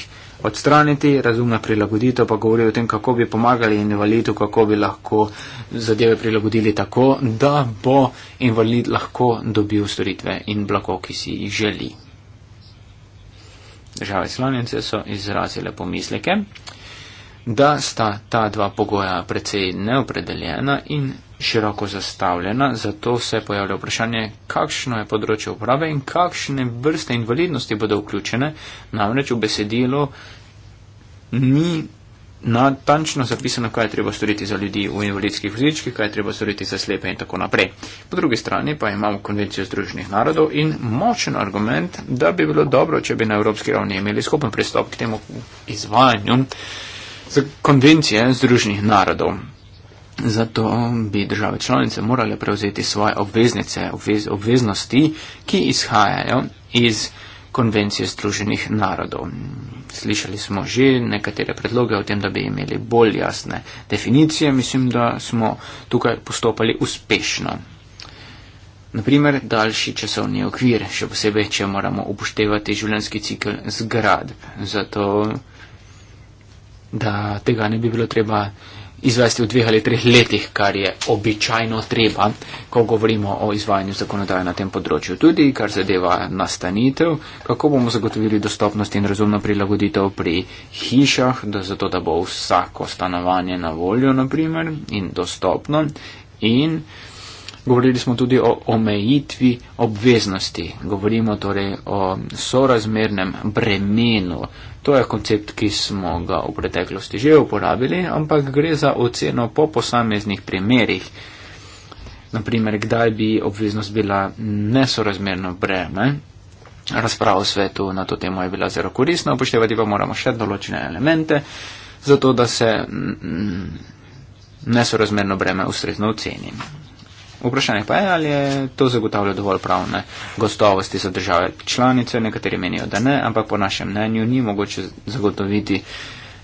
odstraniti. Razumna prilagoditev pa govori o tem, kako bi pomagali invalidu, kako bi lahko zadeve prilagodili tako, da bo invalid lahko dobil storitve in blago, ki si jih želi. Države slanjence so izrazile pomisleke, da sta ta dva pogoja precej neopredeljena in široko zastavljena, zato se pojavlja vprašanje, kakšno je področje uporabe in kakšne vrste invalidnosti bodo vključene. Namreč v besedilu ni natančno zapisano, kaj je treba storiti za ljudi v invalidskih vozičkih, kaj je treba storiti za slepe in tako naprej. Po drugi strani pa imamo konvencijo Združenih narodov in močen argument, da bi bilo dobro, če bi na evropski ravni imeli skupen pristop k temu izvajanju konvencije Združenih narodov. Zato bi države članice morale prevzeti svoje obveznice, obvez, obveznosti, ki izhajajo iz konvencije Združenih narodov. Slišali smo že nekatere predloge o tem, da bi imeli bolj jasne definicije. Mislim, da smo tukaj postopali uspešno. Naprimer, daljši časovni okvir, še posebej, če moramo upoštevati življenski cikl zgradb. Zato, da tega ne bi bilo treba izvesti v dveh ali treh letih, kar je običajno treba, ko govorimo o izvajanju zakonodaje na tem področju. Tudi, kar zadeva nastanitev, kako bomo zagotovili dostopnost in razumno prilagoditev pri hišah, da zato, da bo vsako stanovanje na voljo, naprimer, in dostopno. In Govorili smo tudi o omejitvi obveznosti, govorimo torej o sorazmernem bremenu. To je koncept, ki smo ga v preteklosti že uporabili, ampak gre za oceno po posameznih primerih. Naprimer, kdaj bi obveznost bila nesorazmerno breme. Razprava o svetu na to temo je bila zelo korisna, upoštevati pa moramo še določene elemente, zato da se mm, mm, nesorazmerno breme ustrezno ocenimo. Vprašanje pa je, ali je to zagotavlja dovolj pravne gostovosti za države članice. Nekateri menijo, da ne, ampak po našem mnenju ni mogoče zagotoviti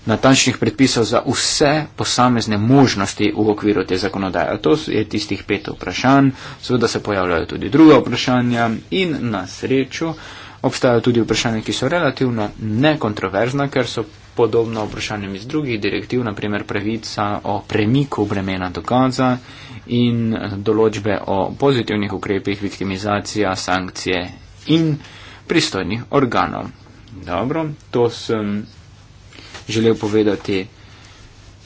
natančnih predpisov za vse posamezne možnosti v okviru te zakonodaje. To je tistih pet vprašanj. Seveda se pojavljajo tudi druga vprašanja in na srečo obstajajo tudi vprašanja, ki so relativno nekontroverzna, ker so podobno vprašanjem iz drugih direktiv, naprimer pravica o premiku bremena dokaza in eh, določbe o pozitivnih ukrepih, viktimizacija, sankcije in pristojnih organov. Dobro, to sem želel povedati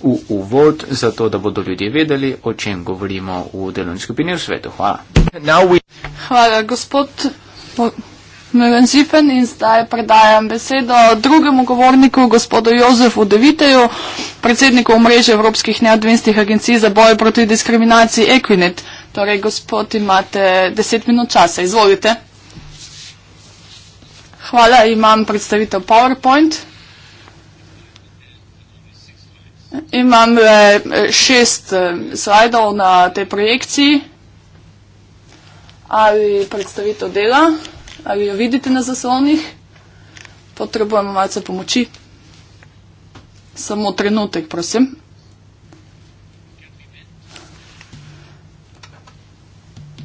v uvod, zato da bodo ljudje vedeli, o čem govorimo v delovni skupini v svetu. Hvala. Hvala, gospod. Miren Žifen in zdaj predajam besedo drugemu govorniku, gospodu Jozefu Deviteju, predsedniku mreže Evropskih neodvisnih agencij za boj proti diskriminaciji Equinet. Torej, gospod, imate deset minut časa, izvolite. Hvala, imam predstavitev PowerPoint. Imam eh, šest eh, slajdov na tej projekciji ali predstavitev dela ali jo vidite na zaslonih, potrebujemo malce pomoči. Samo trenutek, prosim.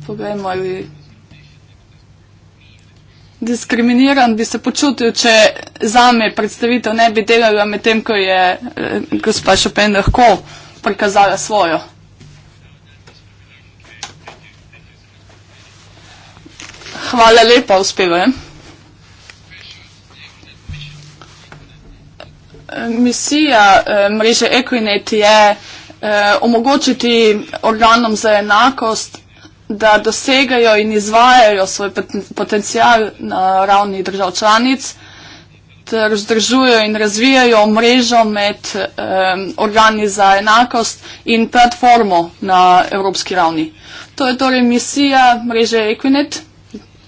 Poglejmo, ali diskriminiran bi se počutil, če zame predstavitev ne bi delala med tem, ko je eh, gospa Chopin lahko prikazala svojo. Hvala lepa, uspeve. Misija eh, mreže Equinet je eh, omogočiti organom za enakost, da dosegajo in izvajajo svoj potencijal na ravni držav članic, ter vzdržujo in razvijajo mrežo med eh, organi za enakost in platformo na evropski ravni. To je torej misija mreže Equinet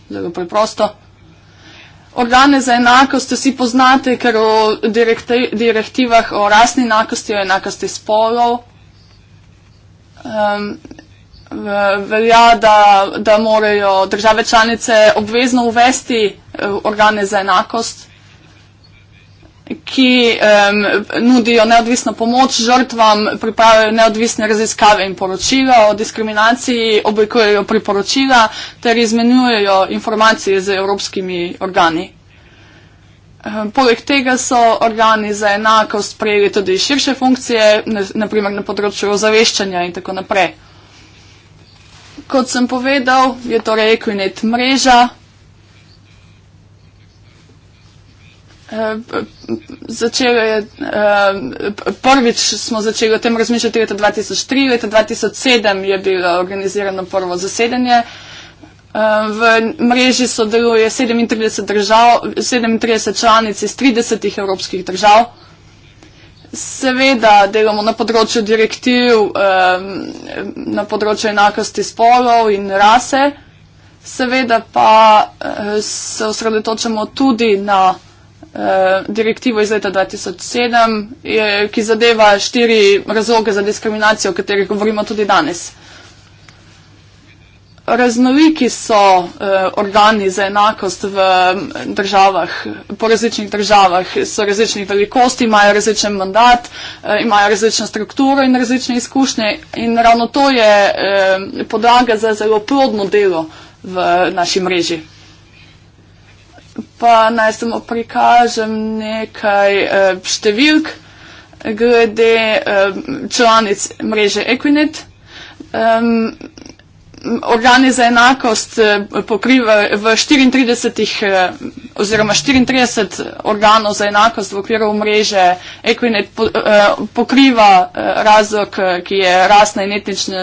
da ga preprosto. Organe za enakost vsi poznate, ker v direktivah o rasni enakosti, o enakosti spolov um, velja, da, da morajo države članice obvezno uvesti eh, organe za enakost ki um, nudijo neodvisno pomoč žrtvam, pripravljajo neodvisne raziskave in poročila o diskriminaciji, oblikujejo priporočila ter izmenjujejo informacije z evropskimi organi. Poleg tega so organi za enakost prejeli tudi širše funkcije, naprimer na področju ozaveščanja in tako naprej. Kot sem povedal, je torej Equinet mreža, začela je, uh, prvič smo začeli o tem razmišljati leta 2003, leta 2007 je bilo organizirano prvo zasedanje. Eh, v mreži sodeluje 37, držav, 37 članic iz 30 evropskih držav. Seveda delamo na področju direktiv, eh, na področju enakosti spolov in rase, seveda pa se osredotočamo tudi na Eh, direktivo iz leta 2007, je, ki zadeva štiri razloge za diskriminacijo, o katerih govorimo tudi danes. Raznoliki so eh, organi za enakost v eh, državah, po različnih državah so različnih velikosti, imajo različen mandat, eh, imajo različno strukturo in različne izkušnje in ravno to je eh, podlaga za zelo plodno delo v naši mreži pa naj samo prikažem nekaj uh, številk glede uh, članic mreže Equinet. Um, organi za enakost eh, pokriva v 34 oziroma 34 organov za enakost v okviru mreže Equinet pokriva razlog, ki je rasni in etnični,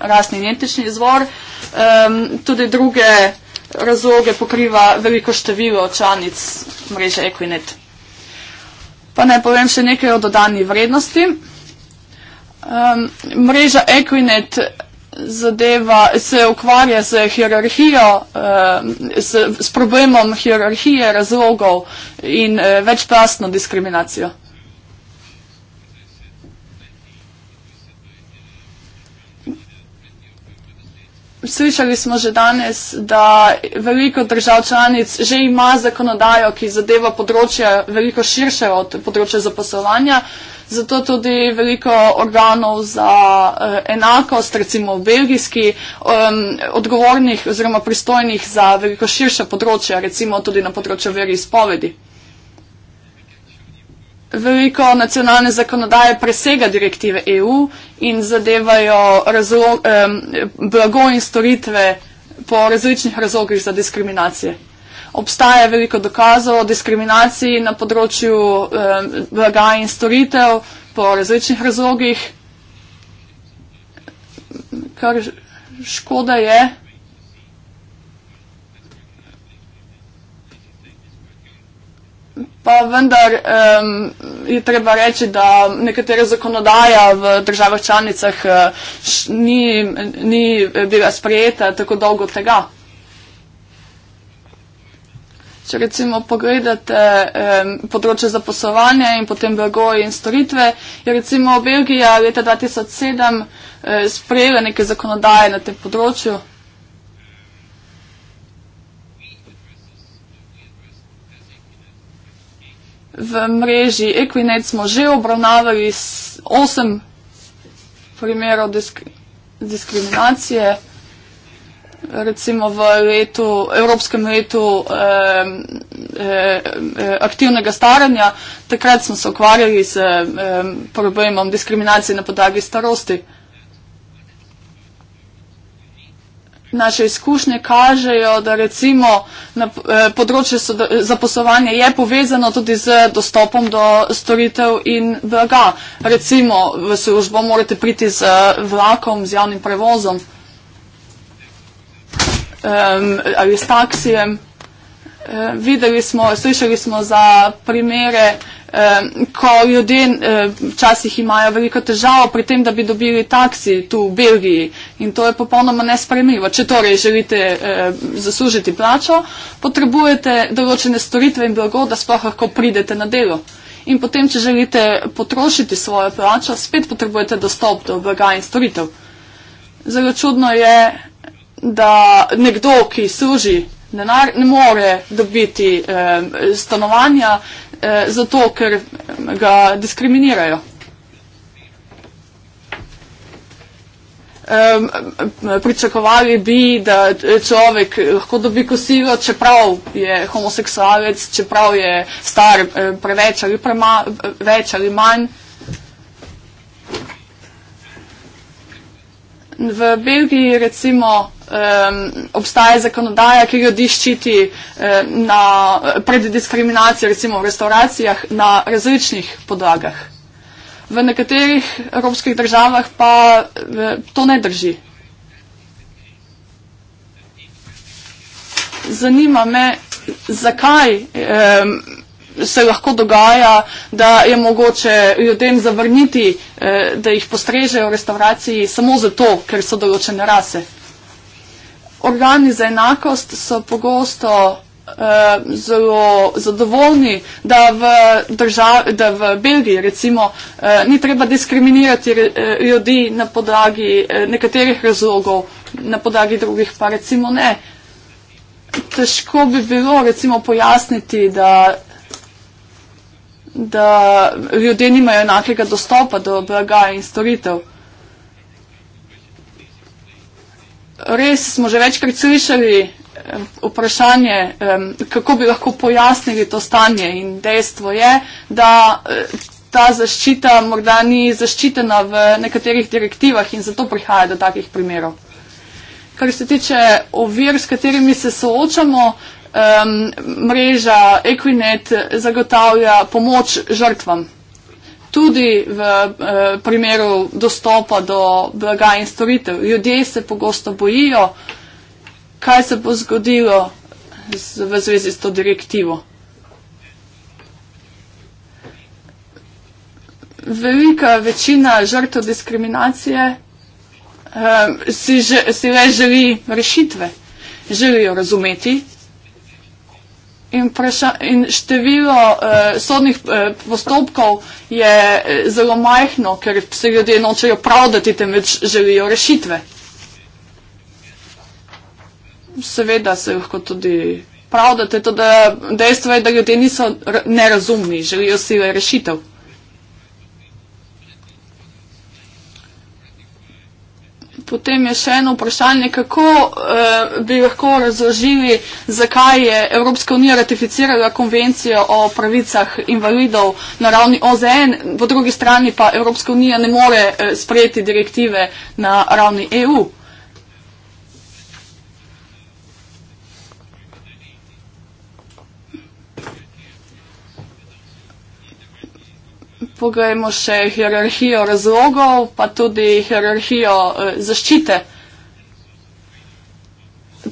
rasni in etnični izvor. Tudi druge razloge pokriva veliko število članic mreže Equinet. Pa naj povem še nekaj o dodani vrednosti. Um, mreža Equinet zadeva, se ukvarja z hierarhijo, s problemom hierarhije razlogov in eh, večplastno diskriminacijo. Slišali smo že danes, da veliko držav članic že ima zakonodajo, ki zadeva področje veliko širše od področja zaposlovanja, zato tudi veliko organov za eh, enakost, recimo belgijski, odgovornih oziroma pristojnih za veliko širše področje, recimo tudi na področju veri izpovedi veliko nacionalne zakonodaje presega direktive EU in zadevajo razlog, um, blago in storitve po različnih razlogih za diskriminacije. Obstaja veliko dokazov o diskriminaciji na področju um, blaga in storitev po različnih razlogih. Kar škoda je, Pa vendar um, je treba reči, da nekatera zakonodaja v državah članicah eh, š, ni, ni bila sprejeta tako dolgo tega. Če recimo pogledate um, področje zaposlovanja in potem blago in storitve, je recimo Belgija leta 2007 uh, eh, sprejela neke zakonodaje na tem področju. V mreži Equinet smo že obravnavali osem primerov disk diskriminacije, recimo v letu, evropskem letu eh, eh, aktivnega staranja. Takrat smo se ukvarjali z eh, problemom diskriminacije na podlagi starosti. Eh, Naše izkušnje kažejo, da recimo na eh, področju zaposlovanja je povezano tudi z dostopom do storitev in blaga. Recimo v službo morate priti z eh, vlakom, z javnim prevozom um, ali s taksijem. Eh, videli smo, slišali smo za primere ko ljudje včasih imajo veliko težavo pri tem, da bi dobili taksi tu v Belgiji in to je popolnoma nespremljivo. Če torej želite zaslužiti plačo, potrebujete določene storitve in blago, da sploh lahko pridete na delo. In potem, če želite potrošiti svojo plačo, spet potrebujete dostop do blaga in storitev. Zelo čudno je, da nekdo, ki služi denar, ne more dobiti eh, stanovanja, eh, zato ker ga diskriminirajo. pričakovali bi, da človek lahko dobi kosilo, čeprav je homoseksualec, čeprav je star eh, preveč ali prema, več ali manj. V Belgiji recimo um, obstaja zakonodaja, ki ljudi ščiti um, na, pred diskriminacijo, recimo v restauracijah, na različnih podlagah. V nekaterih evropskih državah pa um, to ne drži. Zanima me, zakaj. Um, Se lahko dogaja, da je mogoče ljudem zavrniti, eh, da jih postrežejo v restauraciji samo zato, ker so določene rase organi za enakost so pogosto eh, zelo zadovoljni, da v, držav, da v Belgiji recimo eh, ni treba diskriminirati re, eh, ljudi na podlagi eh, nekaterih razlogov, na podlagi drugih pa recimo ne. Težko bi bilo recimo pojasniti, da da ljudje nimajo enakega dostopa do blaga in storitev. res smo že večkrat slišali vprašanje, kako bi lahko pojasnili to stanje in dejstvo je, da e, ta zaščita morda ni zaščitena v nekaterih direktivah in zato prihaja do takih primerov. Kar se tiče ovir, s katerimi se soočamo, mreža Equinet zagotavlja pomoč žrtvam tudi v eh, primeru dostopa do blaga in storitev. Ljudje se pogosto bojijo, kaj se bo zgodilo v zvezi s to direktivo. Velika večina žrtev diskriminacije um, si, že, si le želi rešitve. Želijo razumeti, in, praša, in število uh, sodnih uh, postopkov je uh, zelo majhno, ker se ljudje nočejo pravdati, temveč želijo rešitve. Seveda se lahko tudi pravdate, da dejstvo je, da ljudje niso nerazumni, želijo sile rešitev. potem je še eno vprašanje, kako eh, bi lahko razložili, zakaj je Evropska unija ratificirala konvencijo o pravicah invalidov na ravni OZN, po drugi strani pa Evropska unija ne more eh, sprejeti direktive na ravni EU. poglejmo še hierarhijo razlogov, pa tudi hierarhijo eh, zaščite.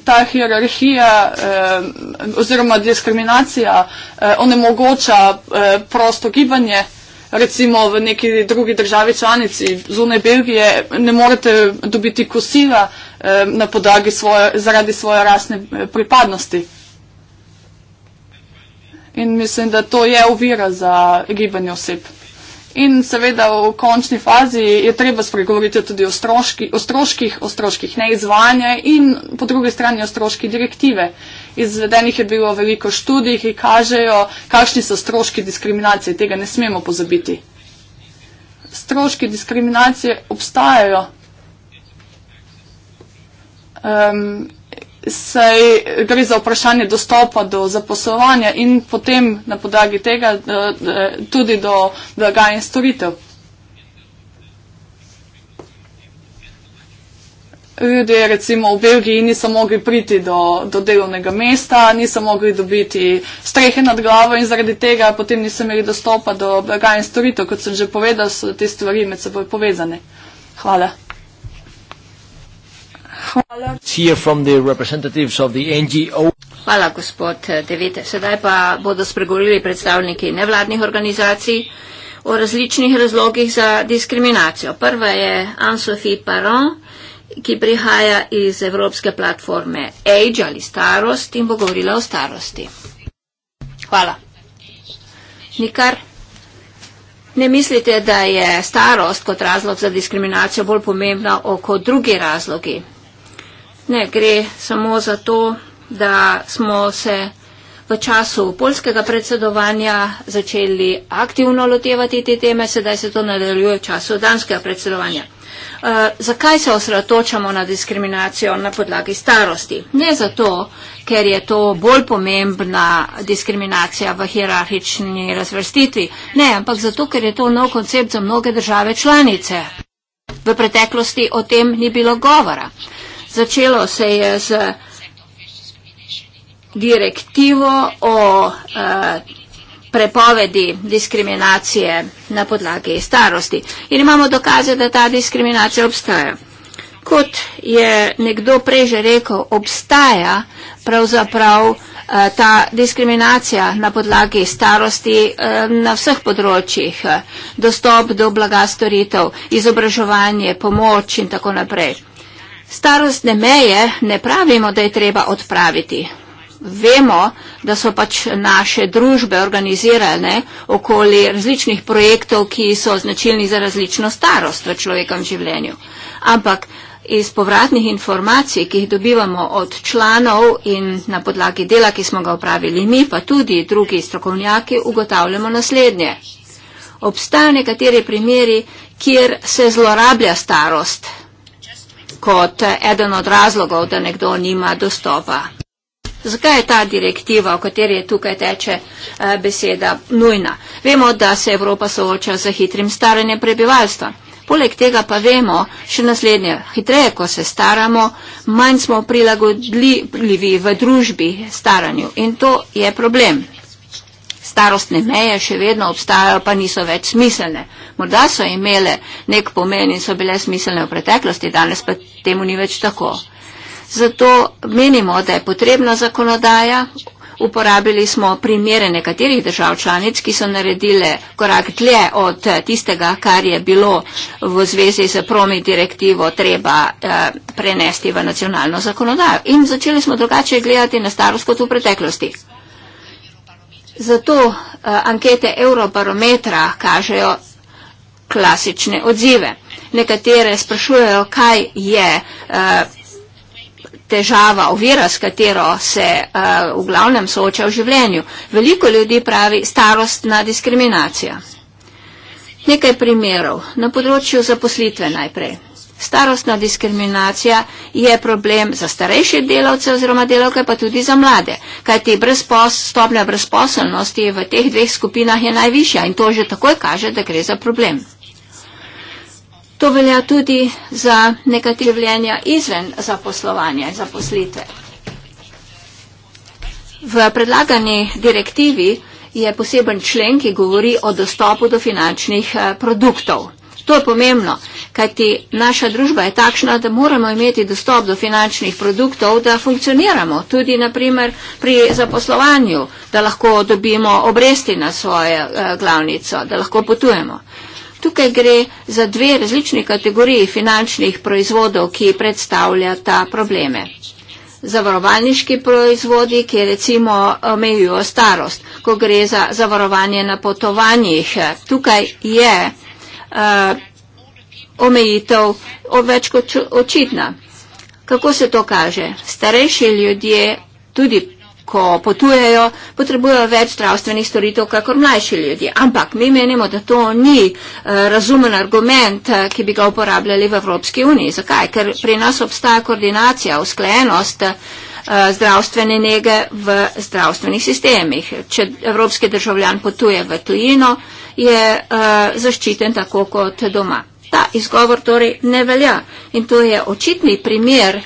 Ta hierarhija eh, oziroma diskriminacija eh, onemogoča eh, prosto gibanje. Recimo v neki drugi državi članici zune Belgije ne morete dobiti kosila eh, na podlagi svoje, zaradi svoje rasne eh, pripadnosti. In mislim, da to je uvira za gibanje oseb. In seveda v končni fazi je treba spregovoriti tudi o, stroški, o stroških, o stroških neizvajanja in po drugi strani o stroški direktive. Izvedenih je bilo veliko študij, ki kažejo, kakšni so stroški diskriminacije. Tega ne smemo pozabiti. Stroški diskriminacije obstajajo. Um, se gre za vprašanje dostopa do zaposlovanja in potem na podlagi tega eh, eh, tudi do blaga in storitev. Ljudje recimo v Belgiji niso mogli priti do, do delovnega mesta, niso mogli dobiti strehe nad glavo in zaradi tega potem niso imeli dostopa do blaga in storitev. Kot sem že povedal, so te stvari med seboj povezane. Hvala. Hvala. Hvala, gospod eh, Devet. Sedaj pa bodo spregovorili predstavniki nevladnih organizacij o različnih razlogih za diskriminacijo. Prva je Anne-Sophie Paron, ki prihaja iz Evropske platforme Age ali starost in bo govorila o starosti. Hvala. Nikar. Ne mislite, da je starost kot razlog za diskriminacijo bolj pomembna kot drugi razlogi Ne gre samo za to, da smo se v času polskega predsedovanja začeli aktivno lotevati te teme, sedaj se to nadaljuje v času danskega predsedovanja. E, zakaj se osredotočamo na diskriminacijo na podlagi starosti? Ne zato, ker je to bolj pomembna diskriminacija v hierarhični razvrstitvi, ne, ampak zato, ker je to nov koncept za mnoge države članice. V preteklosti o tem ni bilo govora. Začelo se je z direktivo o eh, prepovedi diskriminacije na podlagi starosti. In imamo dokaze, da ta diskriminacija obstaja. Kot je nekdo prej že rekel, obstaja pravzaprav eh, ta diskriminacija na podlagi starosti eh, na vseh področjih, dostop do blaga storitev, izobraževanje, pomoč in tako naprej. Starostne meje ne pravimo, da je treba odpraviti. Vemo, da so pač naše družbe organizirane okoli različnih projektov, ki so značilni za različno starost v človekovem življenju. Ampak iz povratnih informacij, ki jih dobivamo od članov in na podlagi dela, ki smo ga upravili mi, pa tudi drugi strokovnjaki, ugotavljamo naslednje. Obstajajo nekateri primeri, kjer se zlorablja starost kot eden od razlogov, da nekdo nima dostopa. Zakaj je ta direktiva, o kateri je tukaj teče eh, beseda, nujna? Vemo, da se Evropa sooča z hitrim staranjem prebivalstva. Poleg tega pa vemo še naslednje. Hitreje, ko se staramo, manj smo prilagodljivi v družbi staranju. In to je problem starostne meje še vedno obstajajo, pa niso več smiselne. Morda so imele nek pomen in so bile smiselne v preteklosti, danes pa temu ni več tako. Zato menimo, da je potrebna zakonodaja. Uporabili smo primere nekaterih držav članic, ki so naredile korak dlje od tistega, kar je bilo v zvezi z promi direktivo treba eh, prenesti v nacionalno zakonodajo. In začeli smo drugače gledati na starost kot v preteklosti. Zato uh, ankete Eurobarometra kažejo klasične odzive. Nekatere sprašujejo, kaj je uh, težava, ovira, s katero se uh, v glavnem sooča v življenju. Veliko ljudi pravi starostna diskriminacija. Nekaj primerov. Na področju zaposlitve najprej. Starostna diskriminacija je problem za starejše delavce oziroma delavke, pa tudi za mlade, kajti brezpos, stopnja brezposelnosti v teh dveh skupinah je najvišja in to že takoj kaže, da gre za problem. To velja tudi za nekatere življenja izven zaposlovanja in zaposlitve. V predlagani direktivi je poseben člen, ki govori o dostopu do finančnih eh, produktov. To je pomembno, kajti naša družba je takšna, da moramo imeti dostop do finančnih produktov, da funkcioniramo tudi naprimer pri zaposlovanju, da lahko dobimo obresti na svojo eh, glavnico, da lahko potujemo. Tukaj gre za dve različni kategoriji finančnih proizvodov, ki predstavlja ta probleme. Zavarovalniški proizvodi, ki recimo omejujo starost, ko gre za zavarovanje na potovanjih, tukaj je Eh, omejitev več kot očitna. Kako se to kaže? Starejši ljudje tudi ko potujejo, potrebujejo več zdravstvenih storitev, kakor mlajši ljudje. Ampak mi menimo, da to ni eh, razumen argument, eh, ki bi ga uporabljali v Evropski uniji. Zakaj? Ker pri nas obstaja koordinacija, usklenost, Eh, zdravstvene nege v zdravstvenih sistemih. Če evropski državljan potuje v tujino, je eh, zaščiten tako kot doma. Ta izgovor torej ne velja in to je očitni primer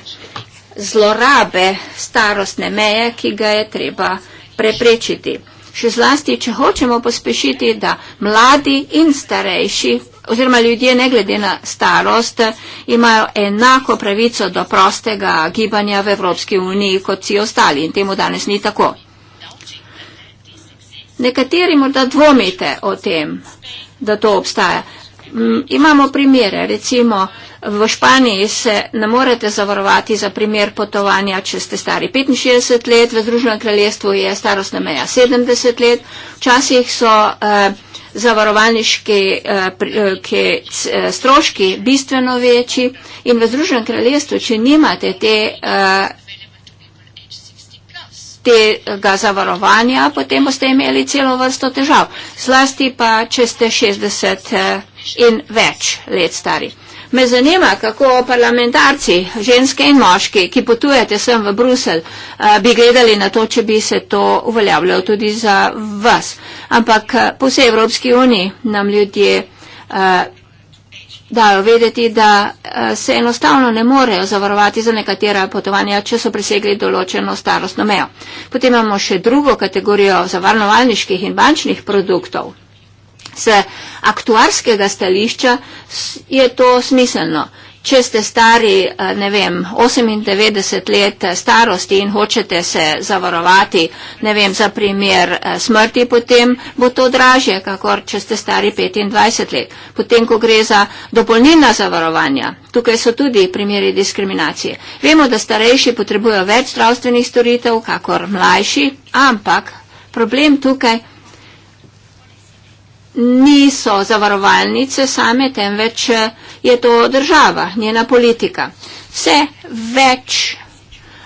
zlorabe starostne meje, ki ga je treba preprečiti. Še zlasti, če hočemo pospešiti, da mladi in starejši oziroma ljudje ne glede na starost imajo enako pravico do prostega gibanja v Evropski uniji kot vsi ostali in temu danes ni tako. Nekateri morda dvomite o tem, da to obstaja. Mm, imamo primere, recimo v Španiji se ne morete zavarovati za primer potovanja, če ste stari 65 let, v Združenem kraljestvu je starostna meja 70 let. Včasih so eh, zavarovalniški eh, eh, eh, stroški bistveno večji in v Združenem kraljestvu, če nimate te, tega zavarovanja, potem boste imeli celo vrsto težav. Zlasti pa, če ste 60 in več let stari. Me zanima, kako parlamentarci, ženske in moški, ki potujete sem v Brusel, bi gledali na to, če bi se to uveljavljalo tudi za vas. Ampak po vsej Evropski uniji nam ljudje dajo vedeti, da se enostavno ne morejo zavarovati za nekatera potovanja, če so presegli določeno starostno mejo. Potem imamo še drugo kategorijo zavarnovalniških in bančnih produktov. Z aktuarskega stališča je to smiselno. Če ste stari, eh, ne vem, 98 let starosti in hočete se zavarovati, ne vem, za primer eh, smrti, potem bo to dražje, kakor če ste stari 25 let. Potem, ko gre za dopolnilna zavarovanja, tukaj so tudi primeri diskriminacije. Vemo, da starejši potrebujejo več zdravstvenih storitev, kakor mlajši, ampak problem tukaj je, niso zavarovalnice same, temveč eh, je to država, njena politika. Vse več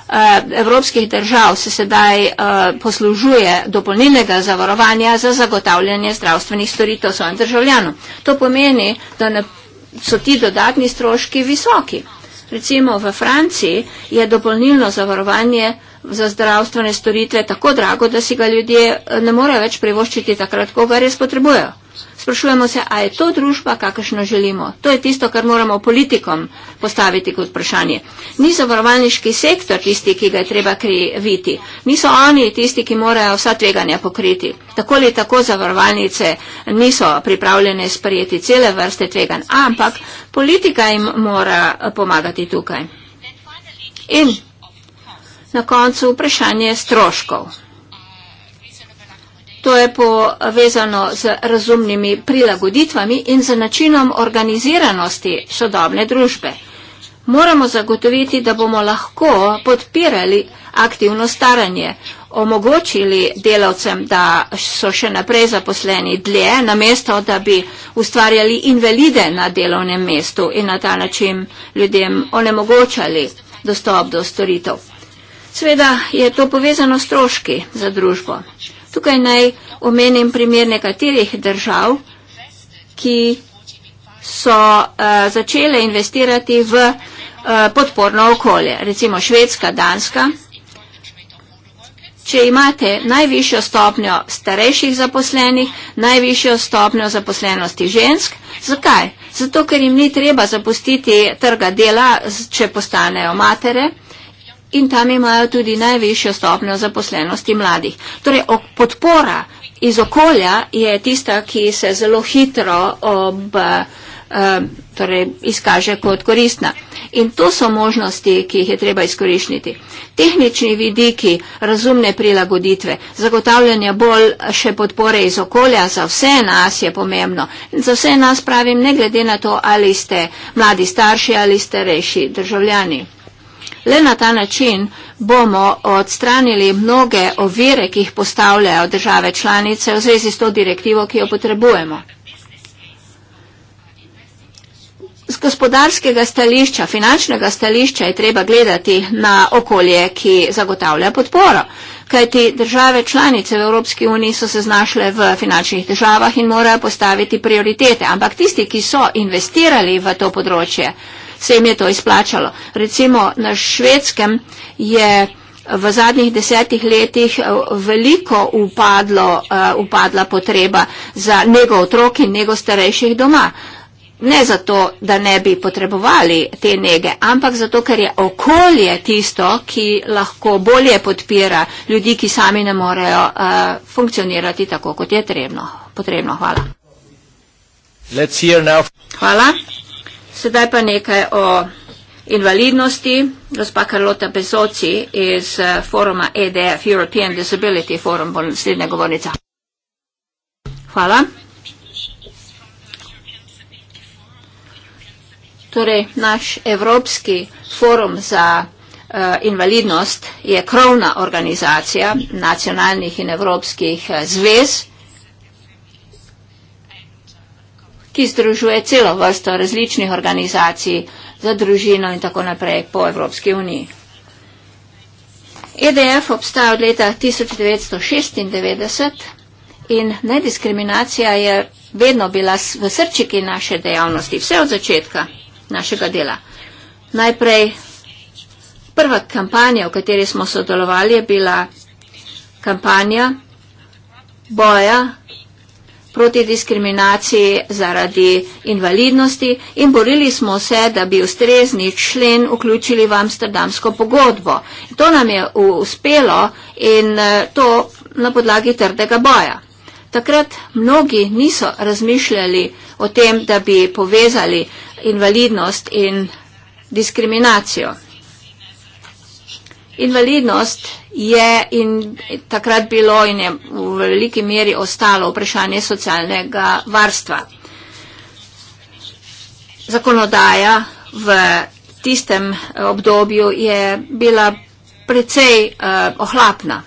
eh, evropskih držav se sedaj eh, poslužuje dopolnilnega zavarovanja za zagotavljanje zdravstvenih storitev svojim državljanom. To pomeni, da so ti dodatni stroški visoki. Recimo v Franciji je dopolnilno zavarovanje za zdravstvene storitve tako drago, da si ga ljudje eh, ne morejo več privoščiti takrat, ko ga res potrebujejo. Sprašujemo se, a je to družba, kakršno želimo? To je tisto, kar moramo politikom postaviti kot vprašanje. Ni zavarovalniški sektor tisti, ki ga je treba kriviti. Niso oni tisti, ki morajo vsa tveganja pokriti. Tako ali tako zavarovalnice niso pripravljene sprejeti cele vrste tveganj, ampak politika jim mora eh, pomagati tukaj. In na koncu vprašanje stroškov. To je povezano z razumnimi prilagoditvami in z načinom organiziranosti sodobne družbe. Moramo zagotoviti, da bomo lahko podpirali aktivno staranje, omogočili delavcem, da so še naprej zaposleni dlje, namesto da bi ustvarjali invalide na delovnem mestu in na ta način ljudem onemogočali dostop do storitev. Sveda je to povezano s stroški za družbo. Tukaj naj omenim primer nekaterih držav, ki so uh, začele investirati v uh, podporno okolje. Recimo Švedska, Danska. Če imate najvišjo stopnjo starejših zaposlenih, najvišjo stopnjo zaposlenosti žensk, zakaj? Zato, ker jim ni treba zapustiti trga dela, če postanejo matere in tam imajo tudi najvišjo stopnjo zaposlenosti mladih. Torej, ok, podpora iz okolja je tista, ki se zelo hitro ob, um, torej, izkaže kot koristna. In to so možnosti, ki jih je treba izkoriščiti. Tehnični vidiki, razumne prilagoditve, zagotavljanje bolj še podpore iz okolja za vse nas je pomembno. In za vse nas pravim, ne glede na to, ali ste mladi starši ali starejši državljani. Le na ta način bomo odstranili mnoge ovire, ki jih postavljajo države članice v zvezi s to direktivo, ki jo potrebujemo. Z gospodarskega stališča, finančnega stališča je treba gledati na okolje, ki zagotavlja podporo. Kajti države članice v Evropski uniji so se znašle v finančnih državah in morajo postaviti prioritete. Ampak tisti, ki so investirali v to področje, se jim je to izplačalo. Recimo na švedskem je v zadnjih desetih letih eh, veliko upadlo, uh, upadla potreba za nego otrok in nego starejših doma. Ne zato, da ne bi potrebovali te nege, ampak zato, ker je okolje tisto, ki lahko bolje podpira ljudi, ki sami ne morejo uh, funkcionirati tako, kot je trebno. potrebno. Hvala. Hvala. Sedaj pa nekaj o invalidnosti. Gospa Karlota Bezoci iz eh, foruma EDF, European Disability Forum, bo naslednja govornica. Hvala. Torej, naš Evropski forum za uh, invalidnost je krovna organizacija nacionalnih in evropskih uh, zvez. Uh, ki združuje celo vrsto različnih organizacij za družino in tako naprej po Evropski uniji. EDF obstaja od leta 1996 in nediskriminacija je vedno bila v srčiki naše dejavnosti, vse od začetka našega dela. Najprej prva kampanja, v kateri smo sodelovali, je bila kampanja boja proti diskriminaciji zaradi invalidnosti in borili smo se, da bi ustrezni člen vključili v Amsterdamsko pogodbo. To nam je uspelo in eh, to na podlagi trdega boja. Takrat mnogi niso razmišljali o tem, da bi povezali invalidnost in diskriminacijo. Invalidnost je in takrat bilo in je v veliki meri ostalo vprašanje socialnega varstva. Zakonodaja v tistem eh, obdobju je bila precej uh, ohlapna.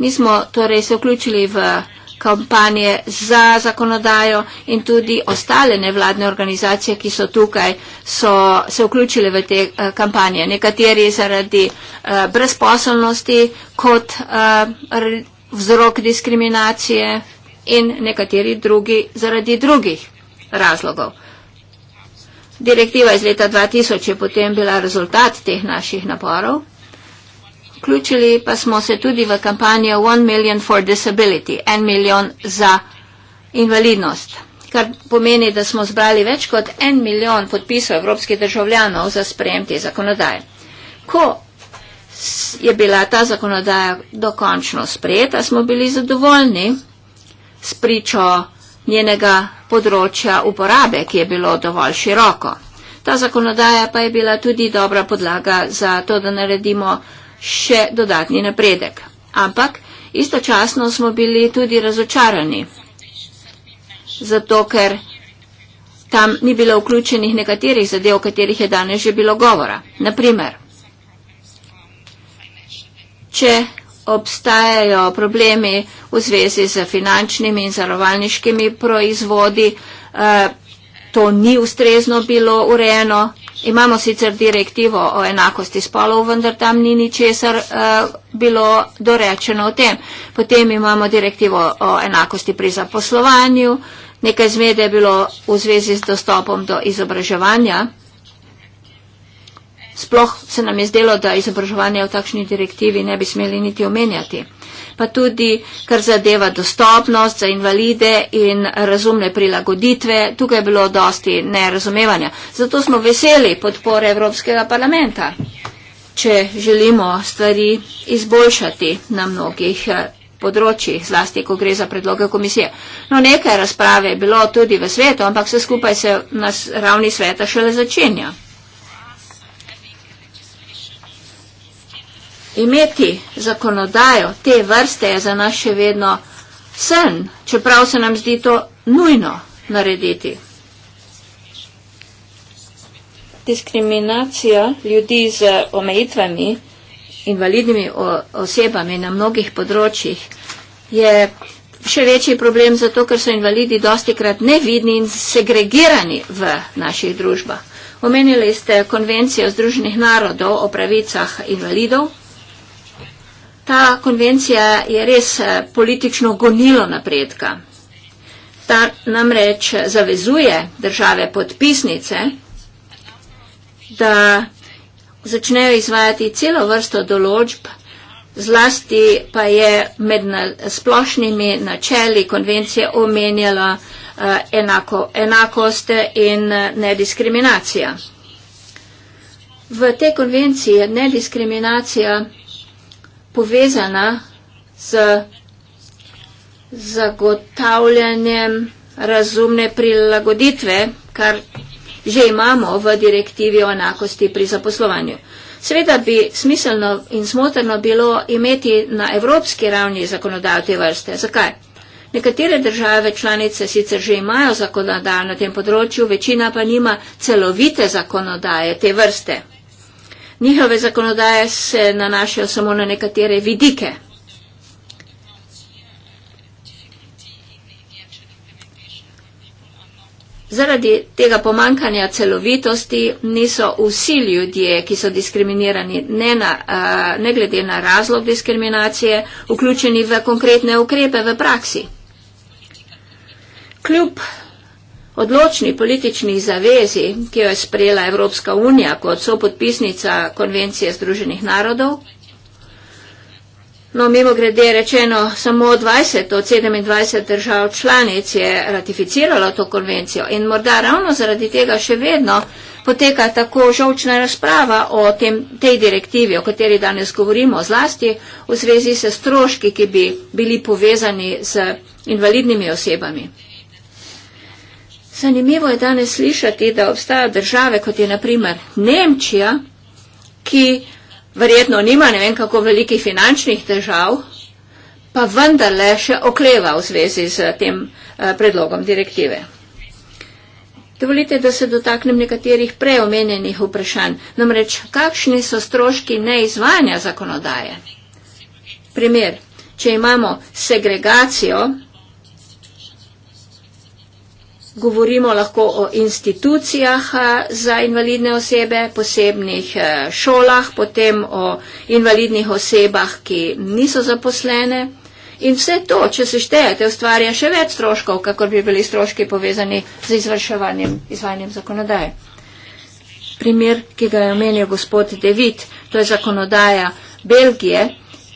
Mi smo torej se vključili v uh, kampanje za zakonodajo in tudi ostale nevladne organizacije, ki so tukaj, so se vključile v te eh, kampanje. Nekateri zaradi eh, brezposobnosti kot eh, vzrok diskriminacije in nekateri drugi zaradi drugih razlogov. Direktiva iz leta 2000 je potem bila rezultat teh naših naporov. Vključili pa smo se tudi v kampanjo One Million for Disability, en milijon za invalidnost, kar pomeni, da smo zbrali več kot en milijon podpisov evropskih državljanov za sprejem te zakonodaje. Ko je bila ta zakonodaja dokončno sprejeta, smo bili zadovoljni s pričo njenega področja uporabe, ki je bilo dovolj široko. Ta zakonodaja pa je bila tudi dobra podlaga za to, da naredimo še dodatni napredek. Ampak istočasno smo bili tudi razočarani, zato ker tam ni bilo vključenih nekaterih zadev, o katerih je danes že bilo govora. Naprimer, če obstajajo problemi v zvezi z finančnimi in zarovalniškimi proizvodi, eh, to ni ustrezno bilo urejeno, Imamo sicer direktivo o enakosti spolov, vendar tam ni ničesar uh, bilo dorečeno o tem. Potem imamo direktivo o enakosti pri zaposlovanju, nekaj zmede je bilo v zvezi z dostopom do izobraževanja. Sploh se nam je zdelo, da izobraževanje v takšni direktivi ne bi smeli niti omenjati pa tudi kar zadeva dostopnost za invalide in razumne prilagoditve. Tukaj je bilo dosti nerazumevanja. Zato smo veseli podpore Evropskega parlamenta, če želimo stvari izboljšati na mnogih eh, področjih, zlasti, ko gre za predloge komisije. No, nekaj razprave je bilo tudi v svetu, ampak vse skupaj se na ravni sveta šele začenja. imeti zakonodajo te vrste je za nas še vedno sen, čeprav se nam zdi to nujno narediti. Diskriminacija ljudi z omejitvami, invalidnimi osebami na mnogih področjih je še večji problem zato, ker so invalidi dosti krat nevidni in segregirani v naših družbah. Omenili ste konvencijo Združenih narodov o pravicah invalidov, Ta konvencija je res eh, politično gonilo napredka. Ta namreč zavezuje države podpisnice, da začnejo izvajati celo vrsto določb, zlasti pa je med na, splošnimi načeli konvencije omenjala uh, enako, enakost in uh, nediskriminacija. V tej konvenciji je nediskriminacija povezana z zagotavljanjem razumne prilagoditve, kar že imamo v direktivi o enakosti pri zaposlovanju. Sveda bi smiselno in smotrno bilo imeti na evropski ravni zakonodajo te vrste. Zakaj? Nekatere države članice sicer že imajo zakonodajo na tem področju, večina pa nima celovite zakonodaje te vrste njihove zakonodaje se nanašajo samo na nekatere vidike. Zaradi tega pomankanja celovitosti niso vsi ljudje, ki so diskriminirani ne, na, ne glede na razlog diskriminacije, vključeni v konkretne ukrepe v praksi. Kljub Odločni politični zavezi, ki jo je sprejela Evropska unija kot sopodpisnica konvencije Združenih narodov, No, mimo grede rečeno, samo 20 od 27 držav članic je ratificiralo to konvencijo in morda ravno zaradi tega še vedno poteka tako žovčna razprava o tem, tej direktivi, o kateri danes govorimo, zlasti v zvezi se stroški, ki bi bili povezani z invalidnimi osebami. Zanimivo je danes slišati, da obstajajo države, kot je naprimer Nemčija, ki verjetno nima ne vem kako velikih finančnih težav, pa vendarle še okleva v zvezi z tem eh, predlogom direktive. Dovolite, da se dotaknem nekaterih preomenjenih vprašanj. Namreč, kakšni so stroški neizvanja zakonodaje? Primer, če imamo segregacijo, Govorimo lahko o institucijah eh, za invalidne osebe, posebnih eh, šolah, potem o invalidnih osebah, ki niso zaposlene. In vse to, če se štejete, ustvarja še več stroškov, kakor bi bili stroški povezani z izvrševanjem, izvajanjem zakonodaje. Primer, ki ga je omenil gospod David, to je zakonodaja Belgije,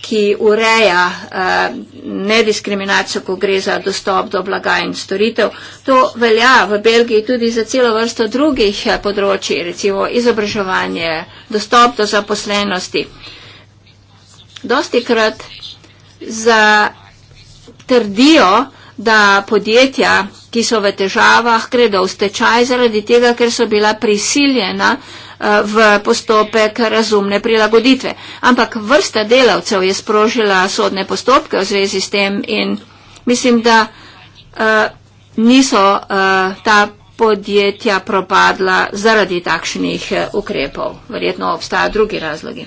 ki ureja eh, nediskriminacijo, ko gre za dostop do blaga in storitev. To velja v Belgiji tudi za celo vrsto drugih eh, področji, recimo izobraževanje, dostop do zaposlenosti. Dosti krat trdijo, da podjetja, ki so v težavah, gredo v stečaj zaradi tega, ker so bila prisiljena v postopek razumne prilagoditve. Ampak vrsta delavcev je sprožila sodne postopke v zvezi s tem in mislim, da eh, niso eh, ta podjetja propadla zaradi takšnih eh, ukrepov. Verjetno obstajajo drugi razlogi.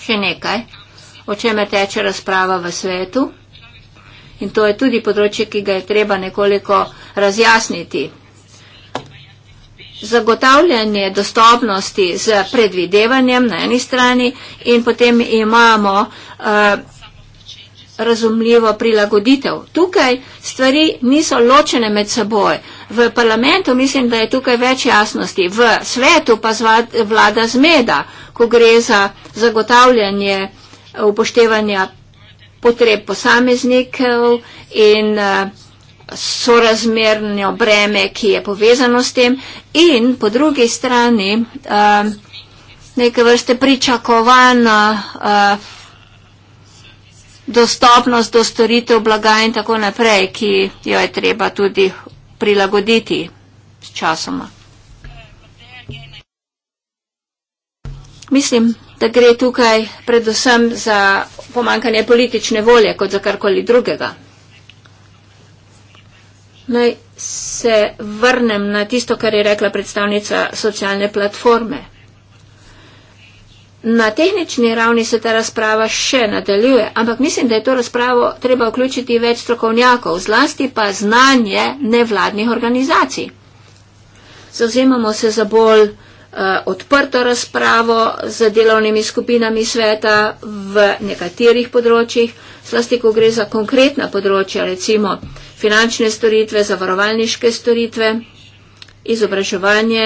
Še nekaj, o čemer teče razprava v svetu. In to je tudi področje, ki ga je treba nekoliko razjasniti zagotavljanje dostopnosti z predvidevanjem na eni strani in potem imamo eh, razumljivo prilagoditev. Tukaj stvari niso ločene med seboj. V parlamentu mislim, da je tukaj več jasnosti. V svetu pa vlada zmeda, ko gre za zagotavljanje eh, upoštevanja potreb posameznikov in uh, sorazmerno breme, ki je povezano s tem in po drugi strani uh, neke vrste pričakovana uh, dostopnost do storitev blaga in tako naprej, ki jo je treba tudi prilagoditi s časoma. Mislim, da gre tukaj predvsem za pomankanje politične volje kot za karkoli drugega. Naj se vrnem na tisto, kar je rekla predstavnica socialne platforme. Na tehnični ravni se ta razprava še nadaljuje, ampak mislim, da je to razpravo treba vključiti več strokovnjakov, zlasti pa znanje nevladnih organizacij. Zazemamo se za bolj Eh, odprto razpravo z delovnimi skupinami sveta v nekaterih področjih, slasti, ko gre za konkretna področja, recimo finančne storitve, zavarovalniške storitve, izobraževanje,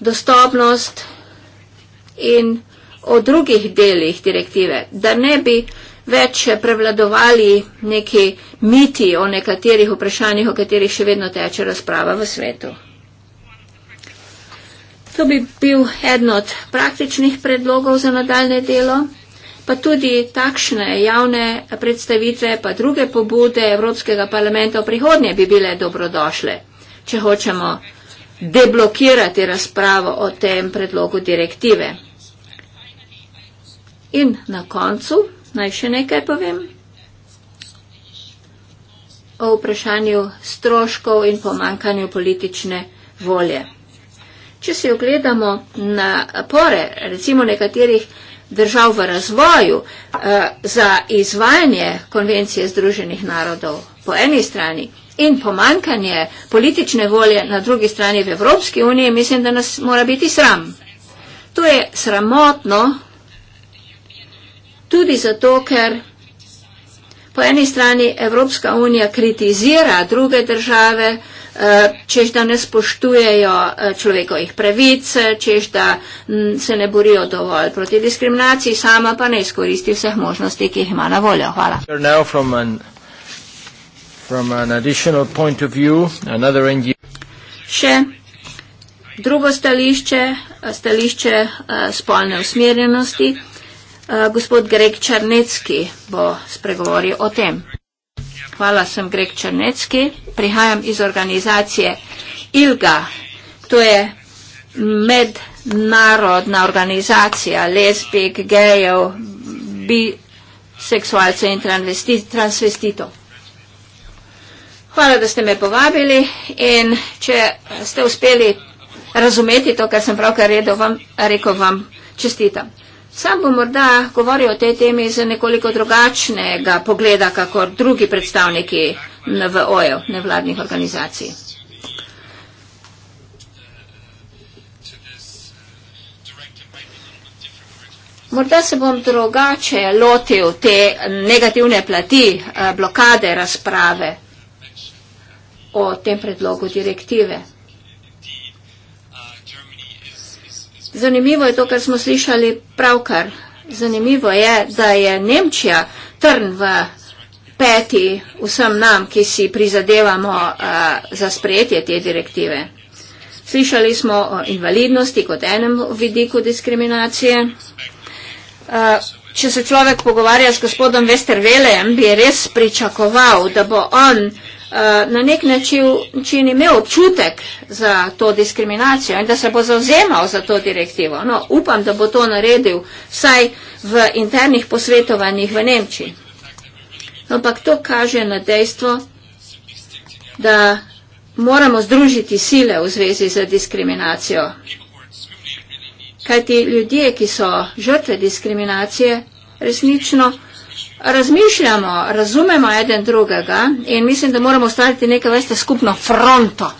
dostopnost in o drugih delih direktive, da ne bi več prevladovali neki miti o nekaterih vprašanjih, o katerih še vedno teče razprava v svetu. To bi bil eden od praktičnih predlogov za nadaljne delo, pa tudi takšne javne predstavitve, pa druge pobude Evropskega parlamenta v prihodnje bi bile dobrodošle, če hočemo deblokirati razpravo o tem predlogu direktive. In na koncu naj še nekaj povem o vprašanju stroškov in pomankanju politične volje. Če si ogledamo napore recimo nekaterih držav v razvoju eh, za izvajanje konvencije Združenih narodov po eni strani in pomankanje politične volje na drugi strani v Evropski uniji, mislim, da nas mora biti sram. To je sramotno tudi zato, ker po eni strani Evropska unija kritizira druge države, eh, čež da ne spoštujejo eh, človekovih pravic, eh, čež da mm, se ne borijo dovolj proti diskriminaciji, sama pa ne izkoristi vseh možnosti, ki jih ima na voljo. Hvala. Še drugo stališče, eh, stališče spolne usmerjenosti. Gospod Greg Črnecki bo spregovoril o tem. Hvala, sem Greg Črnecki. Prihajam iz organizacije ILGA. To je mednarodna organizacija lesbik, gejev, biseksualcev in transvestitov. Hvala, da ste me povabili in če ste uspeli razumeti to, kar sem pravkar redo vam rekel, vam čestitam. Sam bom morda govoril o tej temi z nekoliko drugačnega pogleda, kakor drugi predstavniki NVO-jev, nevladnih organizacij. Morda se bom drugače lotil te negativne plati, eh, blokade razprave o tem predlogu direktive. Zanimivo je to, kar smo slišali pravkar. Zanimivo je, da je Nemčija trn v peti vsem nam, ki si prizadevamo a, eh, za sprejetje te direktive. Slišali smo o invalidnosti kot enem vidiku diskriminacije. A, eh, če se človek pogovarja s gospodom Westervelem, bi res pričakoval, da bo on Eh, na nek način imel občutek za to diskriminacijo in da se bo zauzemal za to direktivo. No, upam, da bo to naredil vsaj v internih posvetovanjih v Nemčiji. Ampak to kaže na dejstvo, da moramo združiti sile v zvezi z diskriminacijo. Kajti ljudje, ki so žrtve diskriminacije, resnično razmišljamo, razumemo eden drugega in mislim, da moramo ustvariti neka vrsta skupno fronto.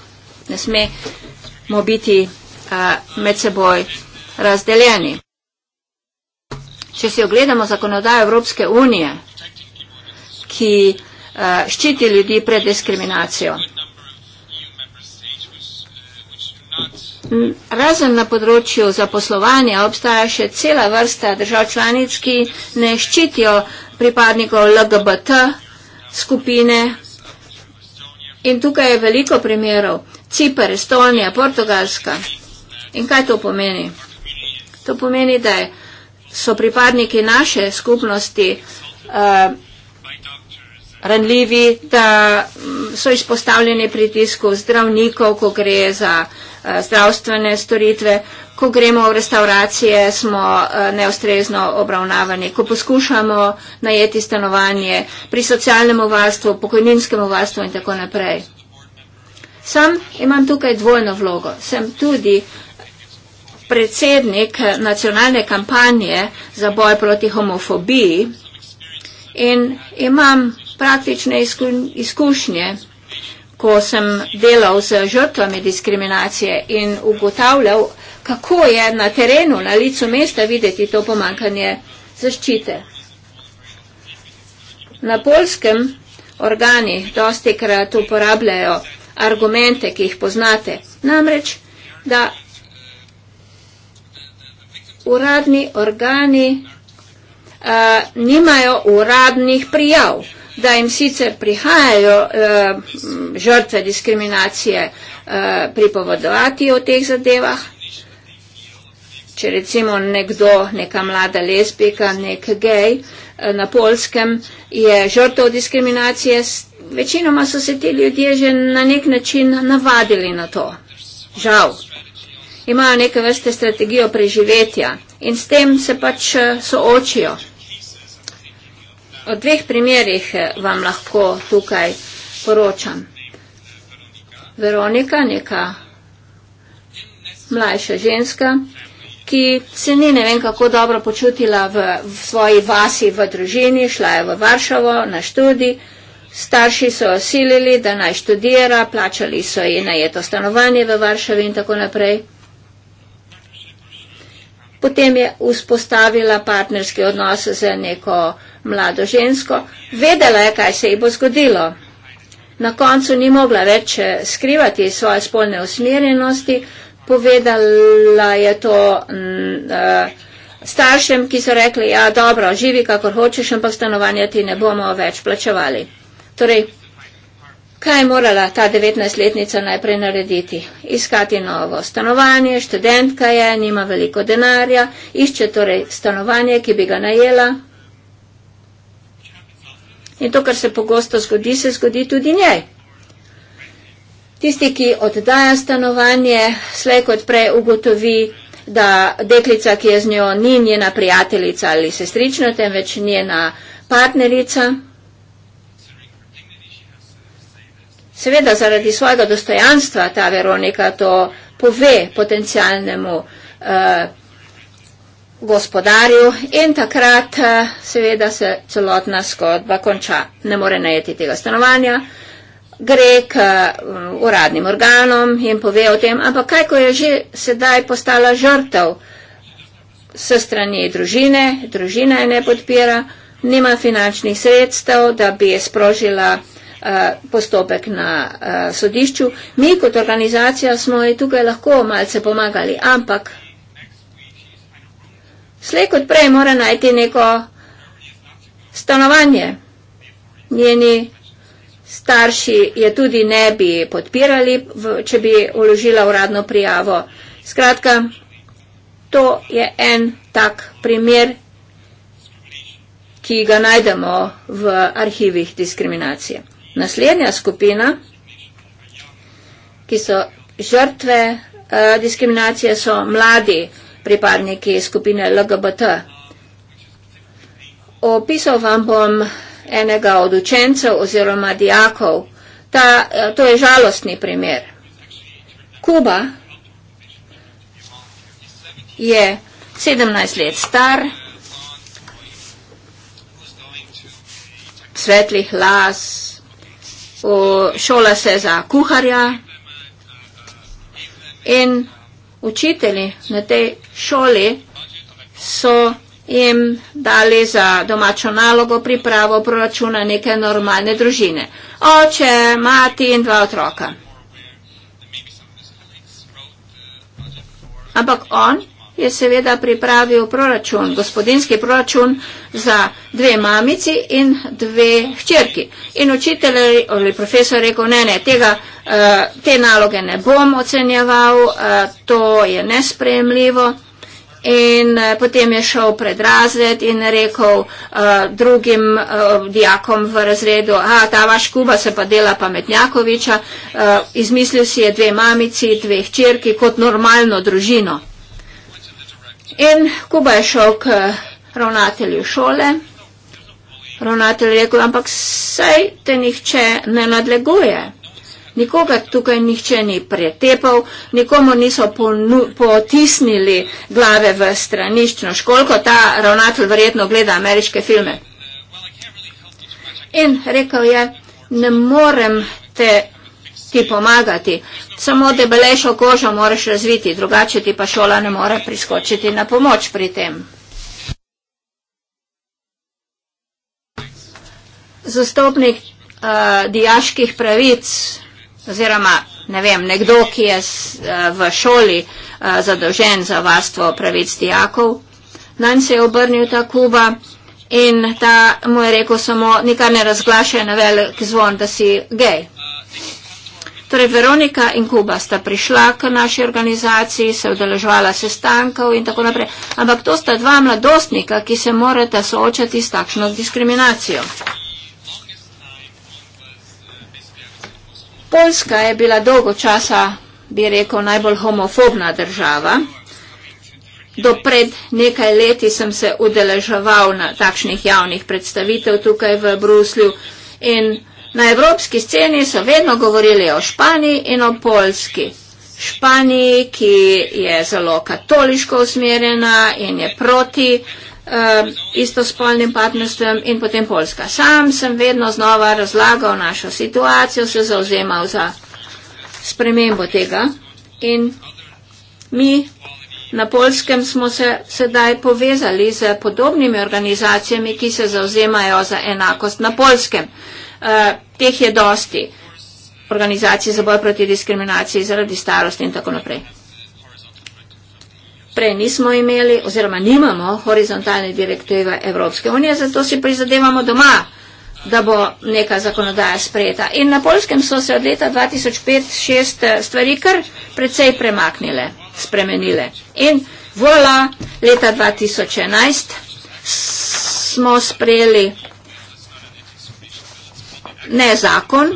Ne smemo biti uh, med seboj razdeljeni. Če si ogledamo zakonodajo Evropske unije, ki uh, ščiti ljudi pred diskriminacijo. Razen na področju zaposlovanja obstaja še cela vrsta držav članic, ki ne ščitijo uh, pripadnikov LGBT skupine. In tukaj je veliko primerov. Cipr, Estonija, Portugalska. In kaj to pomeni? To pomeni, da so pripadniki naše skupnosti uh, ranljivi, da mm, so izpostavljeni pritisku zdravnikov, ko gre za uh, zdravstvene storitve, ko gremo v restauracije, smo eh, neustrezno obravnavani, ko poskušamo najeti stanovanje pri socialnem varstvu, pokojninskem varstvu in tako naprej. Sam imam tukaj dvojno vlogo. Sem tudi predsednik nacionalne kampanje za boj proti homofobiji in imam praktične izkušnje, ko sem delal z žrtvami diskriminacije in ugotavljal kako je na terenu, na licu mesta videti to pomankanje zaščite. Na polskem organi dosti krat uporabljajo argumente, ki jih poznate, namreč, da uradni organi uh, nimajo uradnih prijav, da jim sicer prihajajo uh, žrtve diskriminacije uh, pripovedovati o teh zadevah, če recimo nekdo, neka mlada lesbika, nek gej eh, na polskem je žrtov diskriminacije, večinoma so se ti ljudje že na nek način navadili na to. Žal. Imajo neke vrste strategijo preživetja in s tem se pač eh, soočijo. O dveh primerjih eh, vam lahko tukaj poročam. Veronika, neka mlajša ženska, ki se ni ne vem kako dobro počutila v, v svoji vasi v družini, šla je v Varšavo na študij, starši so osilili, da naj študira, plačali so ji najeto stanovanje v Varšavi in tako naprej. Potem je vzpostavila partnerski odnos z neko mlado žensko, vedela je, kaj se ji bo zgodilo. Na koncu ni mogla več eh, skrivati svoje spolne usmerjenosti, povedala je to m, mm, uh, eh, staršem, ki so rekli, ja dobro, živi kakor hočeš, ampak stanovanja ti ne bomo več plačevali. Torej, kaj je morala ta 19-letnica najprej narediti? Iskati novo stanovanje, študentka je, nima veliko denarja, išče torej stanovanje, ki bi ga najela. In to, kar se pogosto zgodi, se zgodi tudi njej. Tisti, ki oddaja stanovanje, slej kot prej ugotovi, da deklica, ki je z njo, ni njena prijateljica ali sestrična, temveč njena partnerica. Seveda zaradi svojega dostojanstva ta Veronika to pove potencijalnemu eh, gospodarju in takrat eh, seveda se celotna skodba konča. Ne more najeti tega stanovanja. Eh, gre k um, uradnim organom in pove o tem, ampak kaj, ko je že sedaj postala žrtev s strani družine, družina je ne podpira, nima finančnih sredstev, da bi je sprožila uh, postopek na uh, sodišču. Mi kot organizacija smo ji tukaj lahko malce pomagali, ampak slej kot prej mora najti neko stanovanje. Njeni starši je tudi ne bi podpirali, v, če bi uložila uradno prijavo. Skratka, to je en tak primer, ki ga najdemo v arhivih diskriminacije. Naslednja skupina, ki so žrtve eh, diskriminacije, so mladi pripadniki skupine LGBT. Opisal vam bom eh, enega od učencev oziroma dijakov. Ta, eh, to je žalostni primer. Kuba je 17 let star, svetlih las, šola se za kuharja in učitelji na tej šoli so jim dali za domačo nalogo pripravo proračuna neke normalne družine. Oče, mati in dva otroka. Ampak on je seveda pripravil proračun, gospodinski proračun za dve mamici in dve hčerki. In učitelj ali profesor rekel, ne, ne, tega, eh, te naloge ne bom ocenjeval, eh, to je nespremljivo. In uh, potem je šel pred razred in rekel uh, drugim uh, dijakom v razredu, a ta vaš kuba se pa dela pametnjakoviča, uh, izmislil si je dve mamici, dveh čerki kot normalno družino. In kuba je šel k ravnatelju šole. Ravnatelj je rekel, ampak saj te nihče ne nadleguje. Nikoga tukaj nihče ni pretepal, nikomu niso ponu, potisnili glave v straniščno školko, ta ravnatelj verjetno gleda ameriške filme. In rekel je, ne morem te ti pomagati, samo debelejšo kožo moraš razviti, drugače ti pa šola ne more priskočiti na pomoč pri tem. Zastopnik uh, dijaških pravic oziroma ne vem, nekdo, ki je eh, v šoli eh, zadolžen za varstvo pravic dijakov. Nanj se je obrnil ta kuba in ta mu je rekel samo, nikar ne razglašaj na velik zvon, da si gej. Torej, Veronika in Kuba sta prišla k naši organizaciji, se udeležvala sestankov in tako naprej, ampak to sta dva mladostnika, ki se morata soočati s takšno diskriminacijo. Poljska je bila dolgo časa, bi rekel, najbolj homofobna država. Do pred nekaj leti sem se udeleževal na takšnih javnih predstavitev tukaj v Bruslju in na evropski sceni so vedno govorili o Španiji in o Poljski. Španiji, ki je zelo katoliško usmerjena in je proti uh, Eh, istospolnim partnerstvom in potem Poljska. Sam sem vedno znova razlagal našo situacijo, se zauzemal za spremembo tega in mi na Poljskem smo se sedaj povezali z podobnimi organizacijami, ki se zauzemajo za enakost na Poljskem. Eh, teh je dosti organizacij za boj proti diskriminaciji zaradi starosti in tako naprej prej nismo imeli oziroma nimamo horizontalne direktive Evropske unije, zato si prizadevamo doma, da bo neka zakonodaja sprejeta. In na polskem so se od leta 2005-2006 eh, stvari kar precej premaknile, spremenile. In voila, leta 2011 smo sprejeli ne zakon,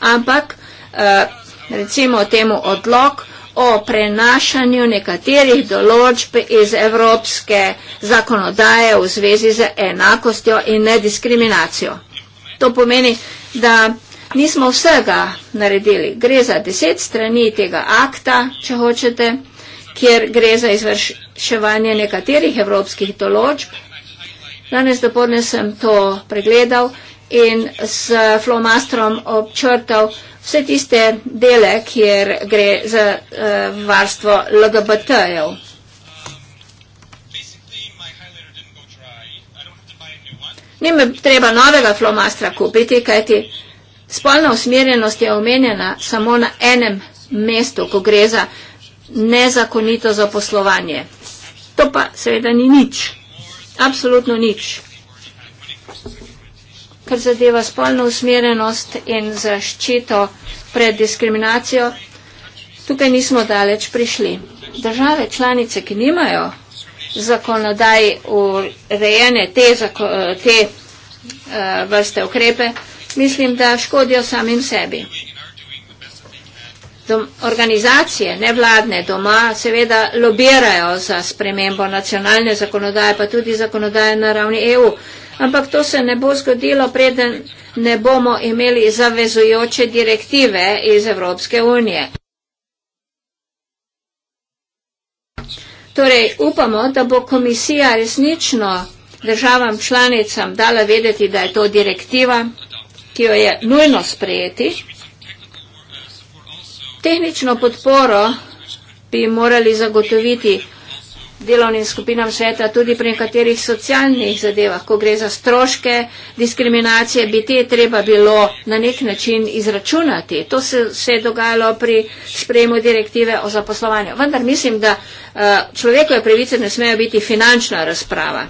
ampak eh, recimo temu odlok, o prenašanju nekaterih določb iz evropske zakonodaje v zvezi z enakostjo in nediskriminacijo. To pomeni, da nismo vsega naredili. Gre za deset strani tega akta, če hočete, kjer gre za izvrševanje nekaterih evropskih določb. Danes dopolne sem to pregledal in s flomastrom občrtal vse tiste dele, kjer gre za uh, varstvo LGBT-jev. Ni mi treba novega flomastra kupiti, kajti spolna usmerjenost je omenjena samo na enem mestu, ko gre za nezakonito zaposlovanje. To pa seveda ni nič. Absolutno nič kar zadeva spolno usmerjenost in zaščito pred diskriminacijo, tukaj nismo daleč prišli. Države članice, ki nimajo zakonodaj urejene te, te eh, vrste ukrepe, mislim, da škodijo samim sebi. Organizacije nevladne doma seveda lobirajo za spremembo nacionalne zakonodaje, pa tudi zakonodaje na ravni EU ampak to se ne bo zgodilo, preden ne bomo imeli zavezujoče direktive iz Evropske unije. Torej, upamo, da bo komisija resnično državam članicam dala vedeti, da je to direktiva, ki jo je nujno sprejeti. Tehnično podporo bi morali zagotoviti delovnim skupinam sveta tudi pri nekaterih socialnih zadevah, ko gre za stroške diskriminacije, bi te treba bilo na nek način izračunati. To se, se je dogajalo pri sprejemu direktive o zaposlovanju. Vendar mislim, da eh, človekove pravice ne smejo biti finančna razprava.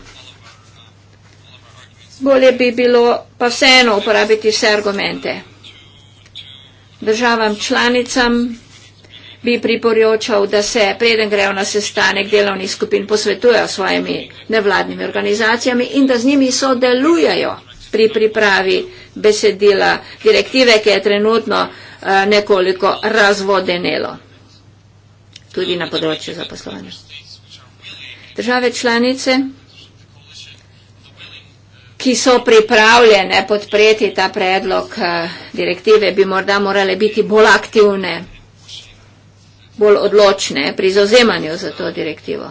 Bolje bi bilo pa vseeno uporabiti vse argumente državam članicam bi priporočal, da se preden grejo na sestanek delovnih skupin, posvetujejo s svojimi nevladnimi organizacijami in da z njimi sodelujejo pri pripravi besedila direktive, ki je trenutno uh, nekoliko razvodenelo tudi na področju zaposlovanja. Države članice, ki so pripravljene podpreti ta predlog eh, direktive, bi morda morale biti bolj aktivne bolj odločne pri zauzemanju za to direktivo.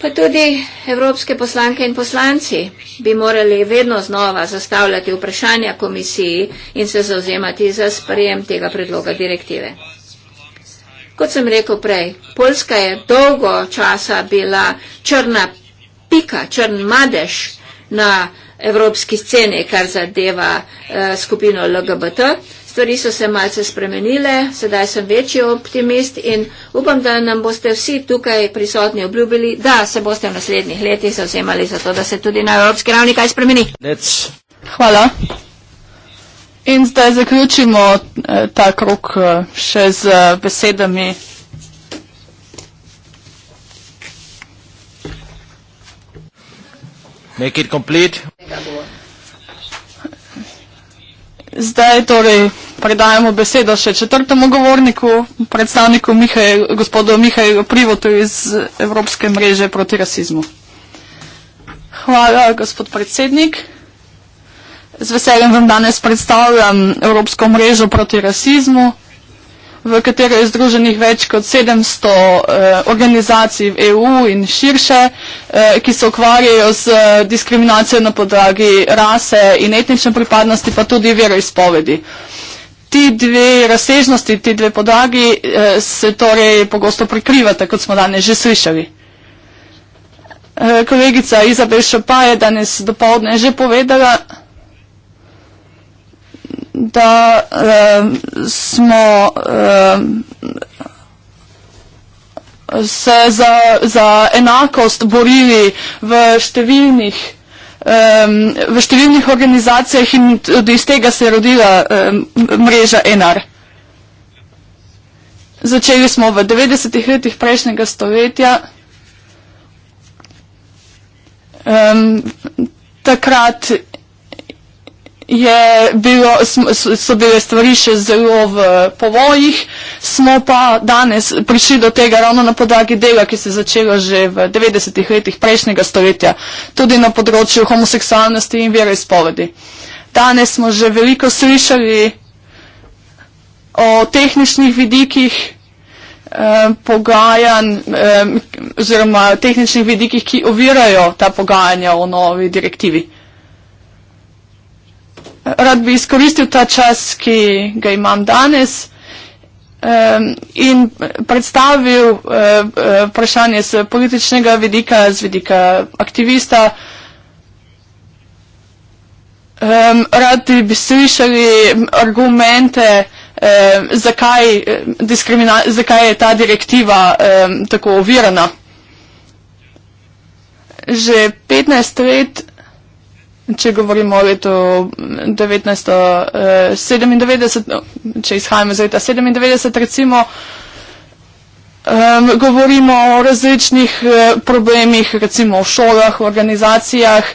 Pa tudi evropske poslanke in poslanci bi morali vedno znova zastavljati vprašanja komisiji in se zauzemati za sprejem tega predloga direktive. Kot sem rekel prej, Poljska je dolgo časa bila črna pika, črn madež na evropski sceni, kar zadeva uh, skupino LGBT. Uh, stvari so se malce spremenile, sedaj sem večji optimist in upam, da nam boste vsi tukaj prisotni obljubili, da se boste v naslednjih letih zauzemali za to, da se tudi na evropski ravni kaj spremeni. Let's. Hvala. In zdaj zaključimo eh, ta krok eh, še z eh, besedami. Make it complete. Make it complete. Zdaj torej predajamo besedo še četrtemu govorniku, predstavniku Mihaj, gospodu Mihajlu Privotu iz Evropske mreže proti rasizmu. Hvala, gospod predsednik. Z veseljem vam danes predstavljam Evropsko mrežo proti rasizmu v katero je združenih več kot 700 eh, organizacij v EU in širše, eh, ki se ukvarjajo z eh, diskriminacijo na podlagi rase in etnične pripadnosti, pa tudi veroizpovedi. Ti dve razsežnosti, ti dve podlagi eh, se torej pogosto prikrivata, kot smo danes že slišali. Eh, kolegica Izabel Šopa je danes dopoledne že povedala, da uh, smo uh, se za, za enakost borili v številnih, um, v številnih organizacijah in tudi iz tega se je rodila um, mreža Enar. Začeli smo v 90-ih letih prejšnjega stoletja. Um, takrat je bilo, so bile stvari še zelo v povojih, smo pa danes prišli do tega ravno na podlagi dela, ki se je začelo že v 90-ih letih prejšnjega stoletja, tudi na področju homoseksualnosti in vere izpovedi. Danes smo že veliko slišali o tehničnih vidikih eh, pogajanj eh, oziroma tehničnih vidikih, ki ovirajo ta pogajanja o novi direktivi rad bi izkoristil ta čas, ki ga imam danes in predstavil vprašanje z političnega vidika, z vidika aktivista. Radi bi slišali argumente, zakaj, zakaj je ta direktiva tako ovirana. Že 15 let če govorimo o letu 1997, eh, no, če izhajamo iz leta 1997, recimo, um, govorimo o različnih eh, problemih, recimo v šolah, v organizacijah, um,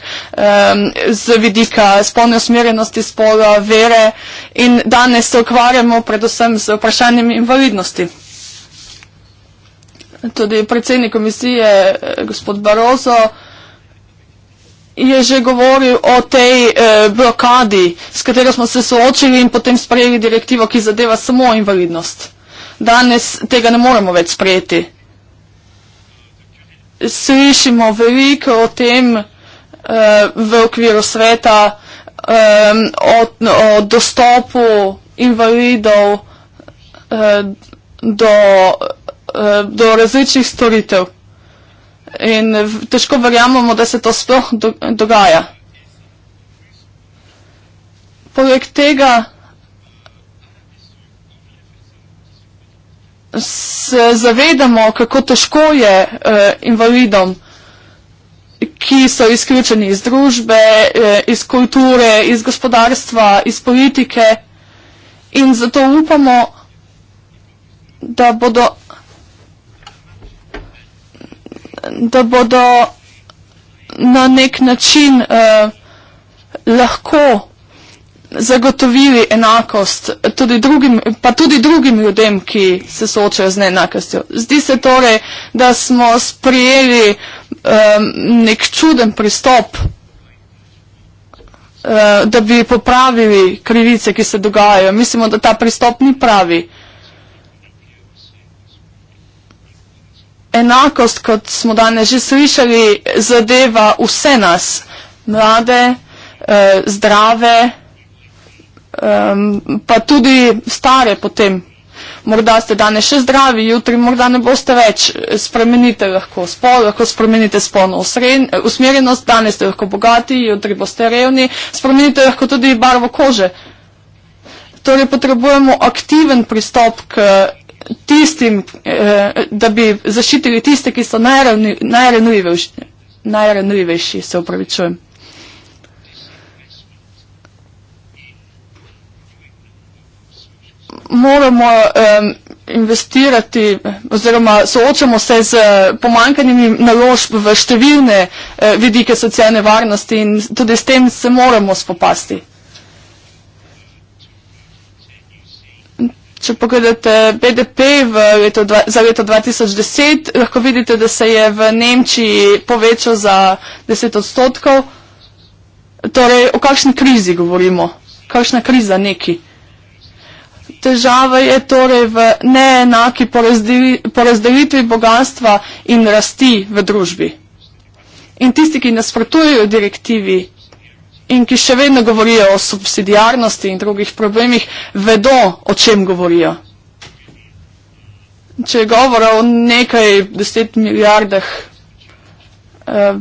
z vidika spolne usmerjenosti, spola, vere in danes se ukvarjamo predvsem z vprašanjem invalidnosti. Tudi predsednik komisije, eh, gospod Barozo, uh, je že govoril o tej eh, blokadi, s katero smo se soočili in potem sprejeli direktivo, ki zadeva samo invalidnost. Danes tega ne moremo več sprejeti. Slišimo veliko o tem eh, v okviru sveta, eh, o, o dostopu invalidov eh, do, eh, do različnih storitev. In težko verjamemo, da se to sploh dogaja. Poleg tega se zavedamo, kako težko je eh, invalidom, ki so izključeni iz družbe, eh, iz kulture, iz gospodarstva, iz politike. In zato upamo, da bodo da bodo na nek način uh, lahko zagotovili enakost tudi drugim, pa tudi drugim ljudem, ki se soočajo z neenakostjo. Zdi se torej, da smo sprijeli um, eh, nek čuden pristop, uh, da bi popravili krivice, ki se dogajajo. Mislimo, da ta pristop ni pravi. Uh, enakost, kot smo danes že slišali, zadeva vse nas, mlade, eh, zdrave, pa tudi stare potem. Morda ste danes še zdravi, jutri morda ne boste več, eh, spremenite lahko spol, lahko spremenite spolno eh, usmerjenost, danes ste lahko bogati, jutri boste revni, spremenite lahko tudi barvo kože. Torej potrebujemo aktiven pristop k tistim, eh, da bi zaščitili tiste, ki so najranljivejši, se upravičujem. Moramo eh, investirati oziroma soočamo se z pomankanjem naložb v številne eh, vidike socialne varnosti in tudi s tem se moramo spopasti. Če pogledate BDP leto dva, za leto 2010, lahko vidite, da se je v Nemčiji povečal za 10 odstotkov. Torej, o kakšni krizi govorimo? Kakšna kriza neki? Težava je torej v neenaki porazdeli, porazdelitvi bogatstva in rasti v družbi. In tisti, ki nasprotujejo direktivi, in ki še vedno govorijo o subsidijarnosti in drugih problemih, vedo, o čem govorijo. Če je govora o nekaj deset milijardah, eh,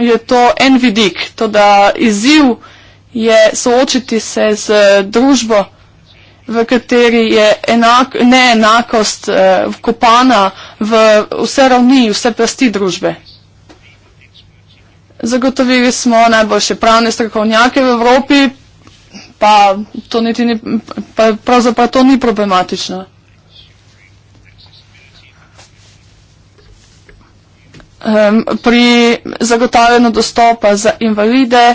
je to en vidik. To, da izziv je soočiti se z eh, družbo, v kateri je enak, neenakost eh, vkopana v vse ravni, vse plasti družbe. Zagotovili smo najboljše pravne strokovnjake v Evropi, pa to niti ni, pa pravzaprav to ni problematično. Um, pri zagotavljanju dostopa za invalide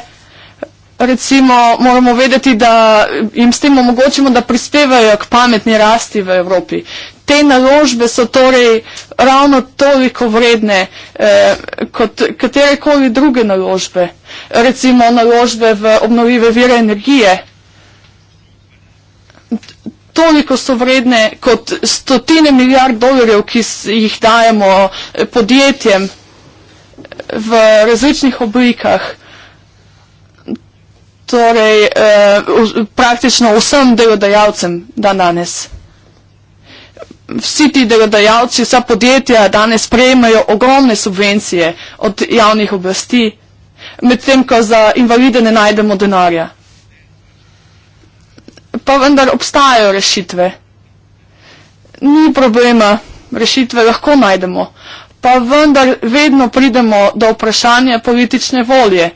recimo moramo vedeti, da jim s tem omogočimo, da prispevajo k pametni rasti v Evropi. Te naložbe so torej ravno toliko vredne eh, kot katerekoli druge naložbe, recimo naložbe v obnovljive vire energije. Toliko so vredne kot stotine milijard dolarjev, ki jih dajemo eh, podjetjem v različnih oblikah torej uh, praktično vsem delodajalcem dan danes. Vsi ti delodajalci, vsa podjetja danes prejmejo ogromne subvencije od javnih oblasti, medtem ko za invalide ne najdemo denarja. Pa vendar obstajajo rešitve. Ni problema, rešitve lahko najdemo pa vendar vedno pridemo do vprašanja politične volje.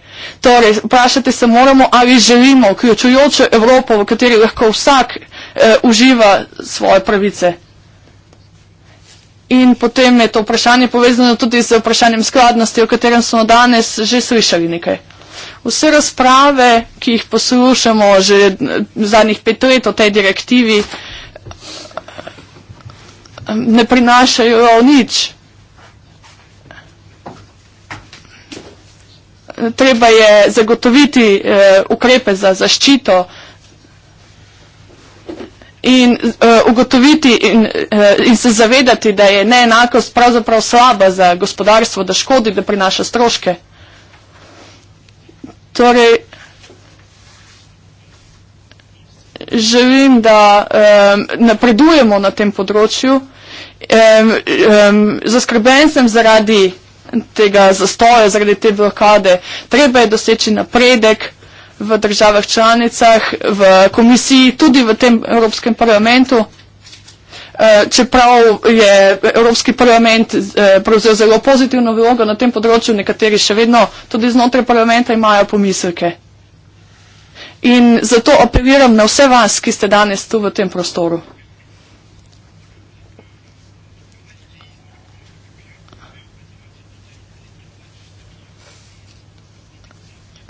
Torej, vprašati se moramo, ali želimo vključujočo Evropo, v kateri lahko vsak eh, uživa svoje pravice. In potem je to vprašanje povezano tudi z vprašanjem skladnosti, o katerem smo danes že slišali nekaj. Vse razprave, ki jih poslušamo že eh, zadnjih pet let o tej direktivi, eh, ne prinašajo nič. treba je zagotoviti eh, ukrepe za zaščito in eh, ugotoviti in, eh, in se zavedati, da je neenakost pravzaprav slaba za gospodarstvo, da škodi, da prinaša stroške. Torej, želim, da eh, napredujemo na tem področju. Eh, eh, zaskrben sem zaradi eh, tega zastoja, zaradi te blokade. Treba je doseči napredek v državah članicah, v komisiji, tudi v tem Evropskem parlamentu. Eh, čeprav je Evropski parlament eh, prevzel zelo pozitivno vlogo na tem področju, nekateri še vedno tudi znotraj parlamenta imajo pomisleke. In zato apeliram na vse vas, ki ste danes tu v tem prostoru.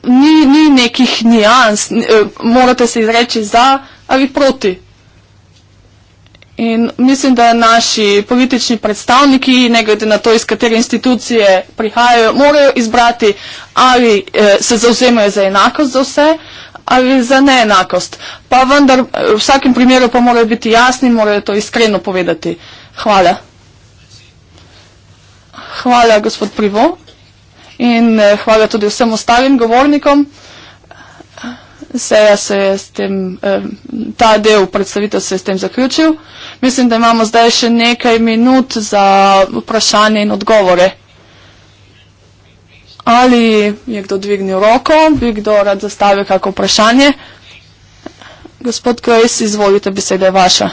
ni, ni nekih nijans, ni, eh, morate se izreči za ali proti. In mislim, da naši politični predstavniki, ne glede na to, iz katere institucije prihajajo, morajo izbrati, ali eh, se zauzemajo za enakost za vse ali za neenakost. Pa vendar, eh, v vsakem primeru pa morajo biti jasni, morajo to iskreno povedati. Hvala. Hvala, gospod Privo. In eh, hvala tudi vsem ostalim govornikom. Seja se je s tem, eh, ta del predstavitev se je s tem zaključil. Mislim, da imamo zdaj še nekaj minut za vprašanje in odgovore. Ali je kdo dvignil roko, bi kdo rad zastavil kako vprašanje? Gospod Kojs, izvolite, beseda je vaša.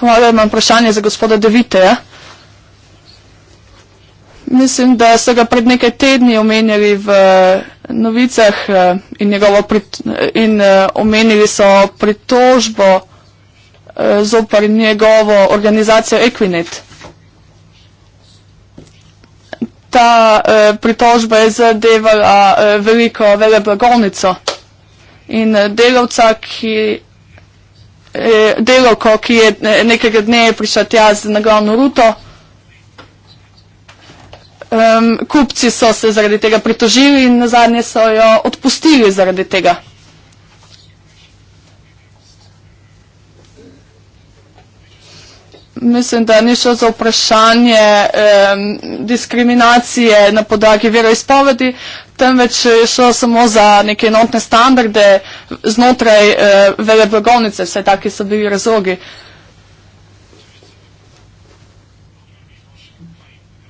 Hvala, imam vprašanje za gospoda Deviteja. Mislim, da so ga pred nekaj tedni omenjali v eh, novicah eh, in, prit, in eh, omenili so pritožbo zopar njegovo organizacijo Equinet. Ta pritožba je zadevala veliko veleblagovnico in delavca, ki Eh, delovko, ki je eh, nekega dne prišla tja z naglavno ruto. Um, kupci so se zaradi tega pritožili in nazadnje so jo odpustili zaradi tega. mislim, da ni šlo za vprašanje eh, diskriminacije na podlagi veroizpovedi, temveč je šlo samo za neke enotne standarde znotraj eh, veleblagovnice, vse taki so bili razlogi.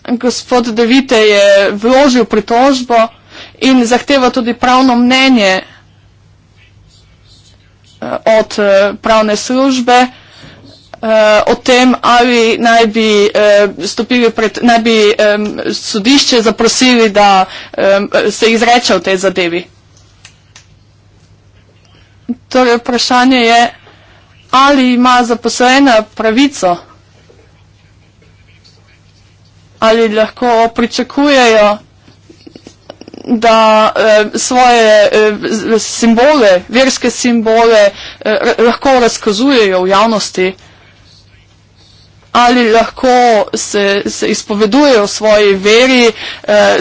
Gospod Devite je vložil pritožbo in zahteva tudi pravno mnenje eh, od eh, pravne službe. Eh, o tem, ali naj bi eh, stopili pred, naj bi sodišče zaprosili, da se izreče v tej zadevi. Torej vprašanje je, ali ima zaposlena pravico, ali lahko pričakujejo, da svoje simbole, verske simbole eh, lahko razkazujejo v javnosti ali lahko se, se izpovedujejo v svoji veri eh,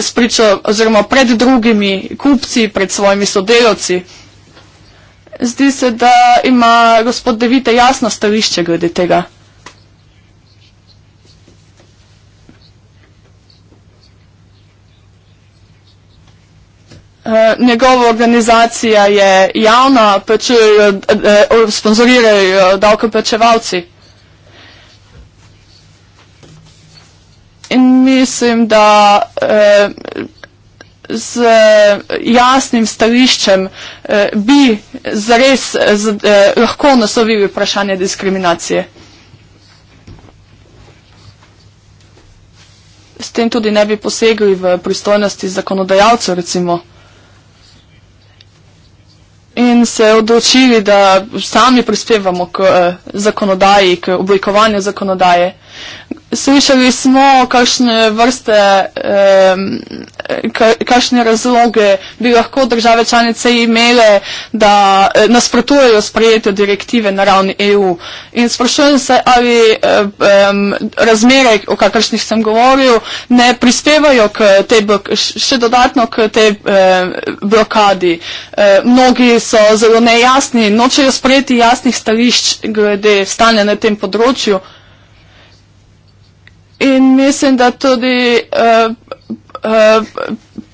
spričo, oziroma pred drugimi kupci, pred svojimi sodelavci. Zdi se, da ima gospod Devite jasno stališče glede tega. Eh, njegova organizacija je javna, plačujejo, eh, eh, sponzorirajo davkoplačevalci. in mislim, da eh, z jasnim stališčem eh, bi zares eh, lahko naslovili vprašanje diskriminacije. S tem tudi ne bi posegli v pristojnosti zakonodajalcev, recimo, in se odločili, da sami prispevamo k zakonodaji, k oblikovanju zakonodaje slišali smo, kakšne vrste, kakšne razloge bi lahko države članice imele, da e, nasprotujejo sprejetju direktive na ravni EU. In sprašujem se, ali e, razmere, o kakršnih sem govoril, ne prispevajo k tej, še dodatno k tej e, blokadi. Mnogi so zelo nejasni, nočejo sprejeti jasnih stališč glede stanja na tem področju. In mislim, da tudi uh, uh,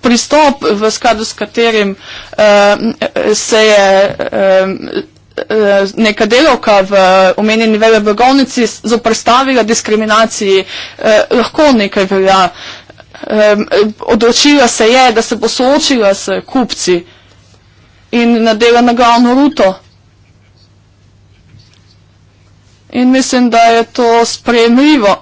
pristop, v skladu s katerim uh, se je uh, neka delovka v omenjeni vele blagovnici zoprstavila diskriminaciji, uh, lahko nekaj velja. Um, odločila se je, da se bo soočila s kupci in nadela na glavno ruto. In mislim, da je to spremljivo.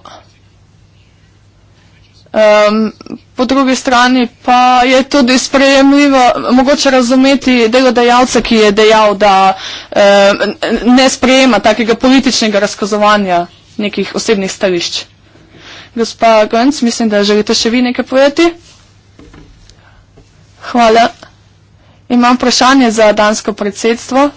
Um, po drugi strani pa je tudi sprejemljivo, mogoče razumeti delodajalca, ki je dejal, da um, ne sprejema takega političnega razkazovanja nekih osebnih stališč. Gospa Gönc, mislim, da želite še vi nekaj povedati. Hvala. Imam vprašanje za dansko predsedstvo.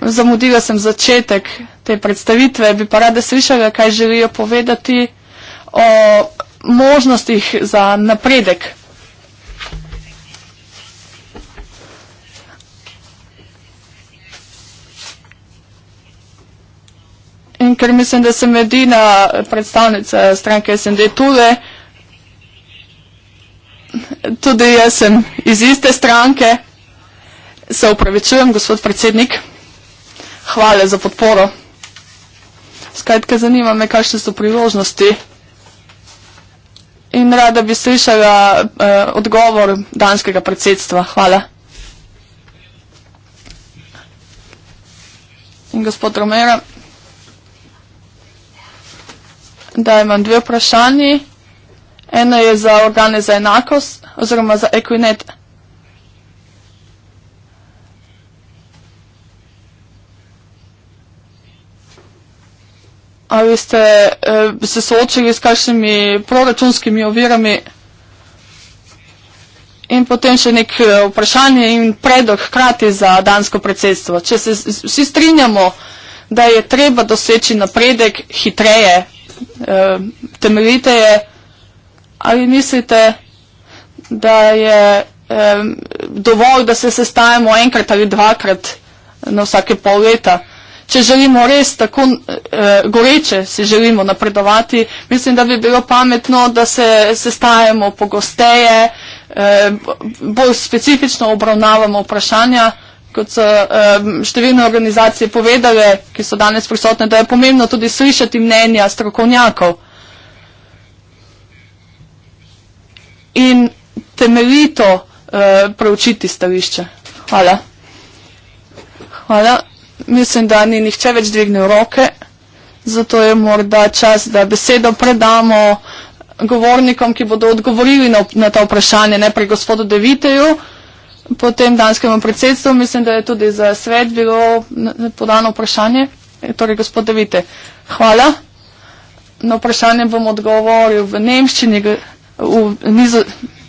zamudila sem začetek te predstavitve, bi pa rada slišala, kaj želijo povedati o možnostih za napredek. In ker mislim, da sem edina predstavnica stranke SND tule, tudi jaz sem iz iste stranke, se upravičujem, gospod predsednik hvale za podporo. Skratka, zanima me, kakšne so priložnosti. In rada bi slišala eh, odgovor danskega predsedstva. Hvala. In gospod Romero, da imam dve vprašanji. Eno je za organe za enakost, oziroma za Equinet. ali ste e, eh, se soočili s kakšnimi proračunskimi ovirami in potem še nek eh, vprašanje in predlog hkrati za dansko predsedstvo. Če se vsi strinjamo, da je treba doseči napredek hitreje, e, temeljiteje, ali mislite, da je e, dovolj, da se sestajamo enkrat ali dvakrat na vsake pol leta? če želimo res tako uh, goreče si želimo napredovati, mislim, da bi bilo pametno, da se sestajamo pogosteje, uh, bolj specifično obravnavamo vprašanja, kot so um, številne organizacije povedale, ki so danes prisotne, da je pomembno tudi slišati mnenja strokovnjakov. In temeljito uh, preučiti stališče. Hvala. Hvala mislim, da ni nihče več dvignil roke, zato je morda čas, da besedo predamo govornikom, ki bodo odgovorili na, na ta vprašanje, ne pri gospodu Deviteju, potem danskemu predsedstvu, mislim, da je tudi za svet bilo podano vprašanje, e, torej gospod Devite. Hvala. Na vprašanje bom odgovoril v nemščini, v nizo,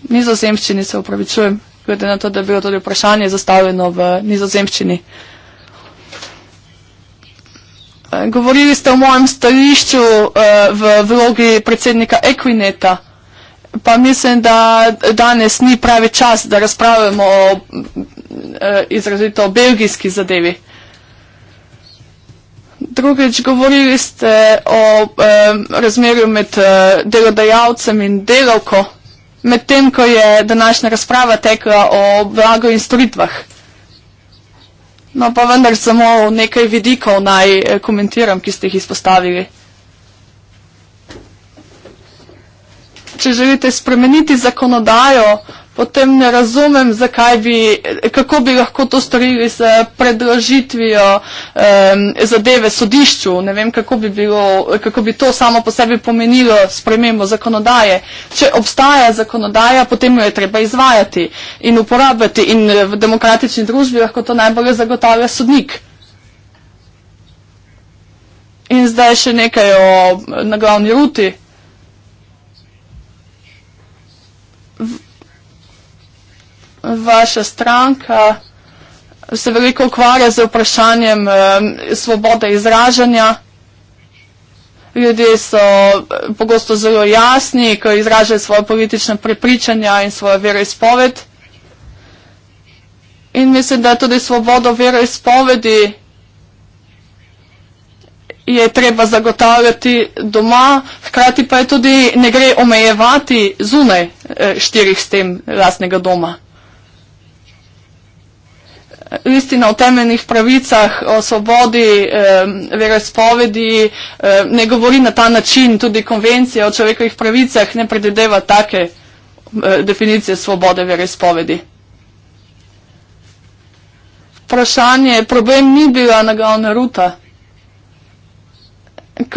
nizozemščini se upravičujem, glede na to, da je bilo tudi vprašanje zastavljeno v nizozemščini. Eh, govorili ste o mojem stališču eh, v vlogi predsednika Equineta, pa mislim, da danes ni pravi čas, da razpravljamo o eh, izrazito belgijski zadevi. Drugič, govorili ste o razmerju med delodajalcem in delavko, med tem, ko je današnja razprava tekla o blago in storitvah. No, pa vendar samo nekaj vidikov naj eh, komentiram, ki ste jih izpostavili. Če želite spremeniti zakonodajo, potem ne razumem, zakaj bi, kako bi lahko to storili z predložitvijo um, zadeve sodišču. Ne vem, kako bi, bilo, kako bi to samo po sebi pomenilo spremembo zakonodaje. Če obstaja zakonodaja, potem jo je treba izvajati in uporabljati in v demokratični družbi lahko to najbolje zagotavlja sodnik. In zdaj še nekaj o naglavni ruti. V vaša stranka se veliko ukvarja z vprašanjem eh, svobode izražanja. Ljudje so eh, pogosto zelo jasni, ko izražajo svoje politične prepričanja in svojo veroizpoved. In mislim, da tudi svobodo veroizpovedi je treba zagotavljati doma, hkrati pa je tudi ne gre omejevati zunaj eh, štirih s tem lastnega doma istina o temeljnih pravicah, o svobodi eh, verespovedi, eh, ne govori na ta način, tudi konvencija o človekovih pravicah ne predvideva take eh, definicije svobode verespovedi. Vprašanje, problem ni bila nagalna ruta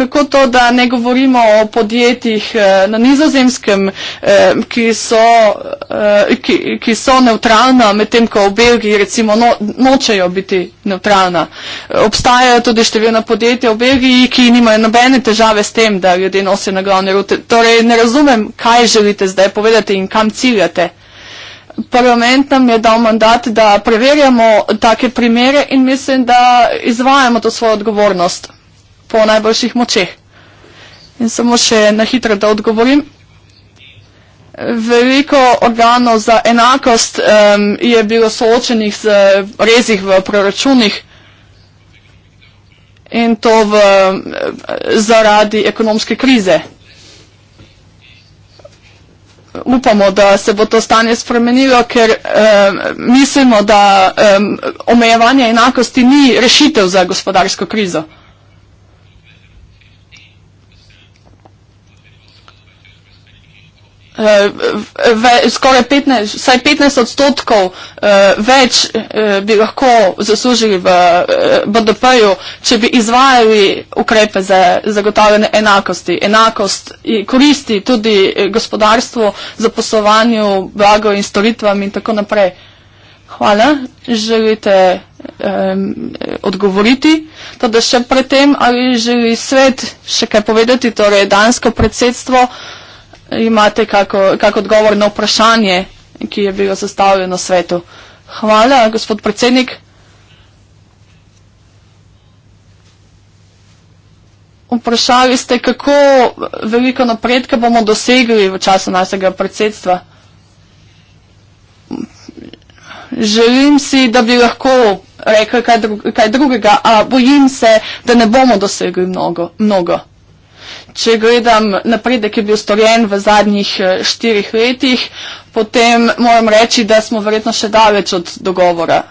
kako to, da ne govorimo o podjetjih eh, na nizozemskem, eh, ki so, eh, ki, ki so neutralna, medtem ko v Belgiji recimo no, nočejo biti neutralna. Obstajajo tudi številna podjetja v Belgiji, ki nimajo nobene težave s tem, da ljudje nosijo na glavne rute. Torej ne razumem, kaj želite zdaj povedati in kam ciljate. Parlament nam je dal mandat, da preverjamo take primere in mislim, da izvajamo to svojo odgovornost po najboljših močeh. In samo še na hitro, da odgovorim. Veliko organov za enakost um, je bilo soočenih z rezih v proračunih in to v, zaradi ekonomske krize. Upamo, da se bo to stanje spremenilo, ker um, mislimo, da um, omejevanje enakosti ni rešitev za gospodarsko krizo. Eh, ve, skoraj 15, vsaj 15 odstotkov uh, več uh, bi lahko zaslužili v uh, BDP-ju, če bi izvajali ukrepe za zagotavljanje enakosti. Enakost koristi tudi gospodarstvu, zaposlovanju, blago in storitvam in tako naprej. Hvala. Želite um, odgovoriti? Tudi še predtem, ali želi svet še kaj povedati, torej dansko predsedstvo? Uh, imate kako, kako odgovor na vprašanje, ki je bilo zastavljeno svetu. Hvala, gospod predsednik. Vprašali ste, kako veliko napredka bomo dosegli v času našega predsedstva. Želim si, da bi lahko rekli kaj, dru kaj drugega, a bojim se, da ne bomo dosegli mnogo. mnogo. Če gledam napredek, ki je bil storjen v zadnjih eh, štirih letih, potem moram reči, da smo verjetno še daleč od dogovora.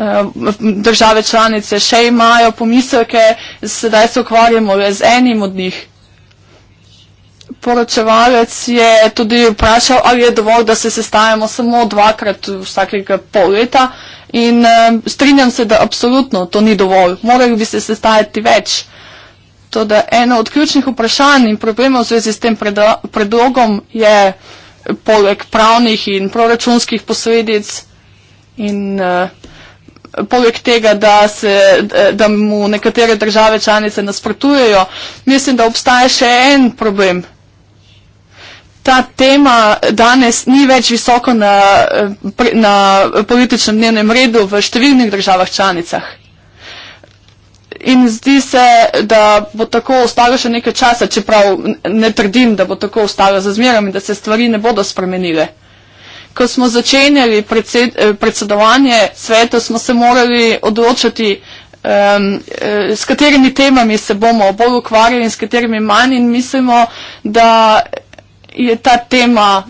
Eh, države članice še imajo pomisleke, sedaj se ukvarjamo le z enim od njih. Poročevalec je tudi vprašal, ali je dovolj, da se sestavljamo samo dvakrat vsakega pol leta. Uh, In uh, strinjam se, da absolutno to ni dovolj. Morajo bi se sestajati več. To, da eno od ključnih vprašanj in problemov v zvezi s tem predlogom je poleg pravnih in proračunskih posledic in uh, poleg tega, da, se, da mu nekatere države članice nasprotujejo, mislim, da obstaja še en problem ta tema danes ni več visoko na, eh, na političnem dnevnem redu v številnih državah članicah. In zdi se, da bo tako ostalo še nekaj časa, čeprav ne trdim, da bo tako ostalo za zmerom in da se stvari ne bodo spremenile. Ko smo začenjali predsed, eh, predsedovanje sveta, smo se morali odločiti, um, eh, s katerimi temami se bomo bolj ukvarjali in s katerimi manj in mislimo, da je ta tema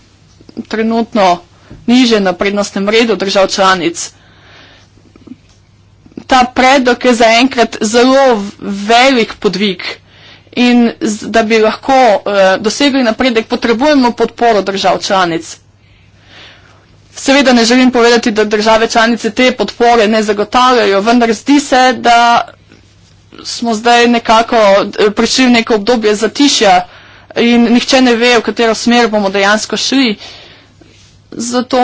trenutno niže na prednostnem redu držav članic. Ta predlog je zaenkrat zelo velik podvig in da bi lahko eh, dosegli napredek, potrebujemo podporo držav članic. Seveda ne želim povedati, da države članice te podpore ne zagotavljajo, vendar zdi se, da smo zdaj nekako eh, prišli v neko obdobje zatišja in nihče ne ve, v katero smer bomo dejansko šli. Zato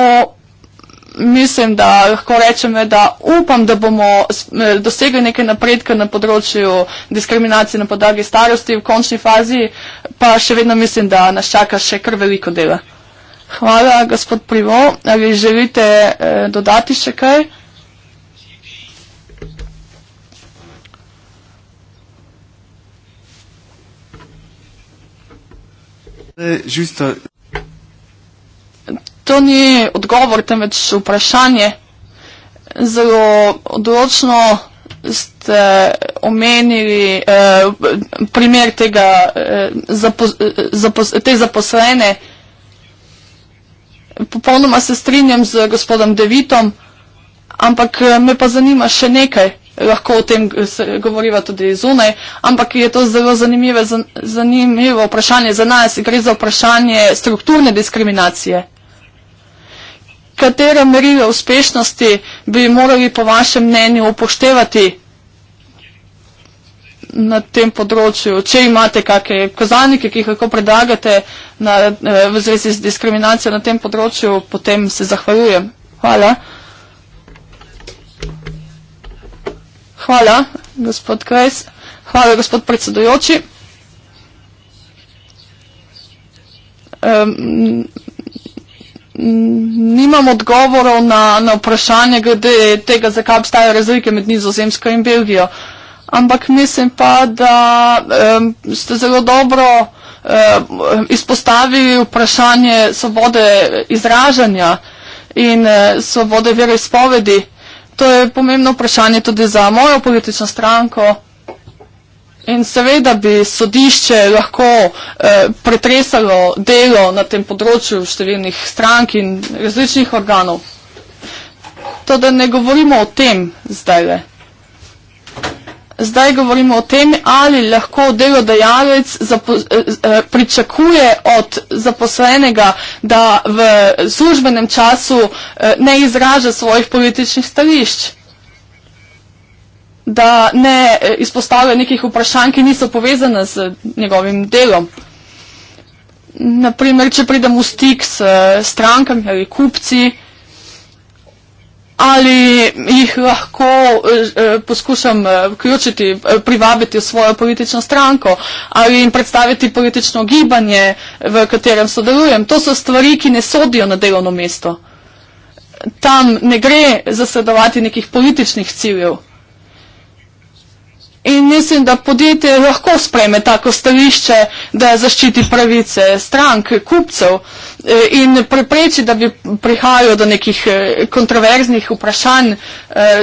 mislim, da lahko rečeme, da upam, da bomo eh, dosegli nekaj napredka na področju diskriminacije na podlagi starosti v končni fazi, pa še vedno mislim, da nas čaka še kar veliko dela. Hvala, gospod Privo. Ali želite eh, dodati še kaj? Ja, Žusto. To ni odgovor, temveč vprašanje. Zelo odločno ste omenili eh, primer tega eh, zapo, eh, zapos, te zaposlene. Popolnoma se strinjam z gospodom Devitom, ampak eh, me pa zanima še nekaj lahko o tem eh, govoriva tudi zunaj, ampak je to zelo zanimivo, zanimivo vprašanje za nas, gre za vprašanje strukturne diskriminacije. Katere merile uspešnosti bi morali po vašem mnenju upoštevati na tem področju, če imate kakšne kozanike, ki jih lahko predlagate na, eh, v zvezi z diskriminacijo na tem področju, potem se zahvaljujem. Hvala. Hvala, gospod Krejs. Hvala, gospod predsedujoči. Um, nimam odgovorov na, na vprašanje glede tega, zakaj obstajajo razlike med nizozemsko in Belgijo. Ampak mislim pa, da um, ste zelo dobro um, izpostavili vprašanje svobode izražanja in uh, svobode vere izpovedi. To je pomembno vprašanje tudi za mojo politično stranko. In seveda bi sodišče lahko eh, pretresalo delo na tem področju številnih strank in različnih organov. To, da ne govorimo o tem zdaj le. Zdaj govorimo o tem, ali lahko delodajalec eh, eh, pričakuje od zaposlenega, da v službenem času eh, ne izraža svojih političnih stališč, da ne izpostavlja nekih vprašanj, ki niso povezane z njegovim delom. Naprimer, če pridem v stik s strankami ali kupci, ali jih lahko eh, eh, poskušam eh, vključiti, privabiti v svojo politično stranko ali jim predstaviti politično gibanje, v katerem sodelujem. To so stvari, ki ne sodijo na delovno mesto. Tam ne gre zasledovati nekih političnih ciljev. In mislim, da podjetje lahko sprejme tako stališče, da zaščiti pravice strank, kupcev eh, in prepreči, da bi prihajalo do nekih eh, kontroverznih vprašanj eh,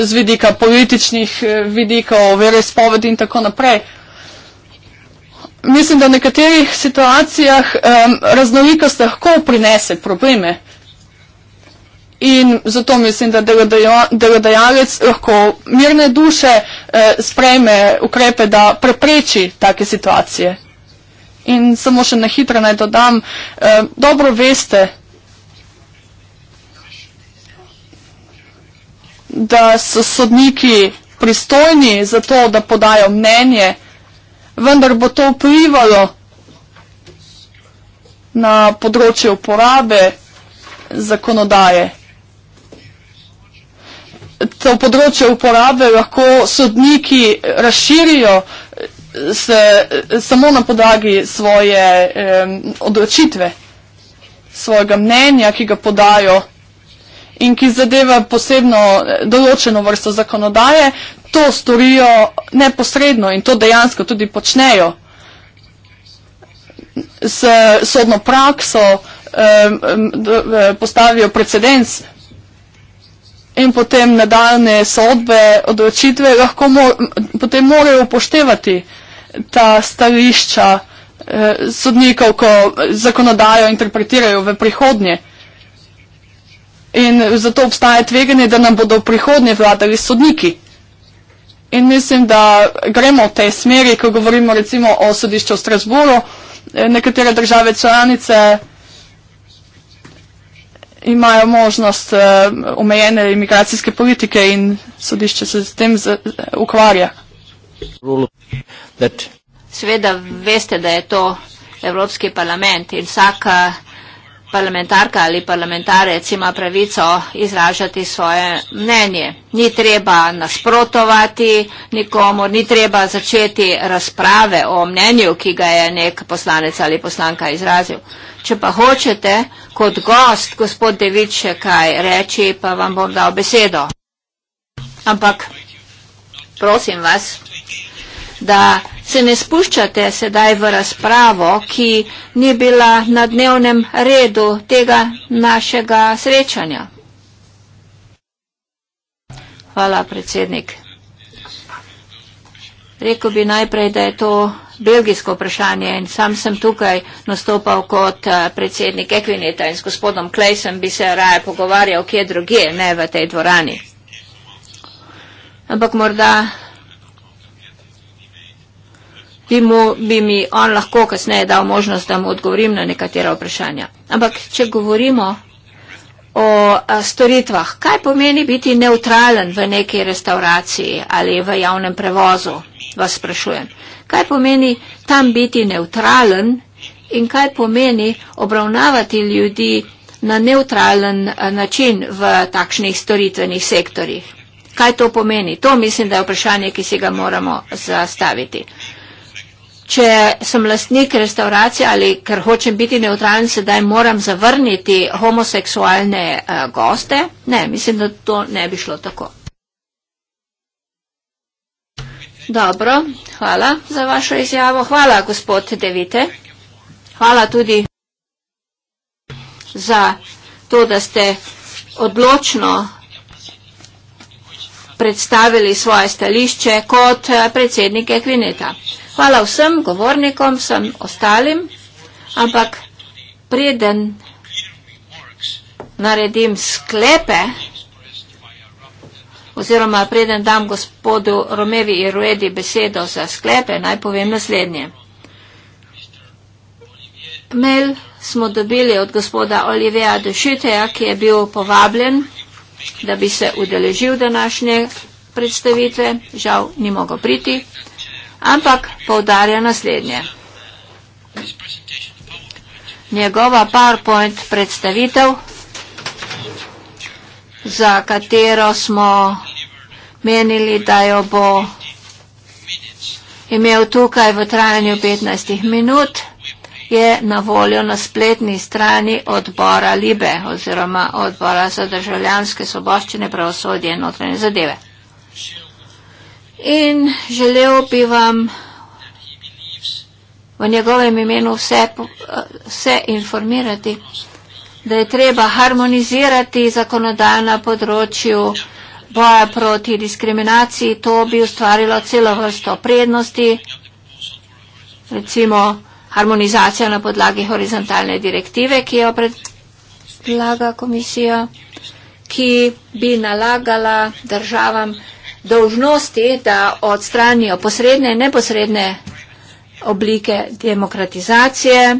z vidika političnih vidikov, verespovedi in tako naprej. Mislim, da v nekaterih situacijah raznolikost lahko prinese probleme in zato mislim, da delodajalec lahko mirne duše eh, sprejme ukrepe, da prepreči take situacije. In samo še na hitro naj dodam, eh, dobro veste, da so sodniki pristojni za to, da podajo mnenje, vendar bo to vplivalo na področje uporabe zakonodaje to področje uporabe lahko sodniki razširijo eh, se, eh, samo na podlagi svoje um, odločitve, svojega mnenja, ki ga podajo in ki zadeva posebno eh, določeno vrsto zakonodaje, to storijo neposredno in to dejansko tudi počnejo s sodno prakso, postavijo precedens in potem nadaljne sodbe, odločitve, lahko mo potem morajo upoštevati ta stališča eh, sodnikov, ko zakonodajo interpretirajo v prihodnje. In zato obstaja tveganje, da nam bodo v prihodnje vladali sodniki. In mislim, da gremo v tej smeri, ko govorimo recimo o sodišču v Strasburu, eh, nekatere države članice imajo možnost uh, omejene imigracijske politike in sodišče se s tem z, ukvarja. Sveda veste, da je to Evropski parlament in vsaka parlamentarka ali parlamentarec ima pravico izražati svoje mnenje. Ni treba nasprotovati nikomu, ni treba začeti razprave o mnenju, ki ga je nek poslanec ali poslanka izrazil. Če pa hočete kot gost, gospod Devič, kaj reči, pa vam bom dal besedo. Ampak prosim vas, da se ne spuščate sedaj v razpravo, ki ni bila na dnevnem redu tega našega srečanja. Hvala, predsednik. Rekl bi najprej, da je to belgijsko vprašanje in sam sem tukaj nastopal kot eh, predsednik Ekvineta in s gospodom Klejsem bi se raje pogovarjal, kje druge, ne v tej dvorani. Ampak morda bi, mu, bi mi on lahko kasneje dal možnost, da mu odgovorim na nekatera vprašanja. Ampak, če govorimo o a, storitvah, kaj pomeni biti neutralen v neki restauraciji ali v javnem prevozu, vas sprašujem. Kaj pomeni tam biti neutralen in kaj pomeni obravnavati ljudi na neutralen način v takšnih storitvenih sektorjih? Kaj to pomeni? To mislim, da je vprašanje, ki si ga moramo zastaviti če sem lastnik restauracije ali ker hočem biti neutralen, sedaj moram zavrniti homoseksualne uh, goste. Ne, mislim, da to ne bi šlo tako. Dobro, hvala za vašo izjavo. Hvala, gospod Devite. Hvala tudi za to, da ste odločno predstavili svoje stališče kot eh, predsednik Ekvineta. Hvala vsem govornikom, vsem ostalim, ampak preden naredim sklepe oziroma preden dam gospodu Romevi Iruedi besedo za sklepe, naj povem naslednje. Mail smo dobili od gospoda Olivea Dešiteja, ki je bil povabljen, da bi se udeležil današnje predstavitve, žal ni mogel priti ampak povdarja naslednje. Njegova PowerPoint predstavitev, za katero smo menili, da jo bo imel tukaj v trajanju 15 minut, je na voljo na spletni strani odbora Libe oziroma odbora za državljanske soboščine, pravosodje in notranje zadeve. In želel bi vam v njegovem imenu vse, vse informirati, da je treba harmonizirati zakonodaj na področju boja proti diskriminaciji. To bi ustvarilo celo vrsto prednosti, recimo harmonizacija na podlagi horizontalne direktive, ki jo predlaga komisija, ki bi nalagala državam dolžnosti, da odstranijo posredne in neposredne oblike demokratizacije.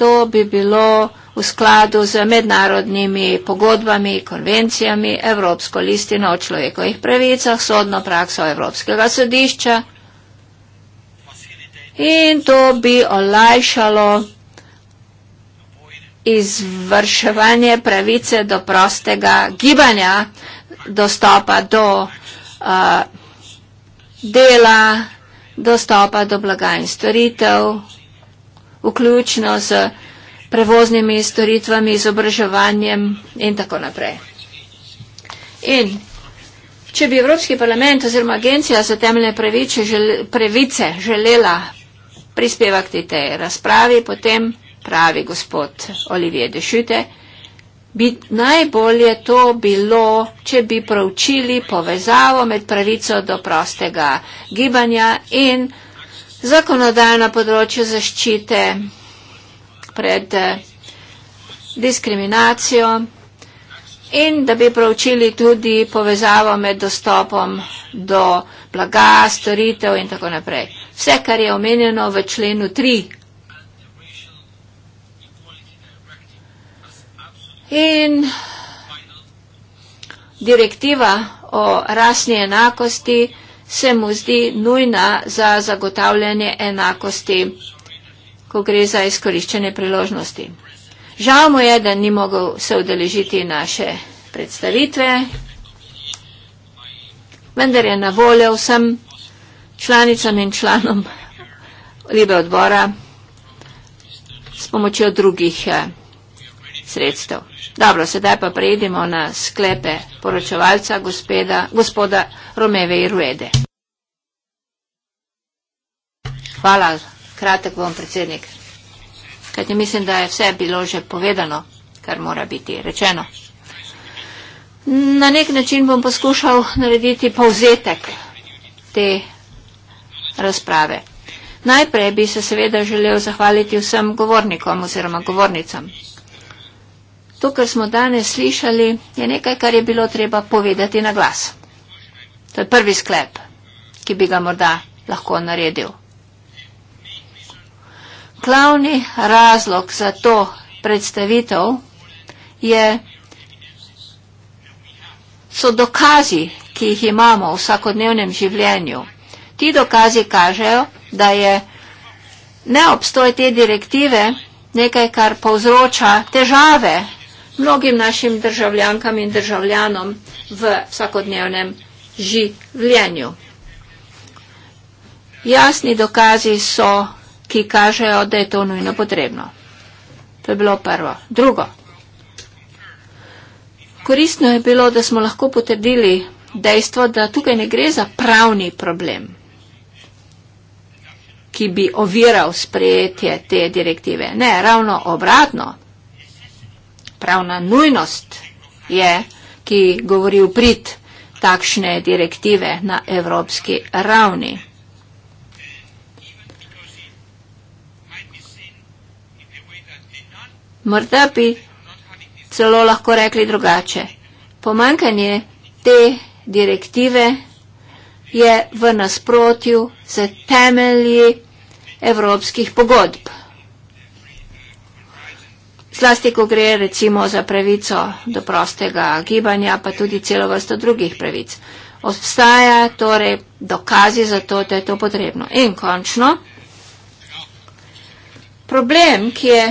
To bi bilo v skladu z mednarodnimi pogodbami, konvencijami, Evropsko listino o človekovih pravicah, sodno prakso Evropskega sodišča in to bi olajšalo izvrševanje pravice do prostega gibanja, dostopa do uh, dela, dostopa do blaga in storitev, vključno z prevoznimi storitvami, izobraževanjem in tako naprej. In če bi Evropski parlament oziroma Agencija za temeljne pravice, žel, pravice želela prispevati tej razpravi, potem pravi gospod Olivier Dešute, bi najbolje to bilo, če bi pravčili povezavo med pravico do prostega gibanja in zakonodajno področje zaščite pred eh, diskriminacijo in da bi pravčili tudi povezavo med dostopom do blaga, storitev in tako naprej. Vse, kar je omenjeno v členu 3 In direktiva o rasni enakosti se mu zdi nujna za zagotavljanje enakosti, ko gre za izkoriščene priložnosti. Žal mu je, da ni mogel se udeležiti naše predstavitve, vendar je na voljo vsem članicam in članom Libe odbora s pomočjo drugih eh, sredstev. Dobro, sedaj pa prejdemo na sklepe poročevalca gospeda, gospoda Romeve Iruede. Hvala, kratek bom predsednik. Kajti mislim, da je vse bilo že povedano, kar mora biti rečeno. Na nek način bom poskušal narediti povzetek te razprave. Najprej bi se seveda želel zahvaliti vsem govornikom oziroma govornicam, To, kar smo danes slišali, je nekaj, kar je bilo treba povedati na glas. To je prvi sklep, ki bi ga morda lahko naredil. Klavni razlog za to predstavitev je, so dokazi, ki jih imamo v vsakodnevnem življenju. Ti dokazi kažejo, da je neobstoj te direktive nekaj, kar povzroča težave mnogim našim državljankam in državljanom v vsakodnevnem življenju. Jasni dokazi so, ki kažejo, da je to nujno potrebno. To je bilo prvo. Drugo. Koristno je bilo, da smo lahko potrdili dejstvo, da tukaj ne gre za pravni problem, ki bi oviral sprejetje te direktive. Ne, ravno obratno pravna nujnost je, ki govori v prid takšne direktive na evropski ravni. Morda bi celo lahko rekli drugače. Pomankanje te direktive je v nasprotju z temelji evropskih pogodb. Zlasti, ko gre recimo za pravico do prostega gibanja, pa tudi celo vrsto drugih pravic. Obstaja torej dokazi za to, da je to potrebno. In končno, problem, ki je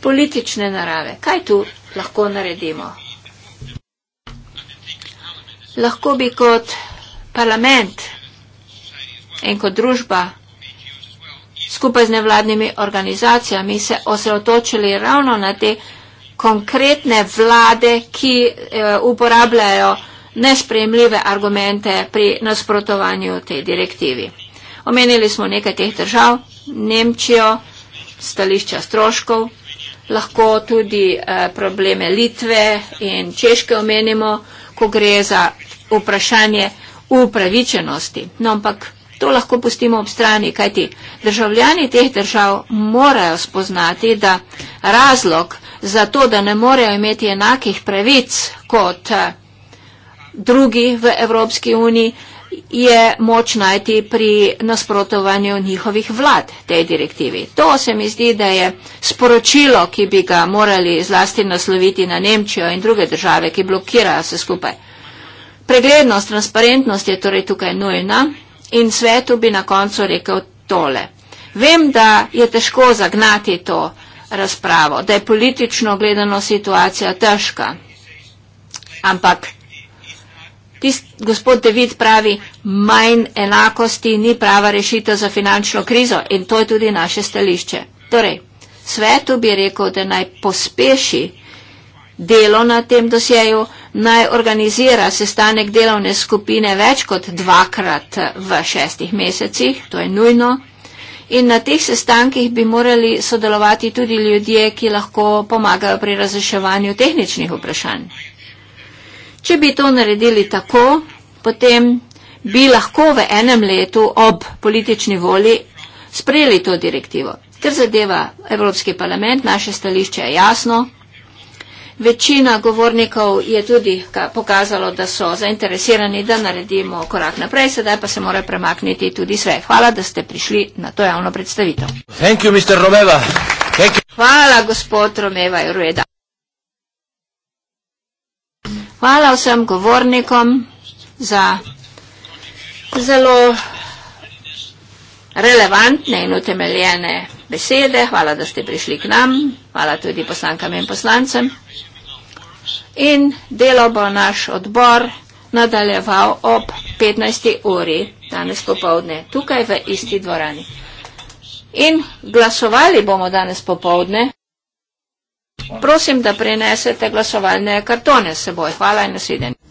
politične narave. Kaj tu lahko naredimo? Lahko bi kot parlament in kot družba skupaj z nevladnimi organizacijami se osredotočili ravno na te konkretne vlade, ki eh, uporabljajo nespremljive argumente pri nasprotovanju te direktivi. Omenili smo nekaj teh držav, Nemčijo, stališča stroškov, lahko tudi eh, probleme Litve in Češke omenimo, ko gre za vprašanje upravičenosti. No, ampak To lahko pustimo ob strani, kajti državljani teh držav morajo spoznati, da razlog za to, da ne morejo imeti enakih pravic kot eh, drugi v Evropski uniji, je moč najti pri nasprotovanju njihovih vlad tej direktivi. To se mi zdi, da je sporočilo, ki bi ga morali zlasti nasloviti na Nemčijo in druge države, ki blokirajo se skupaj. Preglednost, transparentnost je torej tukaj nujna. In svetu bi na koncu rekel tole. Vem, da je težko zagnati to razpravo, da je politično gledano situacija težka. Ampak tist, gospod David pravi, manj enakosti ni prava rešitev za finančno krizo in to je tudi naše stališče. Torej, svetu bi rekel, da naj pospeši delo na tem dosjeju, naj organizira sestanek delovne skupine več kot dvakrat v šestih mesecih, to je nujno. In na teh sestankih bi morali sodelovati tudi ljudje, ki lahko pomagajo pri razreševanju tehničnih vprašanj. Če bi to naredili tako, potem bi lahko v enem letu ob politični voli sprejeli to direktivo. Ker zadeva Evropski parlament, naše stališče je jasno, Večina govornikov je tudi pokazalo, da so zainteresirani, da naredimo korak naprej, sedaj pa se mora premakniti tudi sve. Hvala, da ste prišli na to javno predstavitev. Thank you, Mr. Romeva. Thank you. Hvala, gospod Romeva Rueda. Hvala vsem govornikom za zelo relevantne in utemeljene besede. Hvala, da ste prišli k nam. Hvala tudi poslankam in poslancem in delo bo naš odbor nadaljeval ob 15. uri danes popovdne, tukaj v isti dvorani. In glasovali bomo danes popovdne. Prosim, da prinesete glasovalne kartone s seboj. Hvala in nasvidenje.